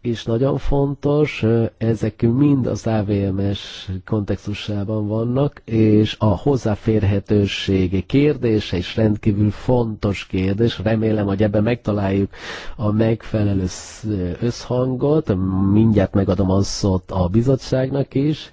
és nagyon fontos, ezek mind az AVMS kontextusában vannak, és a hozzáférhetőség kérdése is rendkívül fontos kérdés. Remélem, hogy ebben megtaláljuk a megfelelő összhangot. Mindjárt megadom a szót a bizottságnak is.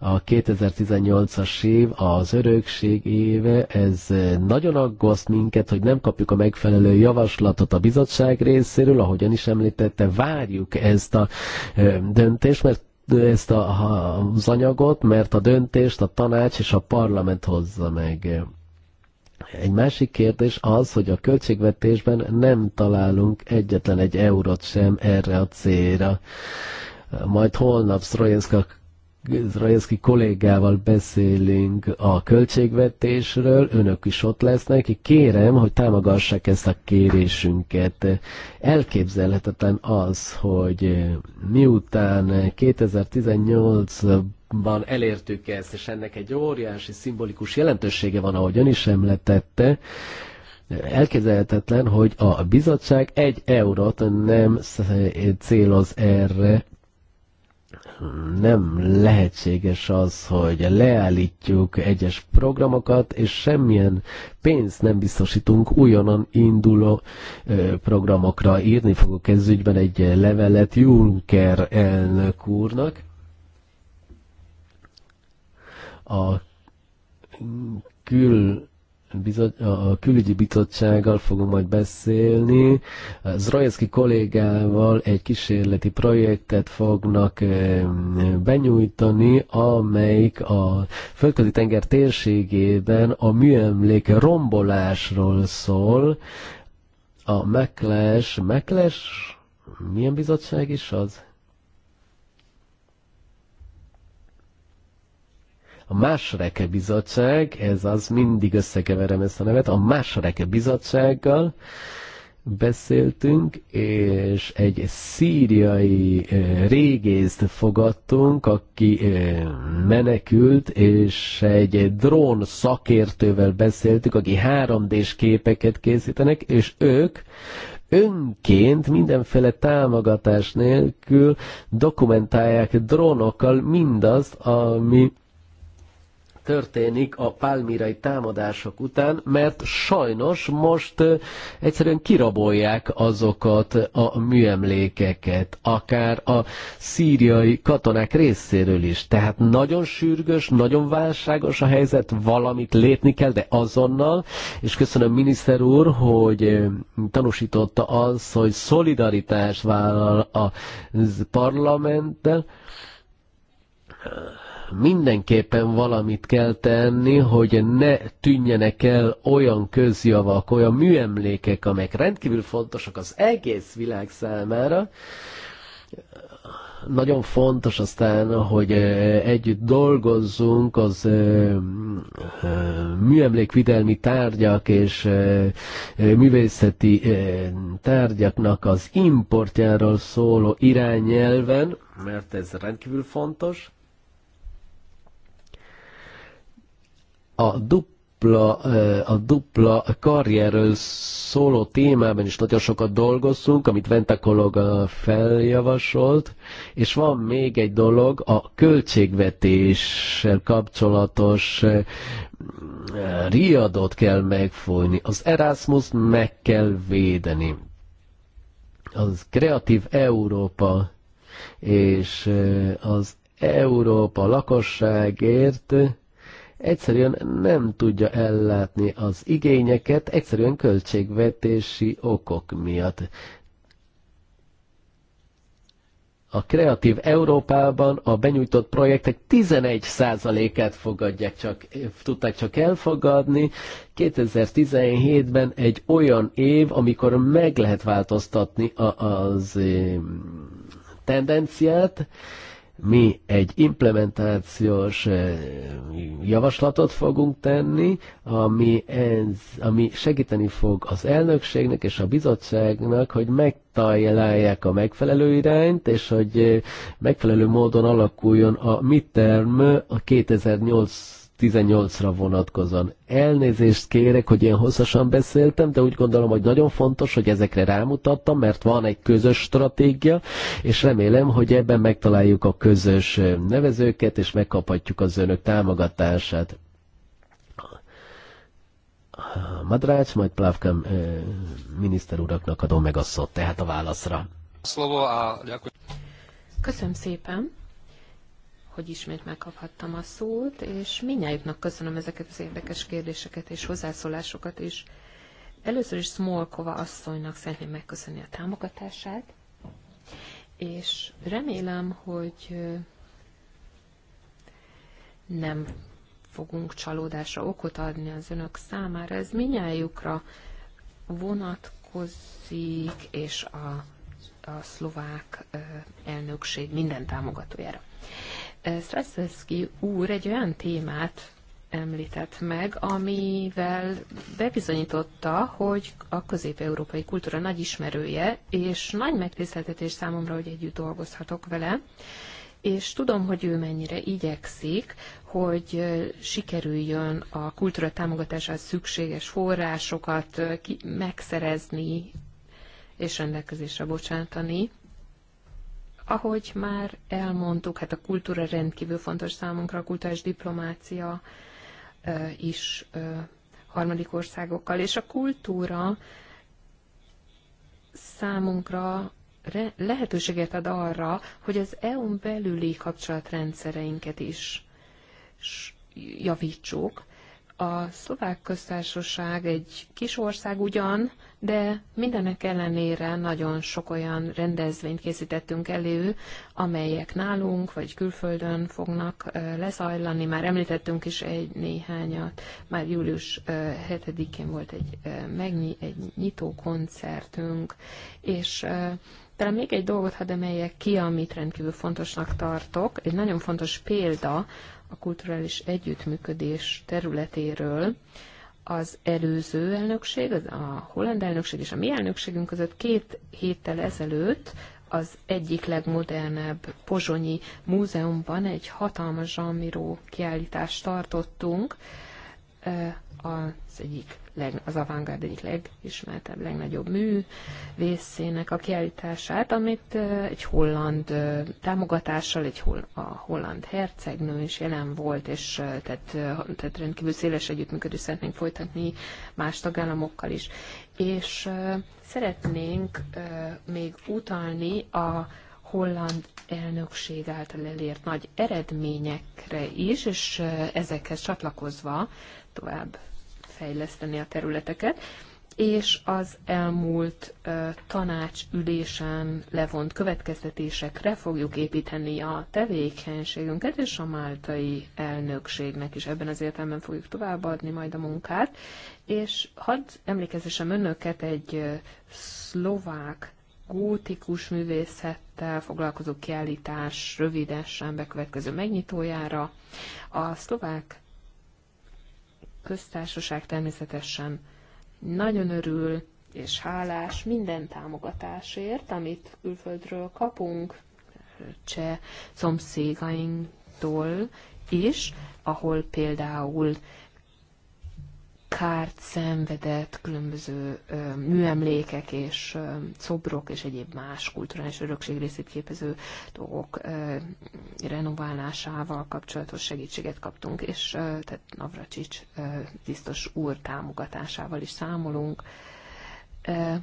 A 2018-as év, az örökség éve, ez eh, nagyon aggaszt minket, hogy nem kapjuk a megfelelő javaslatot a bizottság részéről, ahogyan is említette, várjuk ezt a eh, döntést, mert eh, ezt a, az anyagot, mert a döntést a tanács és a parlament hozza meg. Egy másik kérdés az, hogy a költségvetésben nem találunk egyetlen egy eurót sem erre a célra. Majd holnap Sztrojenszka izraelszki kollégával beszélünk a költségvetésről, önök is ott lesznek, kérem, hogy támogassák ezt a kérésünket. Elképzelhetetlen az, hogy miután 2018 ban elértük ezt, és ennek egy óriási szimbolikus jelentősége van, ahogy ön is említette, elképzelhetetlen, hogy a bizottság egy eurót nem céloz erre nem lehetséges az, hogy leállítjuk egyes programokat, és semmilyen pénzt nem biztosítunk újonnan induló programokra. Írni fogok ezügyben egy levelet Juncker elnök úrnak. A kül bizot, a külügyi bizottsággal fogom majd beszélni. Zrojewski kollégával egy kísérleti projektet fognak benyújtani, amelyik a földközi tenger térségében a műemlék rombolásról szól. A Meklás, Meklás milyen bizottság is az? A Másreke Bizottság, ez az, mindig összekeverem ezt a nevet, a Másreke Bizottsággal beszéltünk, és egy szíriai eh, régészt fogadtunk, aki eh, menekült, és egy drón szakértővel beszéltük, aki 3D-s képeket készítenek, és ők önként, mindenféle támogatás nélkül dokumentálják drónokkal mindazt, ami történik a pálmirai támadások után, mert sajnos most egyszerűen kirabolják azokat a műemlékeket, akár a szíriai katonák részéről is. Tehát nagyon sürgős, nagyon válságos a helyzet, valamit lépni kell, de azonnal, és köszönöm miniszter úr, hogy tanúsította az, hogy szolidaritás vállal a parlamenttel, mindenképpen valamit kell tenni, hogy ne tűnjenek el olyan közjavak, olyan műemlékek, amelyek rendkívül fontosak az egész világ számára, nagyon fontos aztán, hogy együtt dolgozzunk az műemlékvidelmi tárgyak és művészeti tárgyaknak az importjáról szóló irányelven, mert ez rendkívül fontos. a dupla, a dupla karrierről szóló témában is nagyon sokat dolgozunk, amit Venta kollega feljavasolt, és van még egy dolog, a költségvetéssel kapcsolatos riadót kell megfújni, az Erasmus meg kell védeni. Az Kreatív Európa és az Európa lakosságért egyszerűen nem tudja ellátni az igényeket, egyszerűen költségvetési okok miatt. A kreatív Európában a benyújtott projektek 11%-át fogadják csak, tudták csak elfogadni. 2017-ben egy olyan év, amikor meg lehet változtatni az eh, tendenciát, mi egy implementációs eh, javaslatot fogunk tenni, ami, ez, ami segíteni fog az elnökségnek és a bizottságnak, hogy megtalálják a megfelelő irányt, és hogy eh, megfelelő módon alakuljon a midterm a 2008 18-ra vonatkozóan. Elnézést kérek, hogy ilyen hosszasan beszéltem, de úgy gondolom, hogy nagyon fontos, hogy ezekre rámutattam, mert van egy közös stratégia, és remélem, hogy ebben megtaláljuk a közös nevezőket, és megkaphatjuk az önök támogatását. Madrács, majd Plávkám miniszter uraknak adom meg a szót, tehát a válaszra. Köszönöm szépen hogy ismét megkaphattam a szót, és minnyájuknak köszönöm ezeket az érdekes kérdéseket és hozzászólásokat is. Először is Smolkova asszonynak szeretném megköszönni a támogatását, és remélem, hogy nem fogunk csalódásra okot adni az önök számára. Ez minnyájukra vonatkozik, és a, a szlovák elnökség minden támogatójára. Straszewski úr egy olyan témát említett meg, amivel bebizonyította, hogy a közép-európai kultúra nagy ismerője, és nagy megtiszteltetés számomra, hogy együtt dolgozhatok vele, és tudom, hogy ő mennyire igyekszik, hogy sikerüljön a kultúra támogatásához szükséges forrásokat megszerezni és rendelkezésre bocsátani, ahogy már elmondtuk, hát a kultúra rendkívül fontos számunkra, a kultúrás diplomácia is harmadik országokkal, és a kultúra számunkra lehetőséget ad arra, hogy az EU-n belüli kapcsolatrendszereinket is javítsuk. A szlovák köztársaság egy kis ország ugyan, de mindenek ellenére nagyon sok olyan rendezvényt készítettünk elő, amelyek nálunk vagy külföldön fognak lezajlani. Már említettünk is egy néhányat, már július 7-én volt egy, megnyi, egy nyitó koncertünk, és talán még egy dolgot hadd emeljek ki, amit rendkívül fontosnak tartok. Egy nagyon fontos példa a kulturális együttműködés területéről, az előző elnökség, a holland elnökség és a mi elnökségünk között két héttel ezelőtt az egyik legmodernebb pozsonyi múzeumban egy hatalmas zsamiró kiállítást tartottunk, az egyik leg, az avantgárd egyik legismertebb, legnagyobb művészének a kiállítását, amit egy holland támogatással, egy hol, a holland hercegnő is jelen volt, és tehát, tehát rendkívül széles együttműködést szeretnénk folytatni más tagállamokkal is. És szeretnénk még utalni a holland elnökség által elért nagy eredményekre is, és eh, ezekhez csatlakozva tovább fejleszteni a területeket és az elmúlt eh, tanácsülésen levont következtetésekre fogjuk építeni a tevékenységünket, és a máltai elnökségnek is ebben az értelemben fogjuk továbbadni majd a munkát. És hadd emlékezésem önöket egy eh, szlovák gótikus művészet történettel foglalkozó kiállítás rövidesen bekövetkező megnyitójára. A szlovák köztársaság természetesen nagyon örül és hálás minden támogatásért, amit külföldről kapunk, cseh szomszégainktól is, ahol például kárt szenvedett különböző ö, műemlékek és ö, szobrok és egyéb más kulturális örökség részét képező dolgok ö, renoválásával kapcsolatos segítséget kaptunk, és ö, tehát Navracsics ö, biztos úr támogatásával is számolunk. Ö,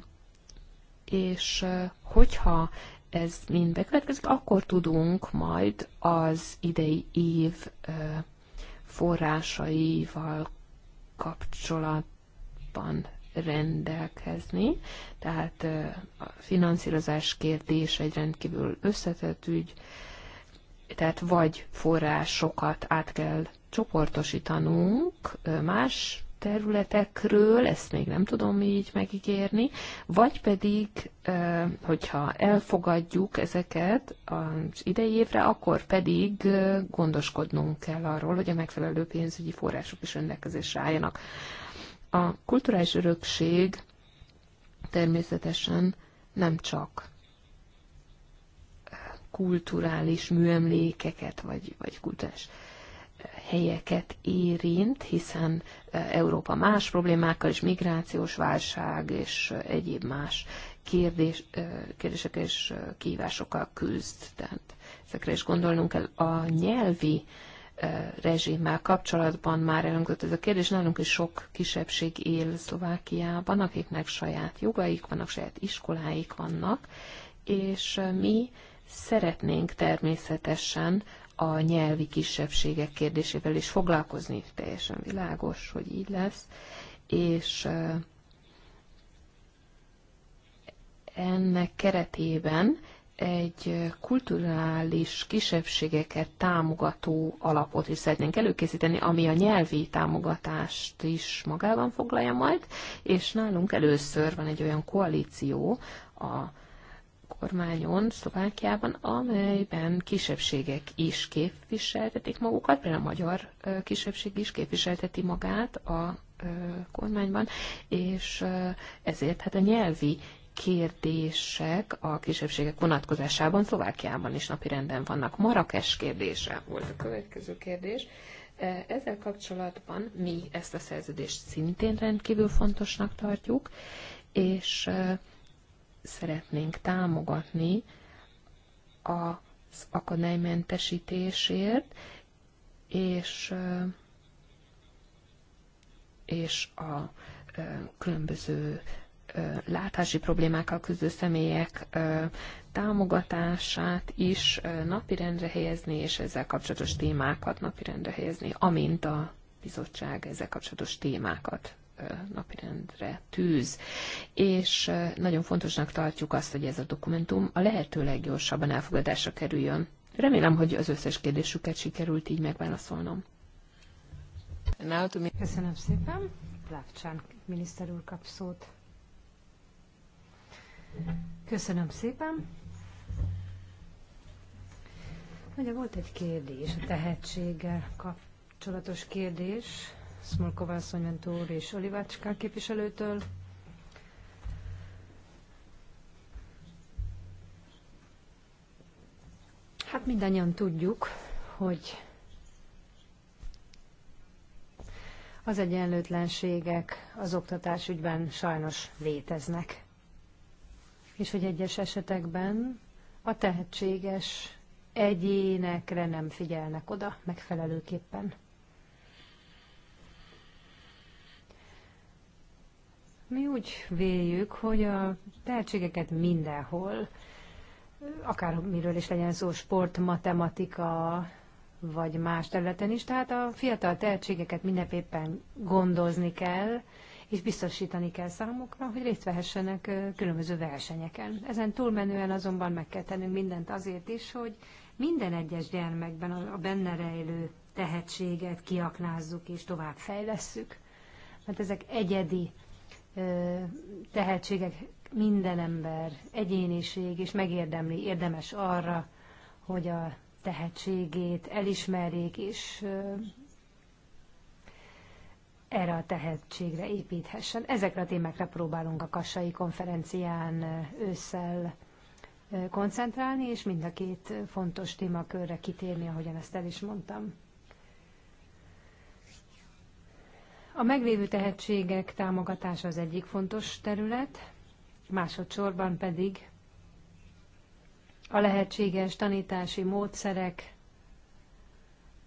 és ö, hogyha ez mind bekövetkezik, akkor tudunk majd az idei év ö, forrásaival kapcsolatban rendelkezni. Tehát a finanszírozás kérdés egy rendkívül összetett ügy, tehát vagy forrásokat át kell csoportosítanunk más területekről, ezt még nem tudom így megígérni, vagy pedig, hogyha elfogadjuk ezeket az idei évre, akkor pedig gondoskodnunk kell arról, hogy a megfelelő pénzügyi források is rendelkezésre álljanak. A kulturális örökség természetesen nem csak kulturális műemlékeket, vagy, vagy kulturális helyeket érint, hiszen e, Európa más problémákkal is migrációs válság és e, egyéb más kérdés, e, kérdések és kívásokkal küzd. Tehát ezekre is gondolnunk kell. A nyelvi rezsimmel kapcsolatban már elhangzott ez a kérdés. Nálunk is sok kisebbség él Szlovákiában, akiknek saját jogaik vannak, saját iskoláik vannak, és mi szeretnénk természetesen a nyelvi kisebbségek kérdésével is foglalkozni, teljesen világos, hogy így lesz, és ennek keretében egy kulturális kisebbségeket támogató alapot is szeretnénk előkészíteni, ami a nyelvi támogatást is magában foglalja majd, és nálunk először van egy olyan koalíció a kormányon Szlovákiában, amelyben kisebbségek is képviseltetik magukat, például a magyar kisebbség is képviselteti magát a kormányban, és ezért hát a nyelvi kérdések a kisebbségek vonatkozásában Szlovákiában is napirenden vannak. Marakes kérdése volt a következő kérdés. Ezzel kapcsolatban mi ezt a szerződést szintén rendkívül fontosnak tartjuk, és szeretnénk támogatni az akadálymentesítésért, és, és a különböző látási problémákkal küzdő személyek támogatását is napirendre helyezni, és ezzel kapcsolatos témákat napirendre helyezni, amint a bizottság ezzel kapcsolatos témákat napirendre tűz. És nagyon fontosnak tartjuk azt, hogy ez a dokumentum a lehető leggyorsabban elfogadásra kerüljön. Remélem, hogy az összes kérdésüket sikerült így megválaszolnom. Köszönöm szépen. Lávcsán miniszter úr kap szót. Köszönöm szépen. Ugye volt egy kérdés, a tehetséggel kapcsolatos kérdés, Smolkova asszonymentól és Olivácská képviselőtől. Hát mindannyian tudjuk, hogy az egyenlőtlenségek az oktatás ügyben sajnos léteznek. És hogy egyes esetekben a tehetséges egyénekre nem figyelnek oda megfelelőképpen. Mi úgy véljük, hogy a tehetségeket mindenhol, akármiről is legyen szó, sport, matematika, vagy más területen is, tehát a fiatal tehetségeket mindenképpen gondozni kell, és biztosítani kell számukra, hogy részt vehessenek különböző versenyeken. Ezen túlmenően azonban meg kell tennünk mindent azért is, hogy minden egyes gyermekben a benne rejlő tehetséget kiaknázzuk és tovább fejlesszük. Mert ezek egyedi tehetségek minden ember, egyéniség, és megérdemli, érdemes arra, hogy a tehetségét elismerjék, és erre a tehetségre építhessen. Ezekre a témákra próbálunk a Kassai konferencián ősszel koncentrálni, és mind a két fontos témakörre kitérni, ahogyan ezt el is mondtam. A meglévő tehetségek támogatása az egyik fontos terület, másodszorban pedig a lehetséges tanítási módszerek,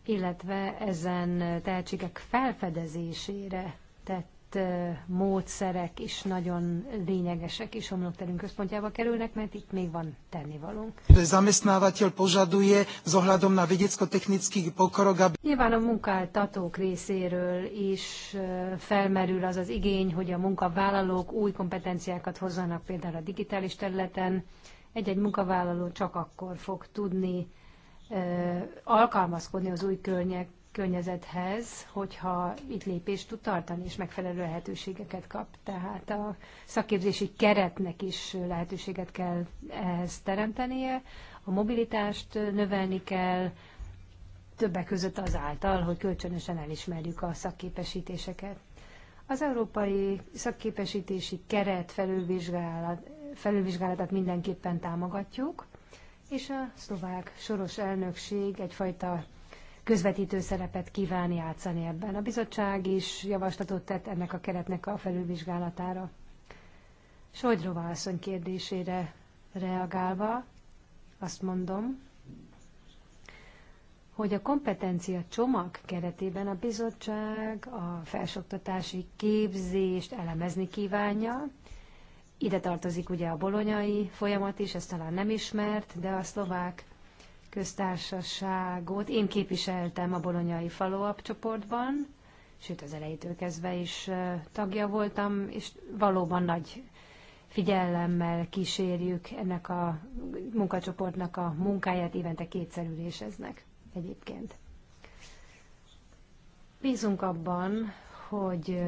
illetve ezen tehetségek felfedezésére tett bevált módszerek is nagyon lényegesek és homlokterünk központjába kerülnek, mert itt még van tennivalónk. Zamestnávateľ požaduje s ohľadom na vedecko-technický pokrok, Nyilván a munkáltatók részéről is felmerül az az igény, hogy a munkavállalók új kompetenciákat hozzanak például a digitális területen. Egy-egy munkavállaló csak akkor fog tudni alkalmazkodni az új környek, környezethez, hogyha itt lépést tud tartani, és megfelelő lehetőségeket kap. Tehát a szakképzési keretnek is lehetőséget kell ehhez teremtenie, a mobilitást növelni kell, többek között azáltal, hogy kölcsönösen elismerjük a szakképesítéseket. Az európai szakképesítési keret felülvizsgálat, felülvizsgálatát mindenképpen támogatjuk, és a szlovák soros elnökség egyfajta közvetítő szerepet kíván játszani ebben. A bizottság is javaslatot tett ennek a keretnek a felülvizsgálatára. Sojdrova asszony kérdésére reagálva azt mondom, hogy a kompetencia csomag keretében a bizottság a felsoktatási képzést elemezni kívánja. Ide tartozik ugye a bolonyai folyamat is, ez talán nem ismert, de a szlovák köztársaságot én képviseltem a bolonyai follow-up csoportban, sőt az elejétől kezdve is tagja voltam, és valóban nagy figyelemmel kísérjük ennek a munkacsoportnak a munkáját, évente kétszer üléseznek egyébként. Bízunk abban, hogy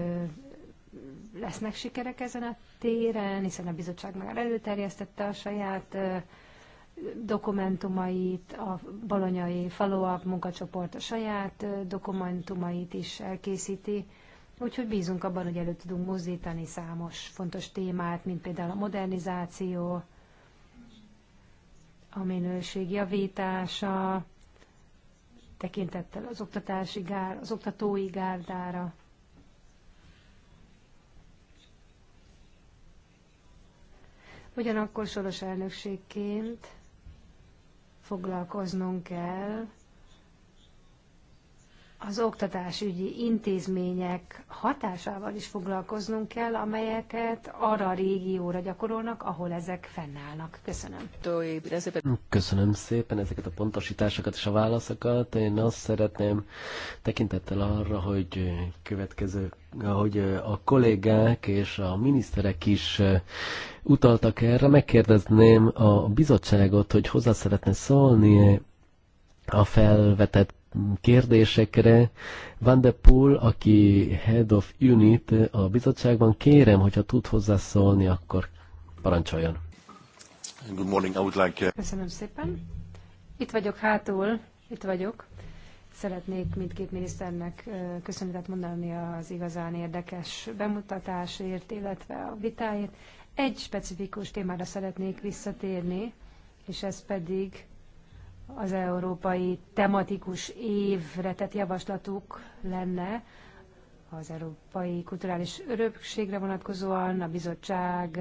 lesznek sikerek ezen a téren, hiszen a bizottság már előterjesztette a saját dokumentumait, a balonyai follow-up munkacsoport a saját dokumentumait is elkészíti, úgyhogy bízunk abban, hogy elő tudunk mozdítani számos fontos témát, mint például a modernizáció, a minőség javítása, tekintettel az oktatási gár, az oktatói gárdára. Ugyanakkor soros elnökségként foglalkoznunk kell az oktatásügyi intézmények hatásával is foglalkoznunk kell, amelyeket arra a régióra gyakorolnak, ahol ezek fennállnak. Köszönöm. Köszönöm szépen ezeket a pontosításokat és a válaszokat. Én azt szeretném tekintettel arra, hogy következő ahogy a kollégák és a miniszterek is utaltak erre, megkérdezném a bizottságot, hogy hozzá szeretne szólni a felvetett kérdésekre. Van de Poel, aki Head of Unit a bizottságban, kérem, hogyha tud hozzászólni, akkor parancsoljon. Good morning, I would like... Uh, Köszönöm szépen. Itt vagyok hátul, itt vagyok. Szeretnék mindkét miniszternek uh, köszönetet mondani az igazán érdekes bemutatásért, illetve a vitáért. Egy specifikus témára szeretnék visszatérni, és ez pedig az európai tematikus évre tett javaslatuk lenne az európai kulturális örökségre vonatkozóan. A bizottság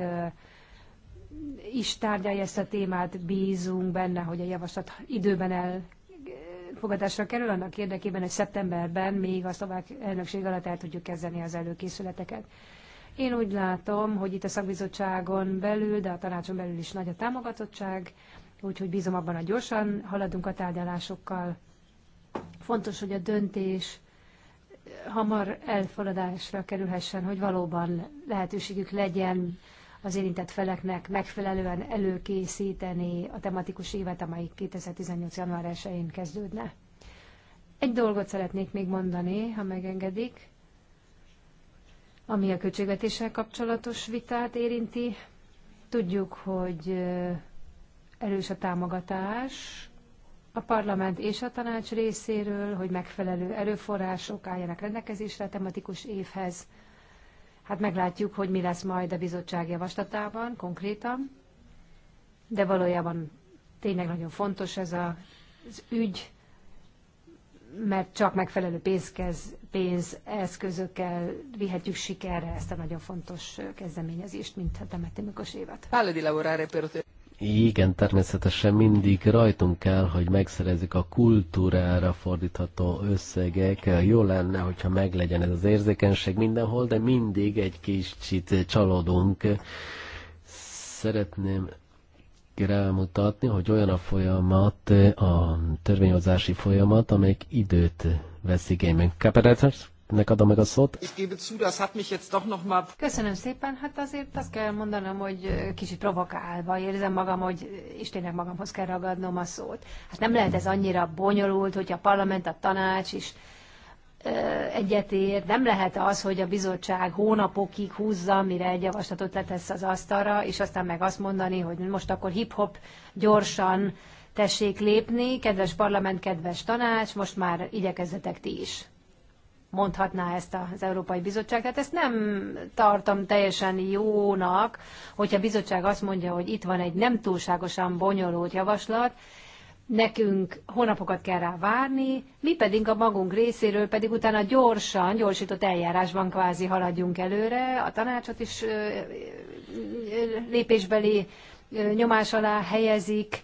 is tárgyalja ezt a témát, bízunk benne, hogy a javaslat időben el fogadásra kerül, annak érdekében, hogy szeptemberben még a szlovák elnökség alatt el tudjuk kezdeni az előkészületeket. Én úgy látom, hogy itt a szakbizottságon belül, de a tanácson belül is nagy a támogatottság, úgyhogy bízom abban, hogy gyorsan haladunk a tárgyalásokkal. Fontos, hogy a döntés hamar elfogadásra kerülhessen, hogy valóban lehetőségük legyen az érintett feleknek megfelelően előkészíteni a tematikus évet, amely 2018. január 1-én kezdődne. Egy dolgot szeretnék még mondani, ha megengedik, ami a költségvetéssel kapcsolatos vitát érinti. Tudjuk, hogy erős a támogatás a parlament és a tanács részéről, hogy megfelelő erőforrások álljanak rendelkezésre a tematikus évhez. Hát meglátjuk, hogy mi lesz majd a bizottság javaslatában konkrétan, de valójában tényleg nagyon fontos ez a, az ügy, mert csak megfelelő pénzkez, pénzeszközökkel vihetjük sikerre ezt a nagyon fontos kezdeményezést, mint a temetémikos évet. Igen, természetesen mindig rajtunk kell, hogy megszerezzük a kultúrára fordítható összegek. Jó lenne, hogyha meglegyen ez az érzékenység mindenhol, de mindig egy kicsit csalódunk. Szeretném rámutatni, hogy olyan a folyamat, a törvényhozási folyamat, amelyik időt vesz igénybe. Kapereters? nek adom a szót. Köszönöm szépen, hát azért azt kell mondanom, hogy kicsit provokálva érzem magam, hogy Istennek magamhoz kell ragadnom a szót. Hát nem lehet ez annyira bonyolult, hogy a parlament, a tanács is egyetért, nem lehet az, hogy a bizottság hónapokig húzza, mire egy javaslatot letesz az asztalra, és aztán meg azt mondani, hogy most akkor hip-hop gyorsan tessék lépni, kedves parlament, kedves tanács, most már igyekezzetek ti is mondhatná ezt az Európai Bizottság. Tehát ezt nem tartom teljesen jónak, hogyha a bizottság azt mondja, hogy itt van egy nem túlságosan bonyolult javaslat, nekünk hónapokat kell rá várni, mi pedig a magunk részéről pedig utána gyorsan, gyorsított eljárásban kvázi haladjunk előre, a tanácsot is lépésbeli nyomás alá helyezik,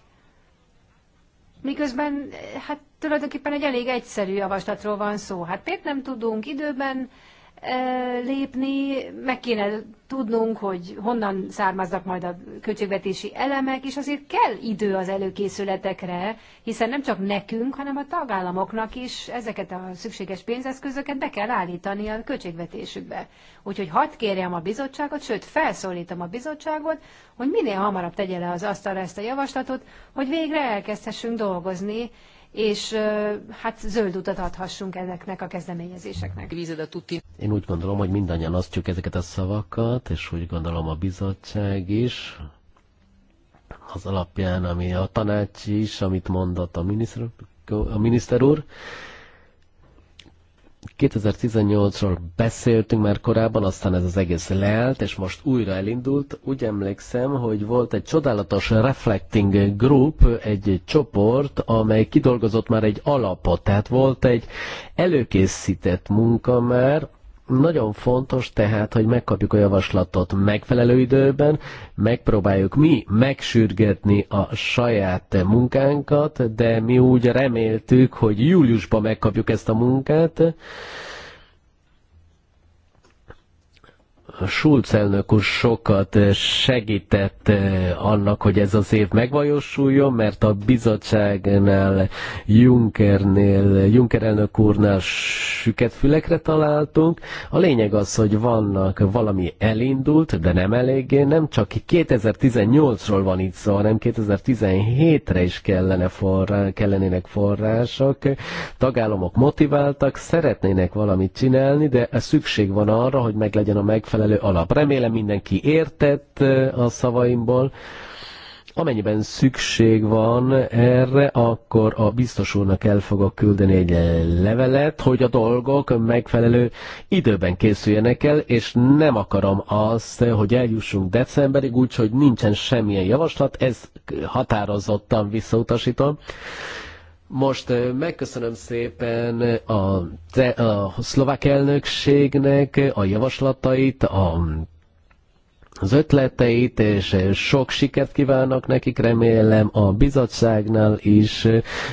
Miközben hát tulajdonképpen egy elég egyszerű javaslatról van szó. Hát miért nem tudunk időben lépni, meg kéne tudnunk, hogy honnan származnak majd a költségvetési elemek, és azért kell idő az előkészületekre, hiszen nem csak nekünk, hanem a tagállamoknak is ezeket a szükséges pénzeszközöket be kell állítani a költségvetésükbe. Úgyhogy hadd kérjem a bizottságot, sőt felszólítom a bizottságot, hogy minél hamarabb tegye le az asztalra ezt a javaslatot, hogy végre elkezdhessünk dolgozni és hát zöld utat adhassunk ezeknek a kezdeményezéseknek. Én úgy gondolom, hogy mindannyian osztjuk ezeket a szavakat, és úgy gondolom a bizottság is, az alapján, ami a tanács is, amit mondott a miniszter, a miniszter úr, 2018-ról beszéltünk már korábban, aztán ez az egész leállt, és most újra elindult. Úgy emlékszem, hogy volt egy csodálatos reflecting group, egy csoport, amely kidolgozott már egy alapot, tehát volt egy előkészített munka már, nagyon fontos tehát, hogy megkapjuk a javaslatot megfelelő időben, megpróbáljuk mi megsürgetni a saját munkánkat, de mi úgy reméltük, hogy júliusban megkapjuk ezt a munkát, Schulz elnök úr sokat eh, segített eh, annak, hogy ez az év megvalósuljon, mert a bizottságnál, Junckernél, Juncker elnök úrnál süket fülekre találtunk. A lényeg az, hogy vannak valami elindult, de nem eléggé, nem csak 2018-ról van itt szó, hanem 2017-re is kellene forrá, kellenének források. Tagállamok motiváltak, szeretnének valamit csinálni, de szükség van arra, hogy meglegyen a megfelelő megfelelő alap. Remélem mindenki értett eh, a szavaimból. Amennyiben szükség van erre, akkor a biztos úrnak el fogok küldeni egy levelet, hogy a dolgok megfelelő időben készüljenek el, és nem akarom azt, hogy eljussunk decemberig, úgyhogy nincsen semmilyen javaslat, ez határozottan visszautasítom. Most eh, megköszönöm szépen a, te, a szlovák elnökségnek a javaslatait, a, az ötleteit, és eh, sok sikert kívánok nekik, remélem a bizottságnál is,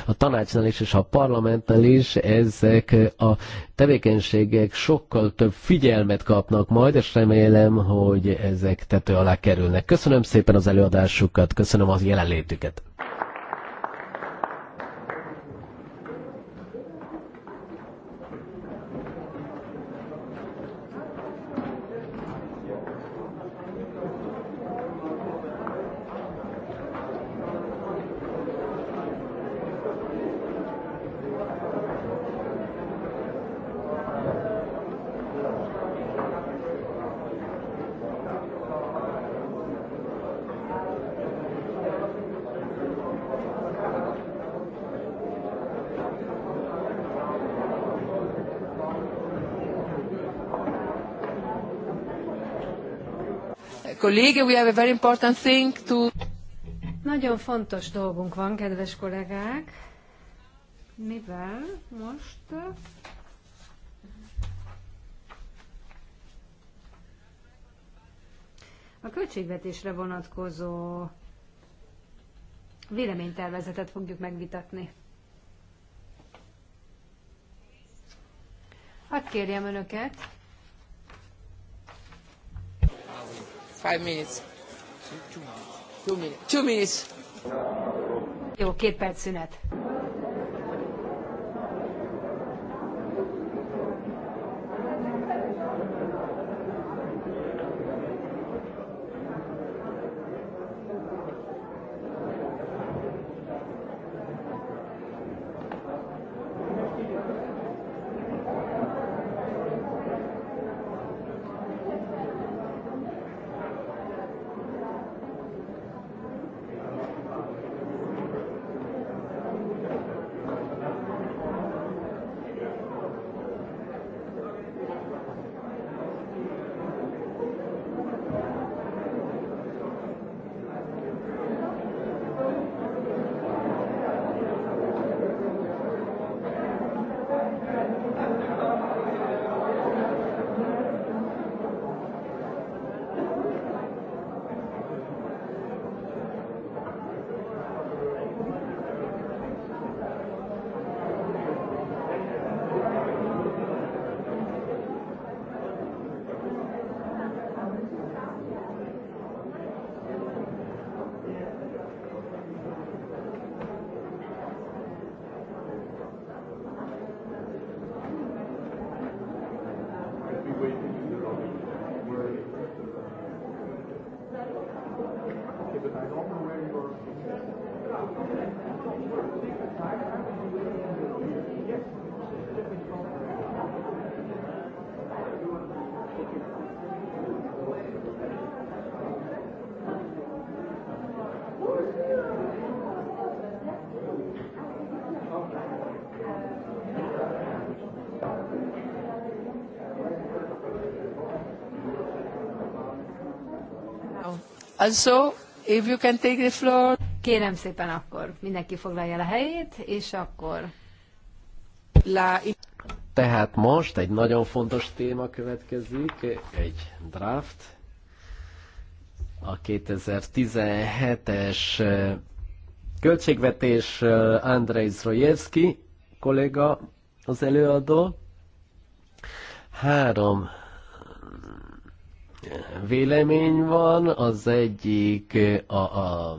a tanácsnál is, és a parlamentnál is ezek a tevékenységek sokkal több figyelmet kapnak majd, és remélem, hogy ezek tető alá kerülnek. Köszönöm szépen az előadásukat, köszönöm az jelenlétüket. colleague, we have a very important thing to... Nagyon fontos dolgunk van, kedves kollégák, mivel most a költségvetésre vonatkozó véleménytervezetet fogjuk megvitatni. Hadd kérjem Önöket, Five minutes. Two minutes. Two minutes. Two Jó, két perc szünet. Also, if you can take the floor. Kérem szépen akkor, mindenki foglalja a helyét, és akkor... La... Tehát most egy nagyon fontos téma következik, egy draft, a 2017-es eh, költségvetés eh, Andrei Zrojevski kolléga az előadó. Három vélemény van, az egyik a, a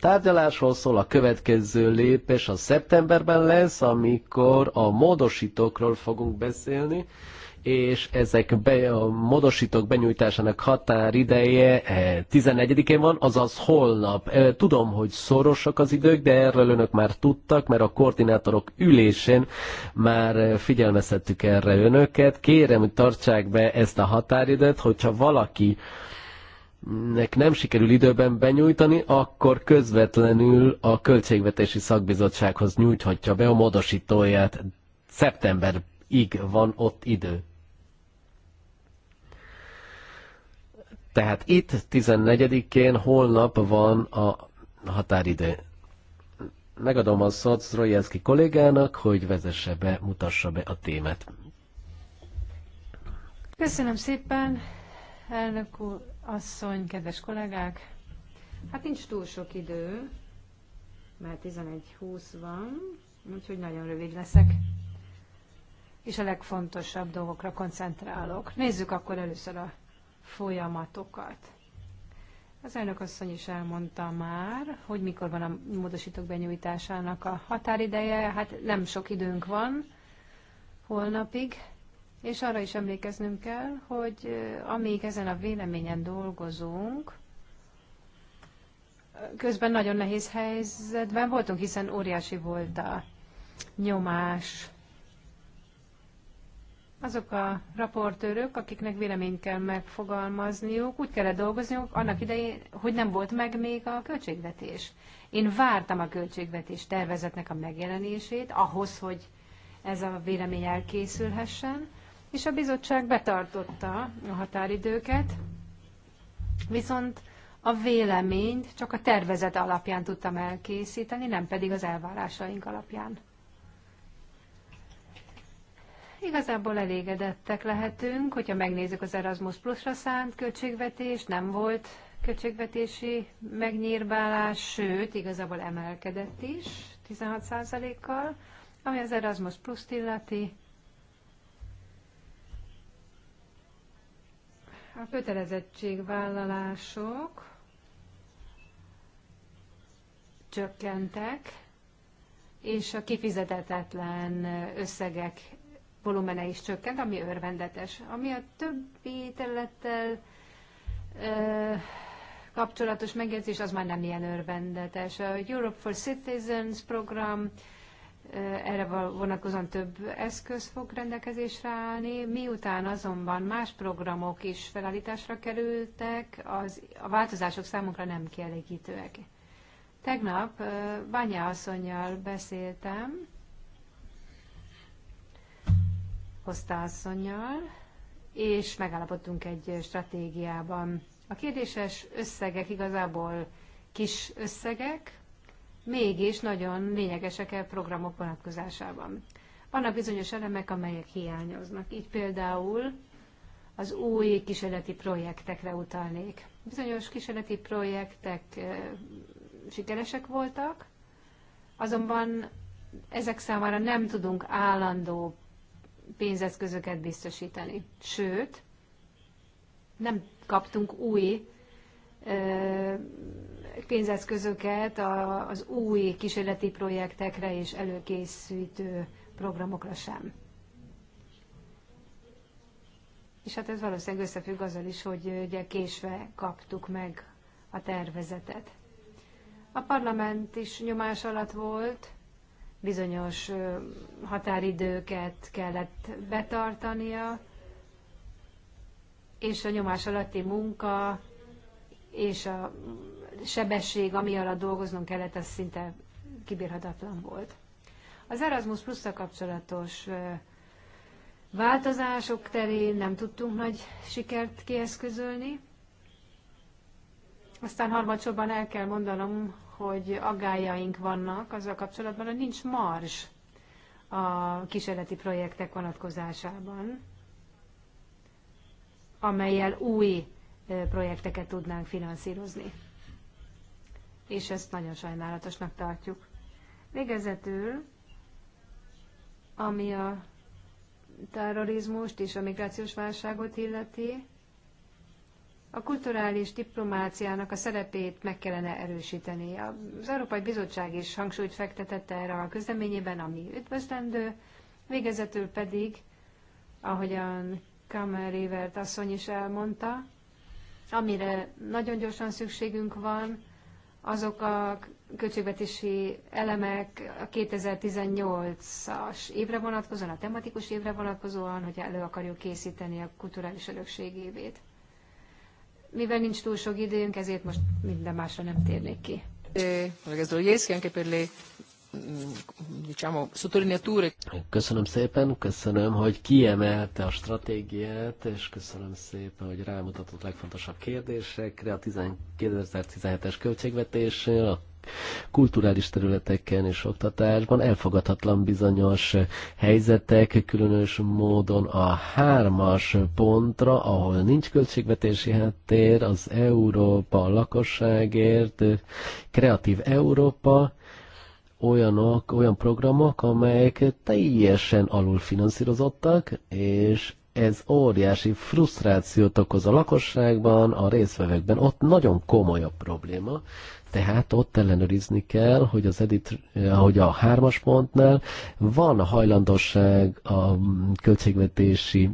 tárgyalásról szól, a következő lépés a szeptemberben lesz, amikor a módosítókról fogunk beszélni, és ezek be, a modosítók benyújtásának határideje 11-én eh, van, azaz holnap. Eh, tudom, hogy szorosak az idők, de erről önök már tudtak, mert a koordinátorok ülésén már eh, figyelmeztettük erre önöket. Kérem, hogy tartsák be ezt a határidőt, hogyha valaki nek nem sikerül időben benyújtani, akkor közvetlenül a Költségvetési Szakbizottsághoz nyújthatja be a módosítóját. Szeptemberig van ott idő. Tehát itt 14-én holnap van a határidő. Megadom a szót Zrojelszki kollégának, hogy vezesse be, mutassa be a témát. Köszönöm szépen, elnök úr, asszony, kedves kollégák. Hát nincs túl sok idő, mert 11.20 van, úgyhogy nagyon rövid leszek és a legfontosabb dolgokra koncentrálok. Nézzük akkor először a folyamatokat. Az elnök asszony is elmondta már, hogy mikor van a módosítók benyújtásának a határideje. Hát nem sok időnk van holnapig, és arra is emlékeznünk kell, hogy amíg ezen a véleményen dolgozunk, közben nagyon nehéz helyzetben voltunk, hiszen óriási volt a nyomás azok a raportőrök, akiknek véleményt kell megfogalmazniuk, úgy kellett dolgozniuk annak idején, hogy nem volt meg még a költségvetés. Én vártam a költségvetés tervezetnek a megjelenését ahhoz, hogy ez a vélemény elkészülhessen, és a bizottság betartotta a határidőket, viszont a véleményt csak a tervezet alapján tudtam elkészíteni, nem pedig az elvárásaink alapján. Igazából elégedettek lehetünk, hogyha megnézzük az Erasmus Plus-ra szánt költségvetést, nem volt költségvetési megnyírbálás, sőt, igazából emelkedett is 16%-kal, ami az Erasmus plus illeti. A kötelezettségvállalások csökkentek, és a kifizetetetlen összegek volumene is csökkent, ami örvendetes. Ami a többi területtel ö, kapcsolatos megjegyzés, az már nem ilyen örvendetes. A Europe for Citizens program ö, erre vonatkozóan több eszköz fog rendelkezésre állni, miután azonban más programok is felállításra kerültek, az, a változások számunkra nem kielégítőek. Tegnap Bányá asszonynal beszéltem, Kosztászonyjal, és megállapodtunk egy stratégiában. A kérdéses összegek igazából kis összegek, mégis nagyon lényegesek a programok vonatkozásában. Vannak bizonyos elemek, amelyek hiányoznak. Így például az új kísérleti projektekre utalnék. Bizonyos kísérleti projektek eh, sikeresek voltak, azonban ezek számára nem tudunk állandó pénzeszközöket biztosítani. Sőt, nem kaptunk új pénzeszközöket az új kísérleti projektekre és előkészítő programokra sem. És hát ez valószínűleg összefügg azzal is, hogy ugye késve kaptuk meg a tervezetet. A parlament is nyomás alatt volt, bizonyos határidőket kellett betartania, és a nyomás alatti munka és a sebesség, ami alatt dolgoznom kellett, az szinte kibírhatatlan volt. Az Erasmus plus kapcsolatos változások terén nem tudtunk nagy sikert kieszközölni. Aztán harmadsorban el kell mondanom, hogy aggájaink vannak azzal kapcsolatban, hogy nincs mars a kísérleti projektek vonatkozásában, amelyel új projekteket tudnánk finanszírozni. És ezt nagyon sajnálatosnak tartjuk. Végezetül, ami a terrorizmust és a migrációs válságot illeti, a kulturális diplomáciának a szerepét meg kellene erősíteni. Az Európai Bizottság is hangsúlyt fektetett erre a közleményében, ami üdvözlendő, végezetül pedig, ahogyan Kamer Évert asszony is elmondta, amire nagyon gyorsan szükségünk van, azok a költségvetési elemek a 2018-as évre vonatkozóan, a tematikus évre vonatkozóan, hogy elő akarjuk készíteni a kulturális örökség évét. Mivel nincs túl sok időnk, ezért most minden másra nem térnék ki. Eh, mm, köszönöm szépen, köszönöm, hogy kiemelte a stratégiát, és köszönöm szépen, hogy rámutatott legfontosabb kérdésekre a 2017-es költségvetésre, a kulturális területeken és oktatásban elfogadhatlan bizonyos helyzetek, különös módon a hármas pontra, ahol nincs költségvetési háttér, az Európa a lakosságért, kreatív Európa, olyanok, olyan programok, amelyek teljesen alulfinanszírozottak, és ez óriási frusztrációt okoz a lakosságban, a részvevekben. Ott nagyon komoly a probléma, tehát ott ellenőrizni kell, hogy az edit, eh, hogy a hármas pontnál van a hajlandóság a költségvetési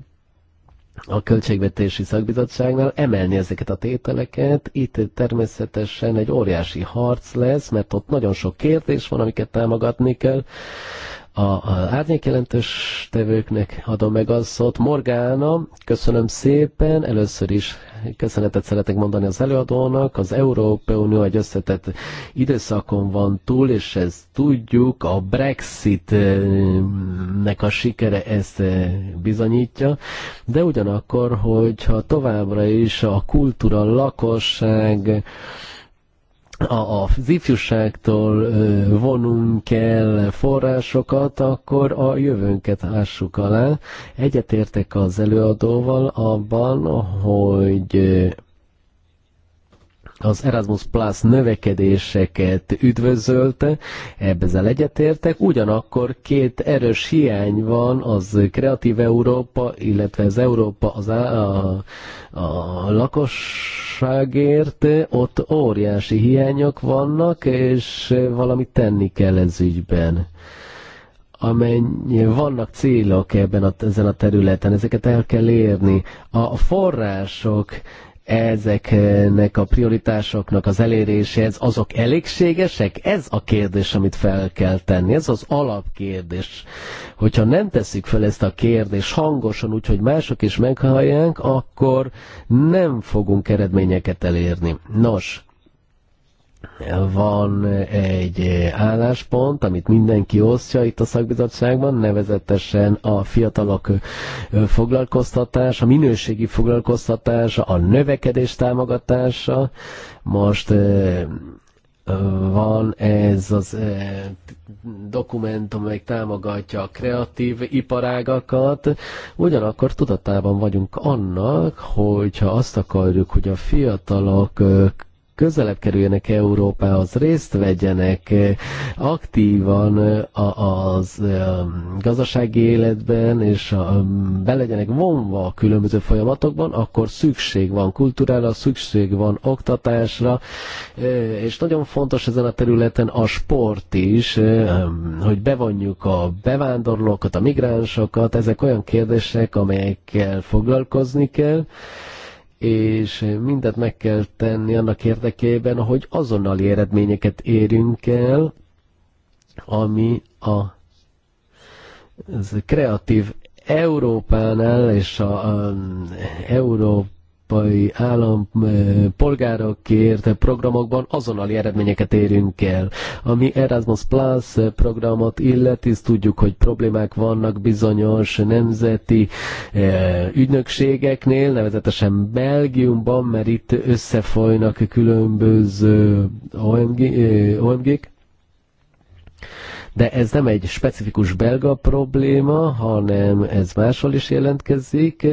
a Költségvetési Szakbizottságnál emelni ezeket a tételeket. Itt természetesen egy óriási harc lesz, mert ott nagyon sok kérdés van, amiket támogatni kell a árnyékjelentős tevőknek adom meg a szót. Morgána, köszönöm szépen. Először is köszönetet szeretek mondani az előadónak. Az Európai Unió egy összetett időszakon van túl, és ezt tudjuk, a Brexitnek a sikere ezt eh, bizonyítja, de ugyanakkor, hogyha továbbra is a kultúra, a lakosság, a a ifjúságtól vonunk el forrásokat, akkor a jövőnket ássuk alá. Egyetértek az előadóval abban, hogy az Erasmus Plus növekedéseket üdvözölte, ezzel egyetértek, ugyanakkor két erős hiány van az Kreatív Európa, illetve az Európa az a, a, a lakosságért, ott óriási hiányok vannak, és valamit tenni kell ez ügyben amennyi vannak célok ebben a, ezen a területen, ezeket el kell érni. A források ezeknek a prioritásoknak az eléréséhez, azok elégségesek? Ez a kérdés, amit fel kell tenni. Ez az alapkérdés. Hogyha nem tesszük fel ezt a kérdést hangosan, úgyhogy mások is meghallják, akkor nem fogunk eredményeket elérni. Nos, van egy eh, álláspont, amit mindenki osztja itt a szakbizottságban, nevezetesen a fiatalok eh, foglalkoztatása, minőségi foglalkoztatása, a növekedés támogatása. Most eh, van ez az dokumentum, amely támogatja a kreatív iparágakat. Ugyanakkor tudatában vagyunk annak, hogyha azt akarjuk, hogy a fiatalok közelebb kerüljenek Európához, részt vegyenek eh, aktívan eh, az eh, gazdasági életben, és be legyenek vonva a különböző folyamatokban, akkor szükség van kultúrára, szükség van oktatásra, és nagyon fontos ezen a területen a sport is, hogy bevonjuk a bevándorlókat, a migránsokat, ezek olyan kérdések, amelyekkel foglalkozni kell, és mindent meg kell tenni annak érdekében, hogy azonnali eredményeket érünk el, ami a ez kreatív Európánál és a, a Európa európai állam programokban azonnali eredményeket érünk el. Ami Erasmus Plus programot illeti, tudjuk, hogy problémák vannak bizonyos nemzeti e, ügynökségeknél, nevezetesen Belgiumban, mert itt összefolynak különböző OMG-k. E, De ez nem egy specifikus belga probléma, hanem ez máshol is jelentkezik.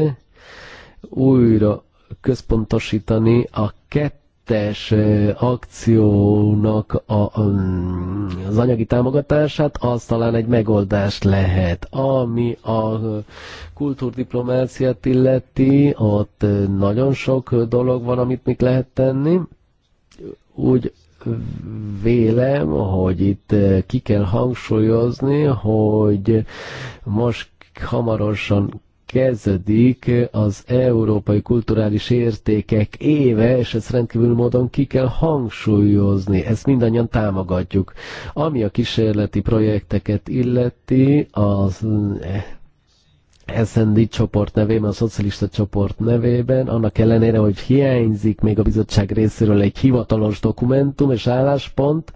Újra központosítani a kettes akciónak a, az anyagi támogatását, az talán egy megoldás lehet. Ami a kultúrdiplomáciát illeti, ott nagyon sok dolog van, amit még lehet tenni. Úgy vélem, hogy itt ki kell hangsúlyozni, hogy most hamarosan kezdődik az Európai Kulturális Értékek éve, és ezt rendkívül módon ki kell hangsúlyozni. Ezt mindannyian támogatjuk. Ami a kísérleti projekteket illeti, az eh, SND csoport nevében, a szocialista csoport nevében, annak ellenére, hogy hiányzik még a bizottság részéről egy hivatalos dokumentum és álláspont,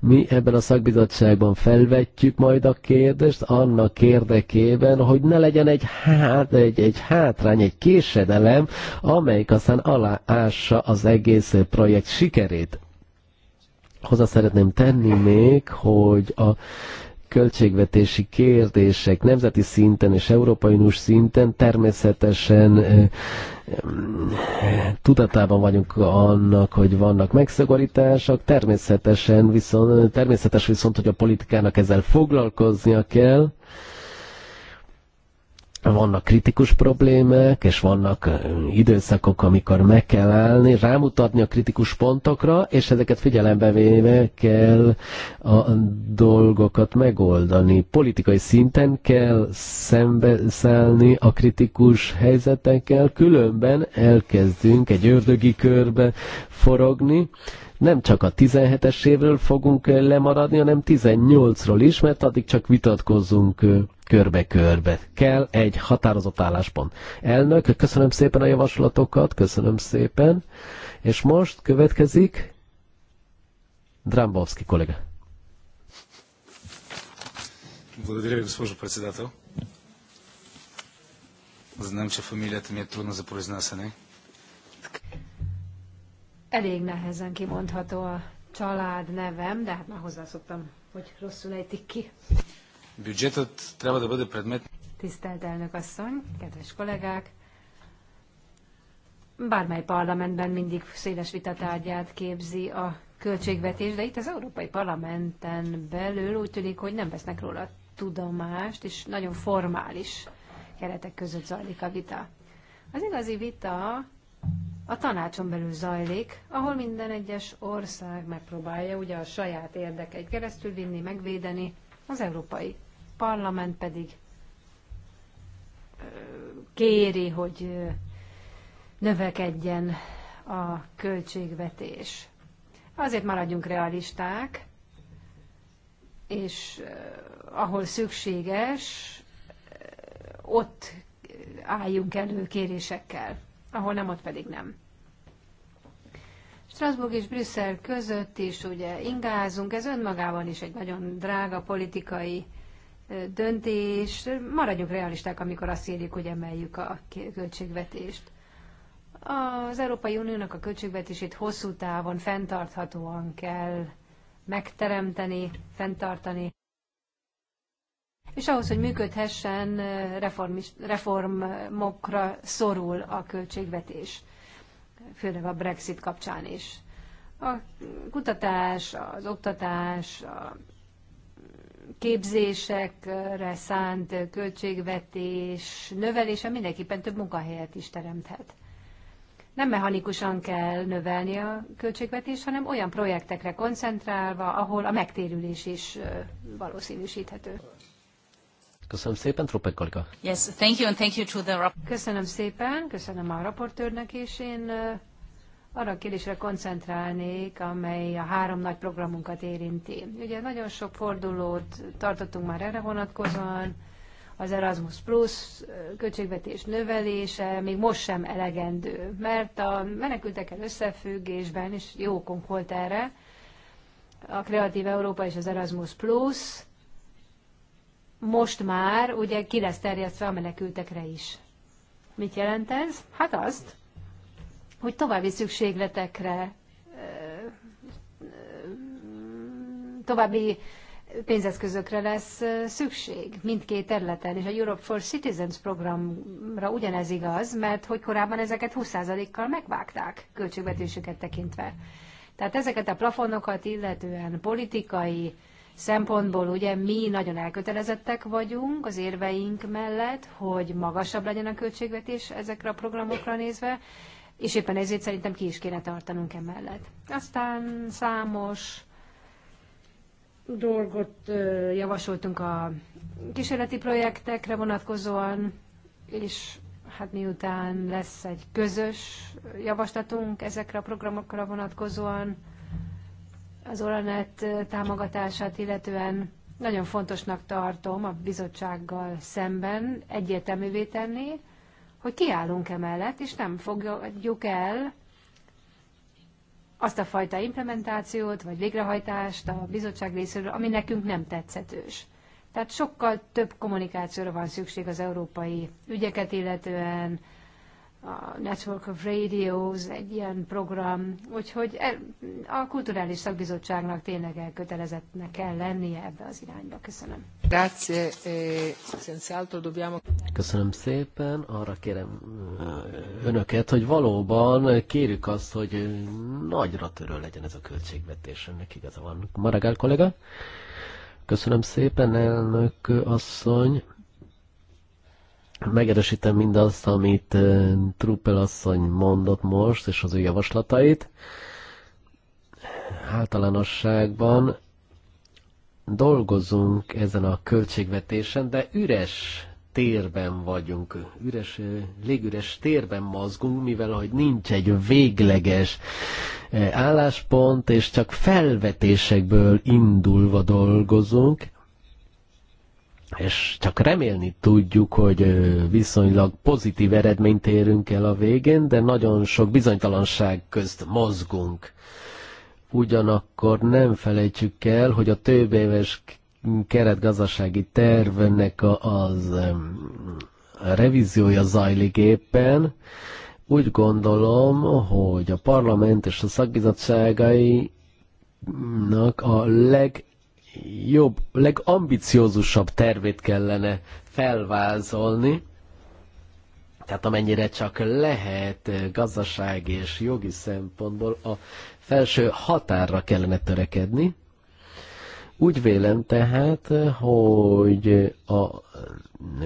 mi ebben a szakbizottságban felvetjük majd a kérdést annak érdekében, hogy ne legyen egy, hát, egy, egy hátrány, egy késedelem, amelyik aztán aláássa az egész projekt sikerét. Hozzá szeretném tenni még, hogy a költségvetési kérdések nemzeti szinten és európai uniós szinten természetesen eh, eh, tudatában vagyunk annak, hogy vannak megszegorítások, természetesen viszont, természetes viszont, hogy a politikának ezzel foglalkoznia kell, vannak kritikus problémák, és vannak időszakok, amikor meg kell állni, rámutatni a kritikus pontokra, és ezeket figyelembe véve kell a dolgokat megoldani. Politikai szinten kell szembeszállni a kritikus helyzetekkel, különben elkezdünk egy ördögi körbe forogni, nem csak a 17-es évről fogunk eh, lemaradni, hanem 18-ról is, mert addig csak vitatkozzunk körbe-körbe. Eh, Kell egy határozott álláspont. Elnök, köszönöm szépen a javaslatokat, köszönöm szépen. És most következik Drambowski kollega. Благодаря ви, госпожо председател. Знам, че фамилията ми е трудна за произнасяне. Elég nehezen kimondható a család nevem, de hát már hozzászoktam, hogy rosszul ejtik ki. Budgetet treba da predmet. Tisztelt elnök asszony, kedves kollégák! Bármely parlamentben mindig széles vitatárgyát képzi a költségvetés, de itt az Európai Parlamenten belül úgy tűnik, hogy nem vesznek róla tudomást, és nagyon formális keretek között zajlik a vita. Az igazi vita a tanácson belül zajlik, ahol minden egyes ország megpróbálja ugye a saját érdekeit keresztül vinni, megvédeni, az Európai Parlament pedig kéri, hogy növekedjen a költségvetés. Azért maradjunk realisták, és ahol szükséges, ott álljunk elő kérésekkel ahol nem, ott pedig nem. Strasbourg és Brüsszel között is ugye ingázunk, ez önmagában is egy nagyon drága politikai döntés. Maradjunk realisták, amikor azt írjuk, hogy emeljük a költségvetést. Az Európai Uniónak a költségvetését hosszú távon fenntarthatóan kell megteremteni, fenntartani és ahhoz, hogy működhessen, reform, reformokra szorul a költségvetés, főleg a Brexit kapcsán is. A kutatás, az oktatás, a képzésekre szánt költségvetés növelése mindenképpen több munkahelyet is teremthet. Nem mechanikusan kell növelni a költségvetést, hanem olyan projektekre koncentrálva, ahol a megtérülés is valószínűsíthető. Köszönöm szépen, Truppe Kalika. Yes, thank you and thank you to the... Köszönöm szépen, köszönöm a raportőrnek is. Én arra a kérdésre koncentrálnék, amely a három nagy programunkat érinti. Ugye nagyon sok fordulót tartottunk már erre vonatkozóan, az Erasmus Plus költségvetés növelése még most sem elegendő, mert a menekültekkel összefüggésben is jókon volt erre, a Kreatív Európa és az Erasmus Plus, most már ugye ki lesz terjesztve a menekültekre is. Mit jelent ez? Hát azt, hogy további szükségletekre, további pénzeszközökre lesz szükség mindkét területen, és a Europe for Citizens programra ugyanez igaz, mert hogy korábban ezeket 20%-kal megvágták költségvetésüket tekintve. Tehát ezeket a plafonokat illetően politikai szempontból ugye mi nagyon elkötelezettek vagyunk az érveink mellett, hogy magasabb legyen a költségvetés ezekre a programokra nézve, és éppen ezért szerintem ki is kéne tartanunk emellett. Aztán számos dolgot javasoltunk a kísérleti projektekre vonatkozóan, és hát miután lesz egy közös javaslatunk ezekre a programokra vonatkozóan, az Oranet támogatását illetően nagyon fontosnak tartom a bizottsággal szemben egyértelművé tenni, hogy kiállunk emellett, és nem fogjuk el azt a fajta implementációt vagy végrehajtást a bizottság részéről, ami nekünk nem tetszetős. Tehát sokkal több kommunikációra van szükség az európai ügyeket illetően, a Network of Radios, egy ilyen program, úgyhogy e, a Kulturális Szakbizottságnak tényleg elkötelezettnek kell lennie ebbe az irányba. Köszönöm. E, Köszönöm szépen, arra kérem önöket, hogy valóban kérjük azt, hogy nagyra törő legyen ez a költségvetés, önnek igaza van. Maragál kollega? Köszönöm szépen, elnök asszony megerősítem mindazt, amit Truppel asszony mondott most, és az ő javaslatait. Általánosságban dolgozunk ezen a költségvetésen, de üres térben vagyunk, üres, légüres térben mozgunk, mivel hogy nincs egy végleges álláspont, és csak felvetésekből indulva dolgozunk, és csak remélni tudjuk, hogy viszonylag pozitív eredményt érünk el a végén, de nagyon sok bizonytalanság közt mozgunk. Ugyanakkor nem felejtjük el, hogy a több éves keretgazdasági tervnek az a revíziója zajlik éppen. Úgy gondolom, hogy a parlament és a szakbizottságai a leg legjobb, legambiciózusabb tervét kellene felvázolni, tehát amennyire csak lehet gazdaság és jogi szempontból a felső határra kellene törekedni. Úgy vélem tehát, hogy a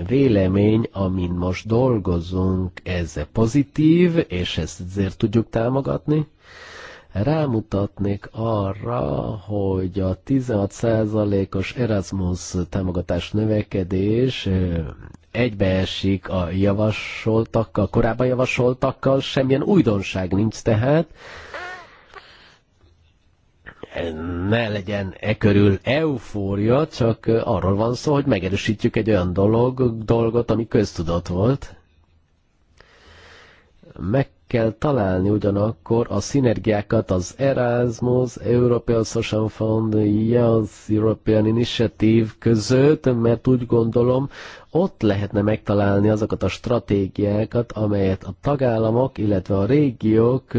vélemény, amin most dolgozunk, ez pozitív, és ezt ezért tudjuk támogatni rámutatnék arra, hogy a 16%-os Erasmus támogatás növekedés egybeesik a javasoltakkal, korábban javasoltakkal, semmilyen újdonság nincs tehát. Ne legyen e körül eufória, csak arról van szó, hogy megerősítjük egy olyan dolog, dolgot, ami köztudott volt meg kell találni ugyanakkor a szinergiákat az Erasmus, European Social Fund, az European Initiative között, mert úgy gondolom, ott lehetne megtalálni azokat a stratégiákat, amelyet a tagállamok, illetve a régiók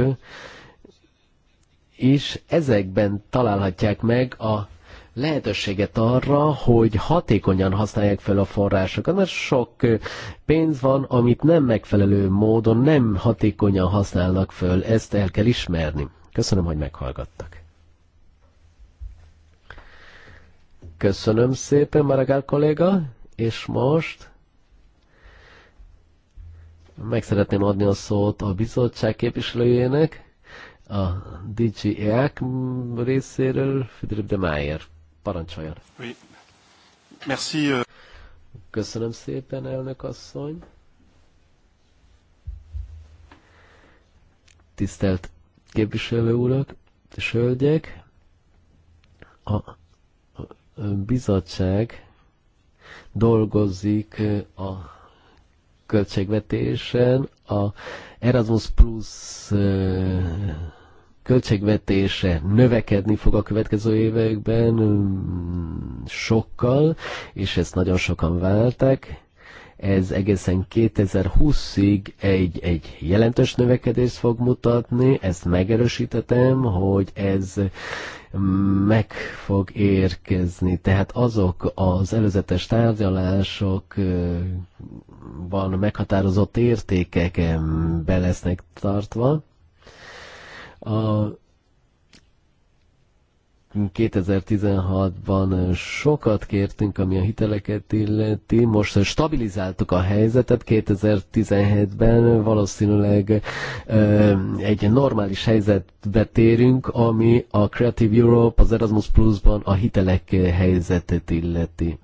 is ezekben találhatják meg a lehetőséget arra, hogy hatékonyan használják fel a forrásokat, mert sok pénz van, amit nem megfelelő módon, nem hatékonyan használnak föl, ezt el kell ismerni. Köszönöm, hogy meghallgattak. Köszönöm szépen, Maragál kolléga, és most meg szeretném adni a szót a bizottság képviselőjének, a DG EAC részéről, Filip de Mayer Parancsoljon. Merci. Euh. Köszönöm szépen, elnök asszony. Tisztelt képviselő urak és hölgyek, a bizottság dolgozik a költségvetésen, a Erasmus Plus költségvetése növekedni fog a következő években sokkal, és ezt nagyon sokan váltak. Ez egészen 2020-ig egy, egy jelentős növekedést fog mutatni, ezt megerősítetem, hogy ez meg fog érkezni. Tehát azok az előzetes van meghatározott értékek be lesznek tartva, a 2016-ban sokat kértünk, ami a hiteleket illeti. Most stabilizáltuk a helyzetet, 2017-ben valószínűleg egy normális helyzetbe térünk, ami a Creative Europe, az Erasmus Plus-ban a hitelek helyzetet illeti.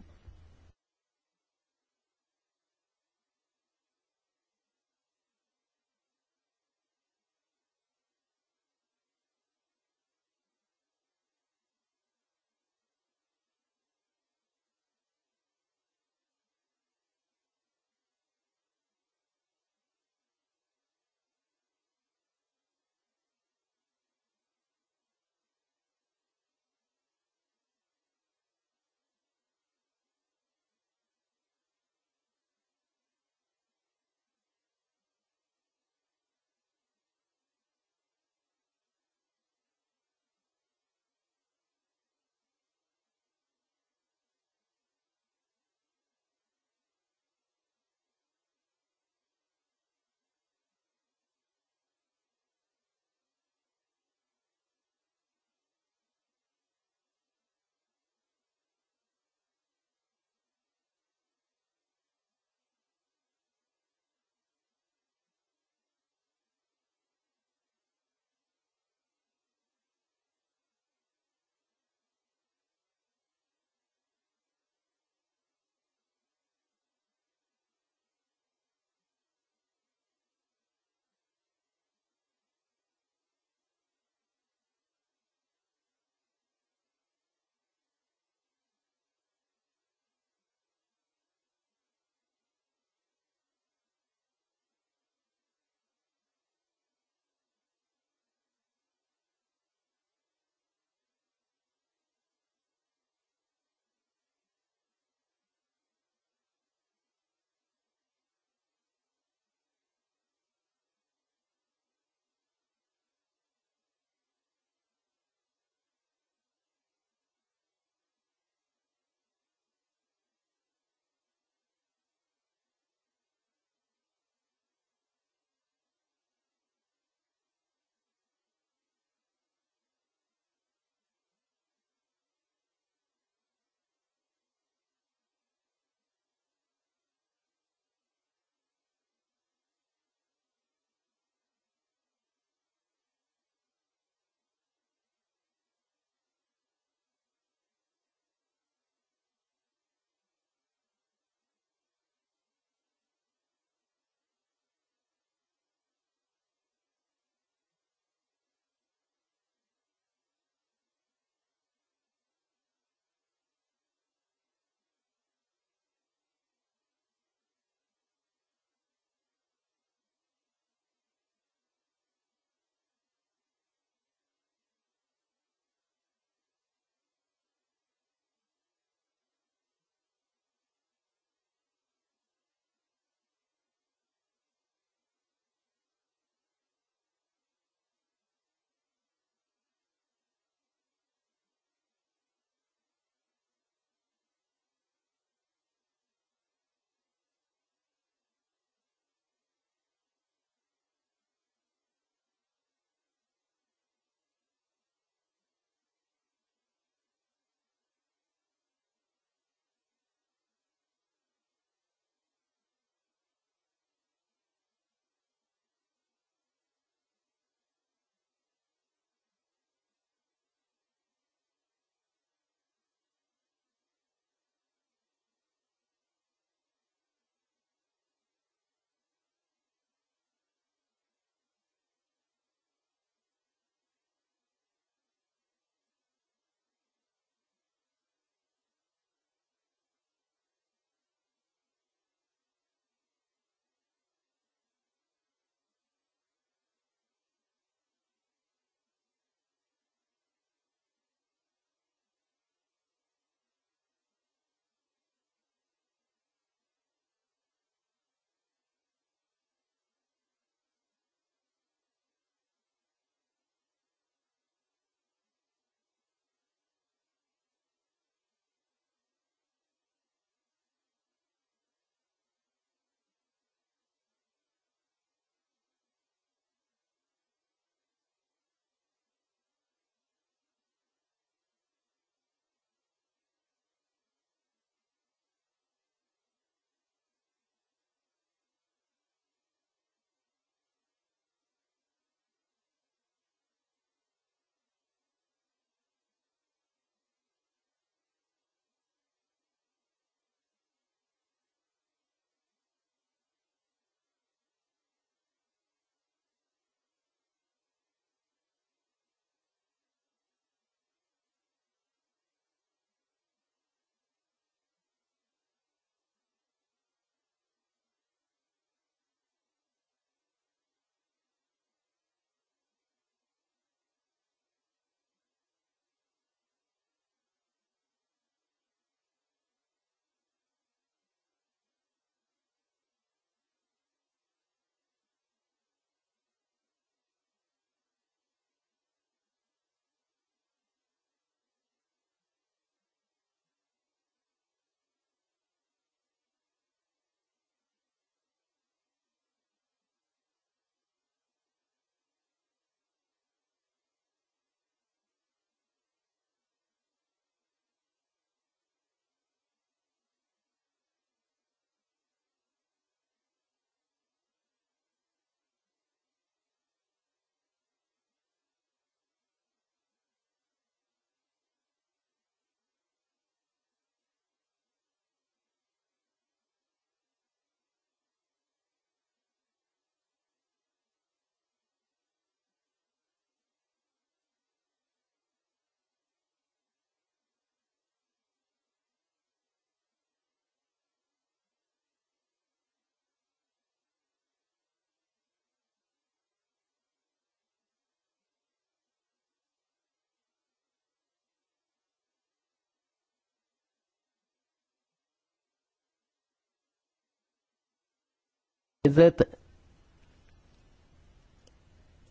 helyzet,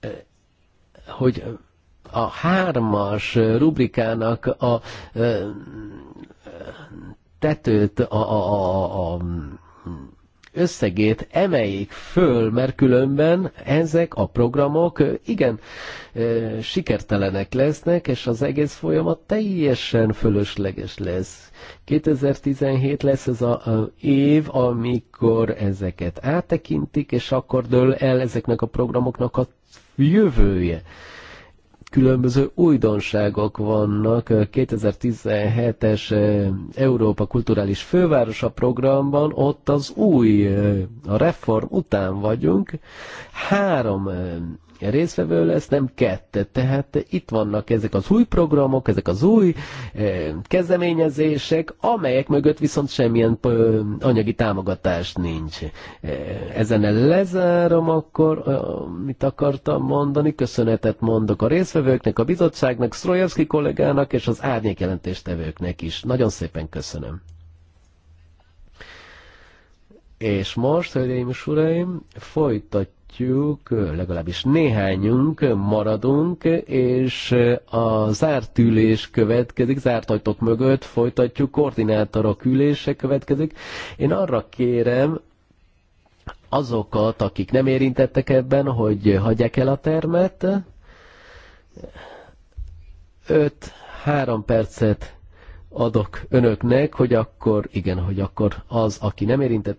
eh, hogy a hármas rubrikának a eh, tetőt, a, a, a, a összegét emeljék föl, mert különben ezek a programok igen sikertelenek lesznek, és az egész folyamat teljesen fölösleges lesz. 2017 lesz ez az év, amikor ezeket áttekintik, és akkor dől el ezeknek a programoknak a jövője különböző újdonságok vannak 2017-es eh, Európa Kulturális Fővárosa programban, ott az új, eh, a reform után vagyunk. Három eh, részvevő lesz, nem kettő. Tehát itt vannak ezek az új programok, ezek az új eh, kezdeményezések, amelyek mögött viszont semmilyen eh, anyagi támogatás nincs. Eh, ezen lezárom akkor, mit akartam mondani, köszönetet mondok a részvevőknek, a bizottságnak, Sztrojevszki kollégának és az árnyékjelentéstevőknek is. Nagyon szépen köszönöm. És most, hölgyeim és uraim, folytatjuk látjuk, legalábbis néhányunk maradunk, és a zárt ülés következik, zárt ajtók mögött folytatjuk, koordinátorok ülése következik. Én arra kérem azokat, akik nem érintettek ebben, hogy hagyják el a termet. 5-3 percet adok önöknek, hogy akkor, igen, hogy akkor az, aki nem érintett,